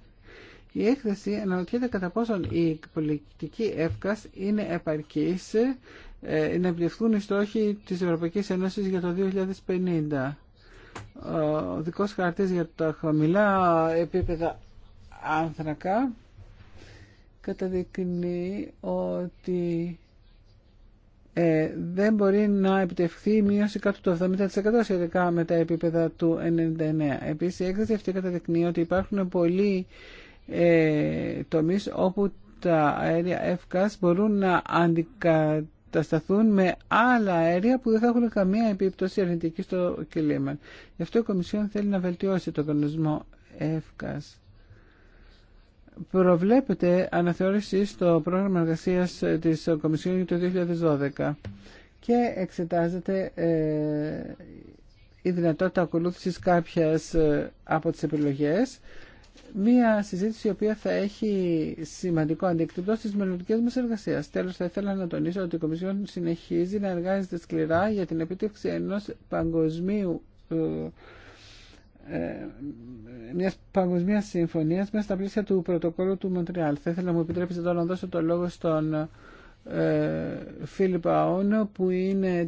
Η έκθεση αναρωτιέται κατά πόσον η πολιτική ΕΦΚΑΣ είναι επαρκής ε, να εμπνευθούν οι στόχοι της Ευρωπαϊκής Ένωσης για το 2050. Ο δικός χαρτής για τα χαμηλά επίπεδα άνθρακα καταδεικνύει ότι ε, δεν μπορεί να επιτευχθεί η μείωση κάτω του 70% σχετικά με τα επίπεδα του 99%. Επίσης, η έκθεση αυτή καταδεικνύει ότι υπάρχουν πολλοί ε, τομείς όπου τα αέρια ΕΦΚΑΣ μπορούν να αντικατασταθούν με άλλα αέρια που δεν θα έχουν καμία επίπτωση αρνητική στο κλίμα. Γι' αυτό η Κομισιόν θέλει να βελτιώσει τον κανονισμό ΕΦΚΑΣ προβλέπεται αναθεώρηση στο πρόγραμμα εργασία της Κομισιόν για το 2012 και εξετάζεται ε, η δυνατότητα ακολούθησης κάποιας ε, από τις επιλογές μία συζήτηση η οποία θα έχει σημαντικό αντίκτυπο στις μελλοντικές μας εργασίες. Τέλος, θα ήθελα να τονίσω ότι η Κομισιόν συνεχίζει να εργάζεται σκληρά για την επίτευξη ενό παγκοσμίου ε, ε, μια παγκοσμία συμφωνία μέσα στα πλαίσια του πρωτοκόλλου του Μοντρεάλ. Θα ήθελα να μου επιτρέψετε τώρα να δώσω το λόγο στον ε, Φίλιπ Αόνο που είναι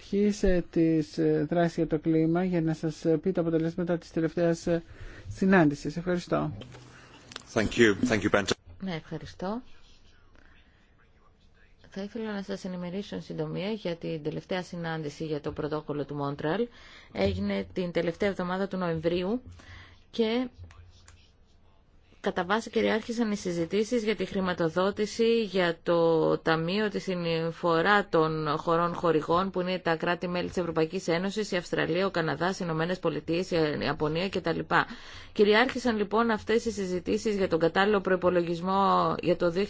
τη ε, της δράσης για το κλίμα για να σας πει τα αποτελέσματα της τελευταίας συνάντηση. Ευχαριστώ. Thank you. Thank you, Ναι, ευχαριστώ. Θα ήθελα να σας ενημερίσω εν συντομία για την τελευταία συνάντηση για το πρωτόκολλο του Μόντραλ. Έγινε την τελευταία εβδομάδα του Νοεμβρίου και κατά βάση κυριάρχησαν οι συζητήσεις για τη χρηματοδότηση για το Ταμείο της Συμφορά των Χωρών Χορηγών που είναι τα κράτη-μέλη της Ευρωπαϊκής Ένωσης, η Αυστραλία, ο Καναδάς, οι Ηνωμένε Πολιτείε, η Ιαπωνία κτλ. Κυριάρχησαν λοιπόν αυτές οι συζητήσεις για τον κατάλληλο προπολογισμό για το 2012-2014.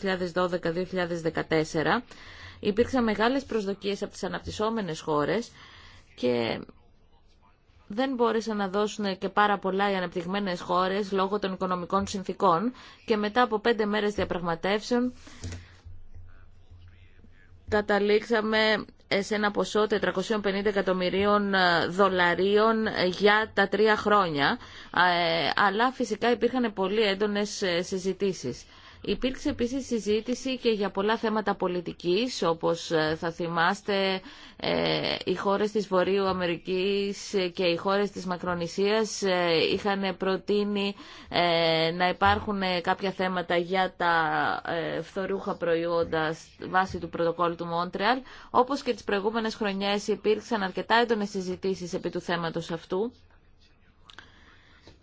Υπήρξαν μεγάλες προσδοκίες από τις αναπτυσσόμενες χώρες και δεν μπόρεσαν να δώσουν και πάρα πολλά οι αναπτυγμένε χώρες λόγω των οικονομικών συνθήκων και μετά από πέντε μέρες διαπραγματεύσεων καταλήξαμε σε ένα ποσό 450 εκατομμυρίων ε, δολαρίων για τα τρία χρόνια, ε, αλλά φυσικά υπήρχαν πολύ έντονες ε, συζητήσεις. Υπήρξε επίσης συζήτηση και για πολλά θέματα πολιτικής, όπως ε, θα θυμάστε ε, οι χώρες της Βορείου Αμερικής και οι χώρες της Μακρονησίας ε, είχαν προτείνει να υπάρχουν κάποια θέματα για τα φθορούχα προϊόντα βάσει του πρωτοκόλλου του Μόντρεαλ, όπως και τις προηγούμενες χρονιές υπήρξαν αρκετά έντονες συζητήσεις επί του θέματος αυτού.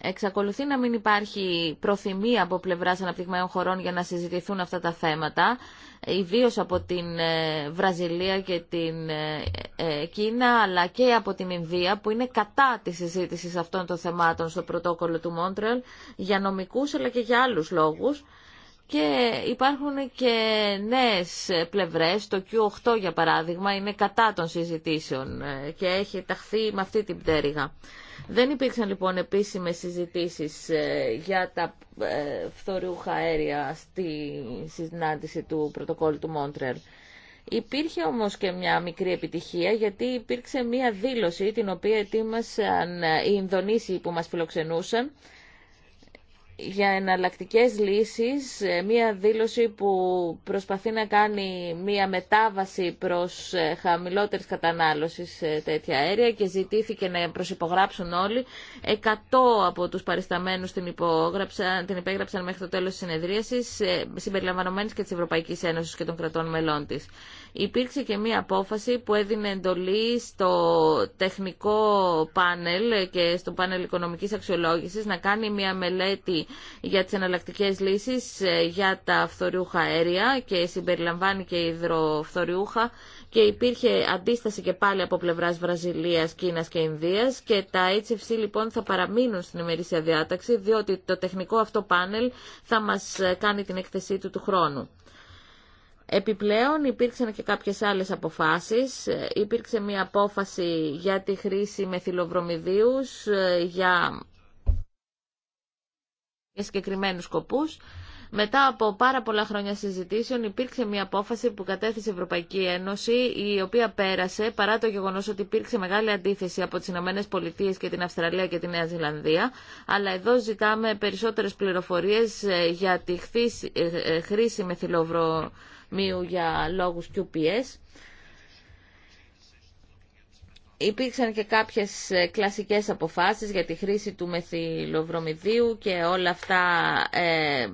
Εξακολουθεί να μην υπάρχει προθυμία από πλευράς αναπτυγμένων χωρών για να συζητηθούν αυτά τα θέματα, ιδίω από την ε, Βραζιλία και την ε, ε, Κίνα, αλλά και από την Ινδία, που είναι κατά τη συζήτηση αυτών των θεμάτων στο πρωτόκολλο του Μόντρελ, για νομικούς αλλά και για άλλους λόγους. Και υπάρχουν και νέες πλευρές, το Q8 για παράδειγμα είναι κατά των συζητήσεων και έχει ταχθεί με αυτή την πτέρυγα. Δεν υπήρξαν λοιπόν επίσημες συζητήσεις ε, για τα ε, φθορούχα αέρια στη συνάντηση του πρωτοκόλλου του Μόντρελ. Υπήρχε όμως και μια μικρή επιτυχία γιατί υπήρξε μια δήλωση την οποία ετοίμασαν ε, οι Ινδονήσιοι που μας φιλοξενούσαν για εναλλακτικέ λύσει, μία δήλωση λύσεις, ε, μία δήλωση που προσπαθεί να κάνει μία μετάβαση προς ε, χαμηλότερης κατανάλωσης ε, τέτοια αέρια και ζητήθηκε να προσυπογράψουν όλοι. Εκατό από τους παρισταμένους την, την υπέγραψαν μέχρι το τέλος της συνεδρίασης, συμπεριλαμβανομένης και της Ευρωπαϊκής Ένωσης και των κρατών μελών της υπήρξε και μία απόφαση που έδινε εντολή στο τεχνικό πάνελ και στο πάνελ οικονομικής αξιολόγησης να κάνει μία μελέτη για τις εναλλακτικέ λύσεις ε, για τα φθοριούχα αέρια και συμπεριλαμβάνει και υδροφθοριούχα και υπήρχε αντίσταση και πάλι από πλευράς Βραζιλίας, Κίνας και Ινδίας και τα HFC λοιπόν θα παραμείνουν στην ημερήσια διάταξη διότι το τεχνικό αυτό πάνελ θα μας ε, κάνει την έκθεσή του του χρόνου. Επιπλέον υπήρξαν και κάποιες άλλες αποφάσεις. Ε, υπήρξε μία απόφαση για τη χρήση μεθυλοβρομιδίους ε, για, για συγκεκριμένους σκοπούς. Μετά από πάρα πολλά χρόνια συζητήσεων υπήρξε μια απόφαση που κατέθεσε η Ευρωπαϊκή Ένωση η οποία πέρασε παρά το γεγονός ότι υπήρξε μεγάλη αντίθεση από τις Ηνωμένε Πολιτείε και την Αυστραλία και τη Νέα Ζηλανδία αλλά εδώ ζητάμε περισσότερες πληροφορίες ε, για τη χρήση μεθυλοβρομιδίους μείου για λόγους QPS. Υπήρξαν και κάποιες ε, κλασικές αποφάσεις για τη χρήση του μεθυλοβρομιδίου και όλα αυτά ε,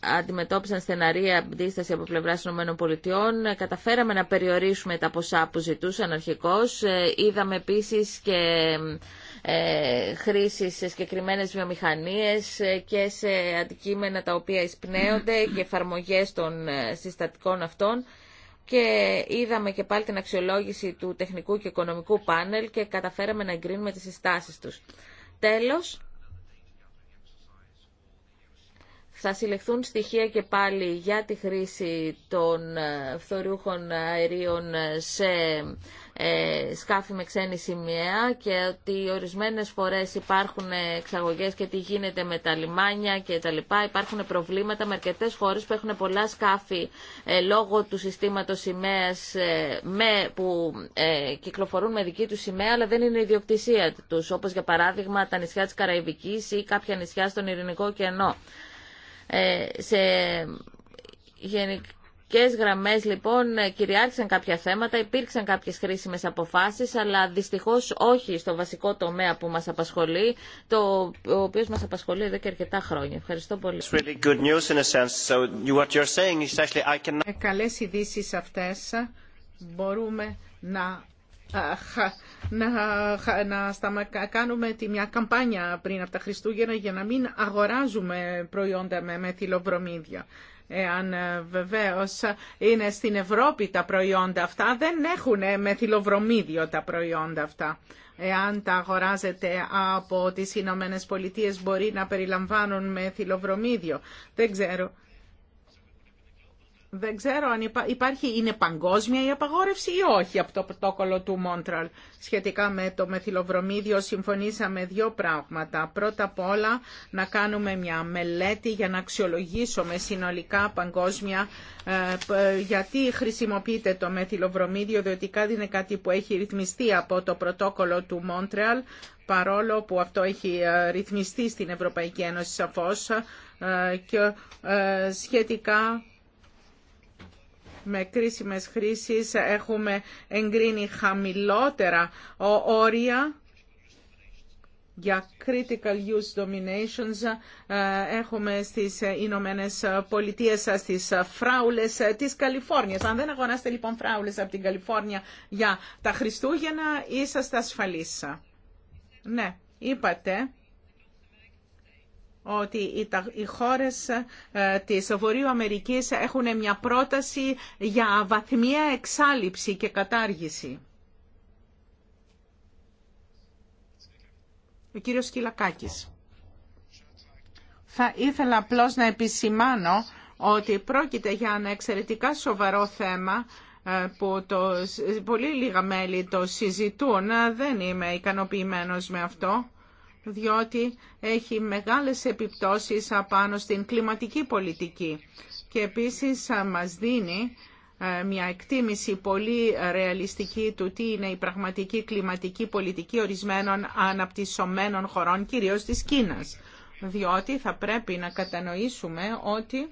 αντιμετώπισαν στεναρία αντίσταση από πλευράς των ΗΠΑ. Ε, καταφέραμε να περιορίσουμε τα ποσά που ζητούσαν αρχικώς. Είδαμε επίσης και ε, χρήση σε συγκεκριμένε βιομηχανίες και σε αντικείμενα τα οποία εισπνέονται και εφαρμογές των συστατικών αυτών και είδαμε και πάλι την αξιολόγηση του τεχνικού και οικονομικού πάνελ και καταφέραμε να εγκρίνουμε τις συστάσεις τους. Τέλος, θα συλλεχθούν στοιχεία και πάλι για τη χρήση των ε, φθοριούχων αερίων σε ε, σκάφη με ξένη σημαία και ότι ορισμένες φορές υπάρχουν εξαγωγές και τι γίνεται με τα λιμάνια και τα λοιπά. Υπάρχουν προβλήματα με αρκετέ χώρες που έχουν πολλά σκάφη ε, λόγω του συστήματος σημαίας ε, με, που κυκλοφορούν με δική του σημαία αλλά δεν είναι η ιδιοκτησία τους όπως για παράδειγμα τα νησιά της Καραϊβικής ή κάποια νησιά στον Ειρηνικό κενό. σε και γραμμέ λοιπόν ε, κυριάρχησαν κάποια θέματα, υπήρξαν κάποιε χρήσιμε αποφάσει, αλλά δυστυχώ όχι στο βασικό τομέα που μα απασχολεί, το οποίο μα μας απασχολεί εδώ και αρκετά χρόνια. Ευχαριστώ πολύ. Ε, Καλέ ειδήσει αυτέ μπορούμε να να, να σταμα... κάνουμε τη μια καμπάνια πριν από τα Χριστούγεννα για να μην αγοράζουμε προϊόντα με μεθυλοβρομίδια. Εάν ε, βεβαίως είναι στην Ευρώπη τα προϊόντα αυτά, δεν έχουν μεθυλοβρομίδιο τα προϊόντα αυτά. Εάν τα αγοράζετε από τις Ηνωμένε Πολιτείες μπορεί να περιλαμβάνουν μεθυλοβρομίδιο. Δεν ξέρω δεν ξέρω αν υπάρχει, είναι παγκόσμια η απαγόρευση ή όχι από το πρωτόκολλο του Μόντραλ. Σχετικά με το μεθυλοβρομίδιο συμφωνήσαμε δύο πράγματα. Πρώτα απ' όλα να κάνουμε μια μελέτη για να αξιολογήσουμε συνολικά παγκόσμια ε, γιατί χρησιμοποιείται το μεθυλοβρομίδιο, διότι κάτι είναι κάτι που έχει ρυθμιστεί από το πρωτόκολλο του Μόντραλ παρόλο που αυτό έχει ε, ρυθμιστεί στην Ευρωπαϊκή Ένωση σαφώς ε, και σχετικά με κρίσιμες χρήσεις έχουμε εγκρίνει χαμηλότερα όρια για critical use dominations ε, έχουμε στις Ηνωμένε Πολιτείε στις φράουλες της Καλιφόρνιας. Αν δεν αγοράσετε λοιπόν φράουλες από την Καλιφόρνια για τα Χριστούγεννα, είσαστε ασφαλείς. Ναι, είπατε ότι οι χώρες ε, της Βορείου Αμερικής έχουν μια πρόταση για βαθμία εξάλληψη και κατάργηση. Ο κύριος Κυλακάκης. Θα ήθελα απλώς να επισημάνω ότι πρόκειται για ένα εξαιρετικά σοβαρό θέμα ε, που το, πολύ λίγα μέλη το συζητούν. Ε, δεν είμαι ικανοποιημένος με αυτό διότι έχει μεγάλες επιπτώσεις απάνω στην κλιματική πολιτική και επίσης μας δίνει μια εκτίμηση πολύ ρεαλιστική του τι είναι η πραγματική κλιματική πολιτική ορισμένων αναπτυσσομένων χωρών, κυρίως της Κίνας. Διότι θα πρέπει να κατανοήσουμε ότι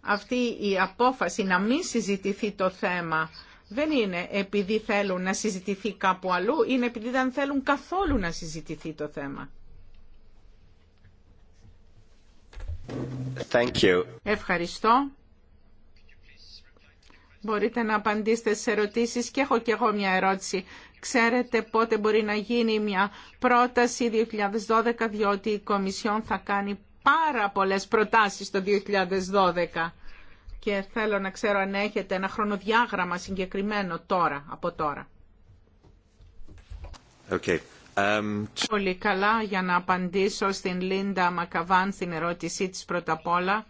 αυτή η απόφαση να μην συζητηθεί το θέμα δεν είναι επειδή θέλουν να συζητηθεί κάπου αλλού, είναι επειδή δεν θέλουν καθόλου να συζητηθεί το θέμα. Thank you. Ευχαριστώ. Μπορείτε να απαντήσετε σε ερωτήσεις και έχω και εγώ μια ερώτηση. Ξέρετε πότε μπορεί να γίνει μια πρόταση 2012, διότι η Κομισιόν θα κάνει πάρα πολλές προτάσεις το 2012 και θέλω να ξέρω αν έχετε ένα χρονοδιάγραμμα συγκεκριμένο τώρα, από τώρα. Okay. Um, Πολύ καλά για να απαντήσω στην Λίντα Μακαβάν στην ερώτησή της πρώτα απ' όλα.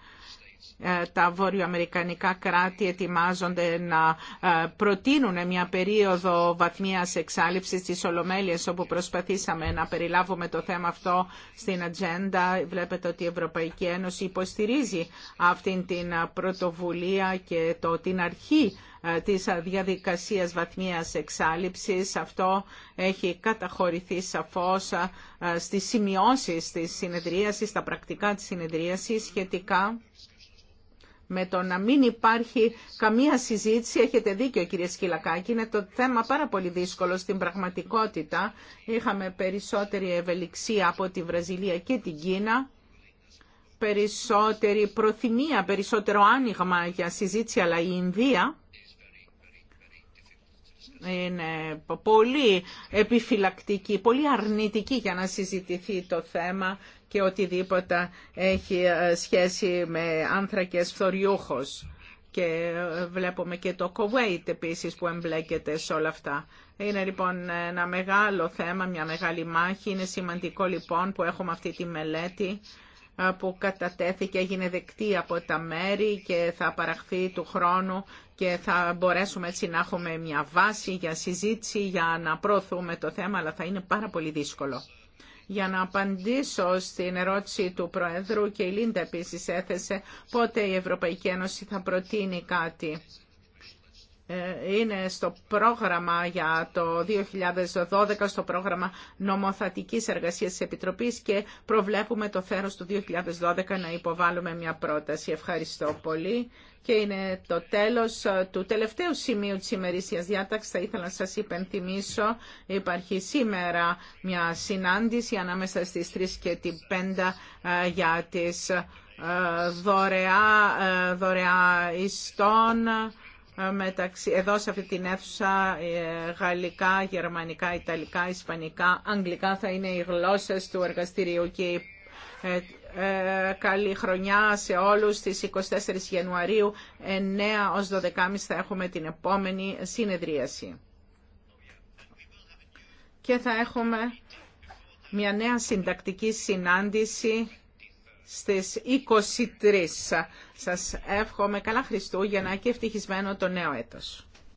Ε, τα βορειοαμερικανικά κράτη ετοιμάζονται να ε, προτείνουν μια περίοδο βαθμίας εξάλληψης της Ολομέλειας όπου προσπαθήσαμε να περιλάβουμε το θέμα αυτό στην ατζέντα. Βλέπετε ότι η Ευρωπαϊκή Ένωση υποστηρίζει αυτή την πρωτοβουλία και το, την αρχή ε, της διαδικασίας βαθμίας εξάλληψης. Αυτό έχει καταχωρηθεί σαφώς στις σημειώσεις της συνεδρίασης, στα πρακτικά της συνεδρίασης σχετικά με το να μην υπάρχει καμία συζήτηση. Έχετε δίκιο κύριε Σκυλακάκη, είναι το θέμα πάρα πολύ δύσκολο στην πραγματικότητα. Είχαμε περισσότερη ευελιξία από τη Βραζιλία και την Κίνα, περισσότερη προθυμία, περισσότερο άνοιγμα για συζήτηση, αλλά η Ινδία είναι πολύ επιφυλακτική, πολύ αρνητική για να συζητηθεί το θέμα και οτιδήποτε έχει ε, σχέση με άνθρακες φθοριούχος. Και ε, βλέπουμε και το Κοβέιτ επίσης που εμπλέκεται σε όλα αυτά. Είναι λοιπόν ένα μεγάλο θέμα, μια μεγάλη μάχη. Είναι σημαντικό λοιπόν που έχουμε αυτή τη μελέτη ε, που κατατέθηκε, έγινε δεκτή από τα μέρη και θα παραχθεί του χρόνου και θα μπορέσουμε έτσι να έχουμε μια βάση για συζήτηση, για να προωθούμε το θέμα, αλλά θα είναι πάρα πολύ δύσκολο για να απαντήσω στην ερώτηση του Προέδρου και η Λίντα επίση έθεσε πότε η Ευρωπαϊκή Ένωση θα προτείνει κάτι. Ε, είναι στο πρόγραμμα για το 2012, στο πρόγραμμα νομοθατικής εργασίας της Επιτροπής και προβλέπουμε το θέρος του 2012 να υποβάλουμε μια πρόταση. Ευχαριστώ πολύ και είναι το τέλος ε, του τελευταίου σημείου της ημερήσιας διάταξης. Θα ήθελα να σας υπενθυμίσω, υπάρχει σήμερα μια συνάντηση ανάμεσα στις 3 και την 5 ε, για τις ε, δωρεά, δωρεά ιστών μεταξύ, εδώ σε αυτή την αίθουσα γαλλικά, γερμανικά, ιταλικά, ισπανικά, αγγλικά θα είναι οι γλώσσες του εργαστηρίου και ε, καλή χρονιά σε όλους. Στις 24 Ιανουαρίου 9 ως 12.30 θα έχουμε την επόμενη συνεδρίαση. Και θα έχουμε μια νέα συντακτική συνάντηση στις 23. Σας εύχομαι καλά Χριστούγεννα και ευτυχισμένο το νέο έτος.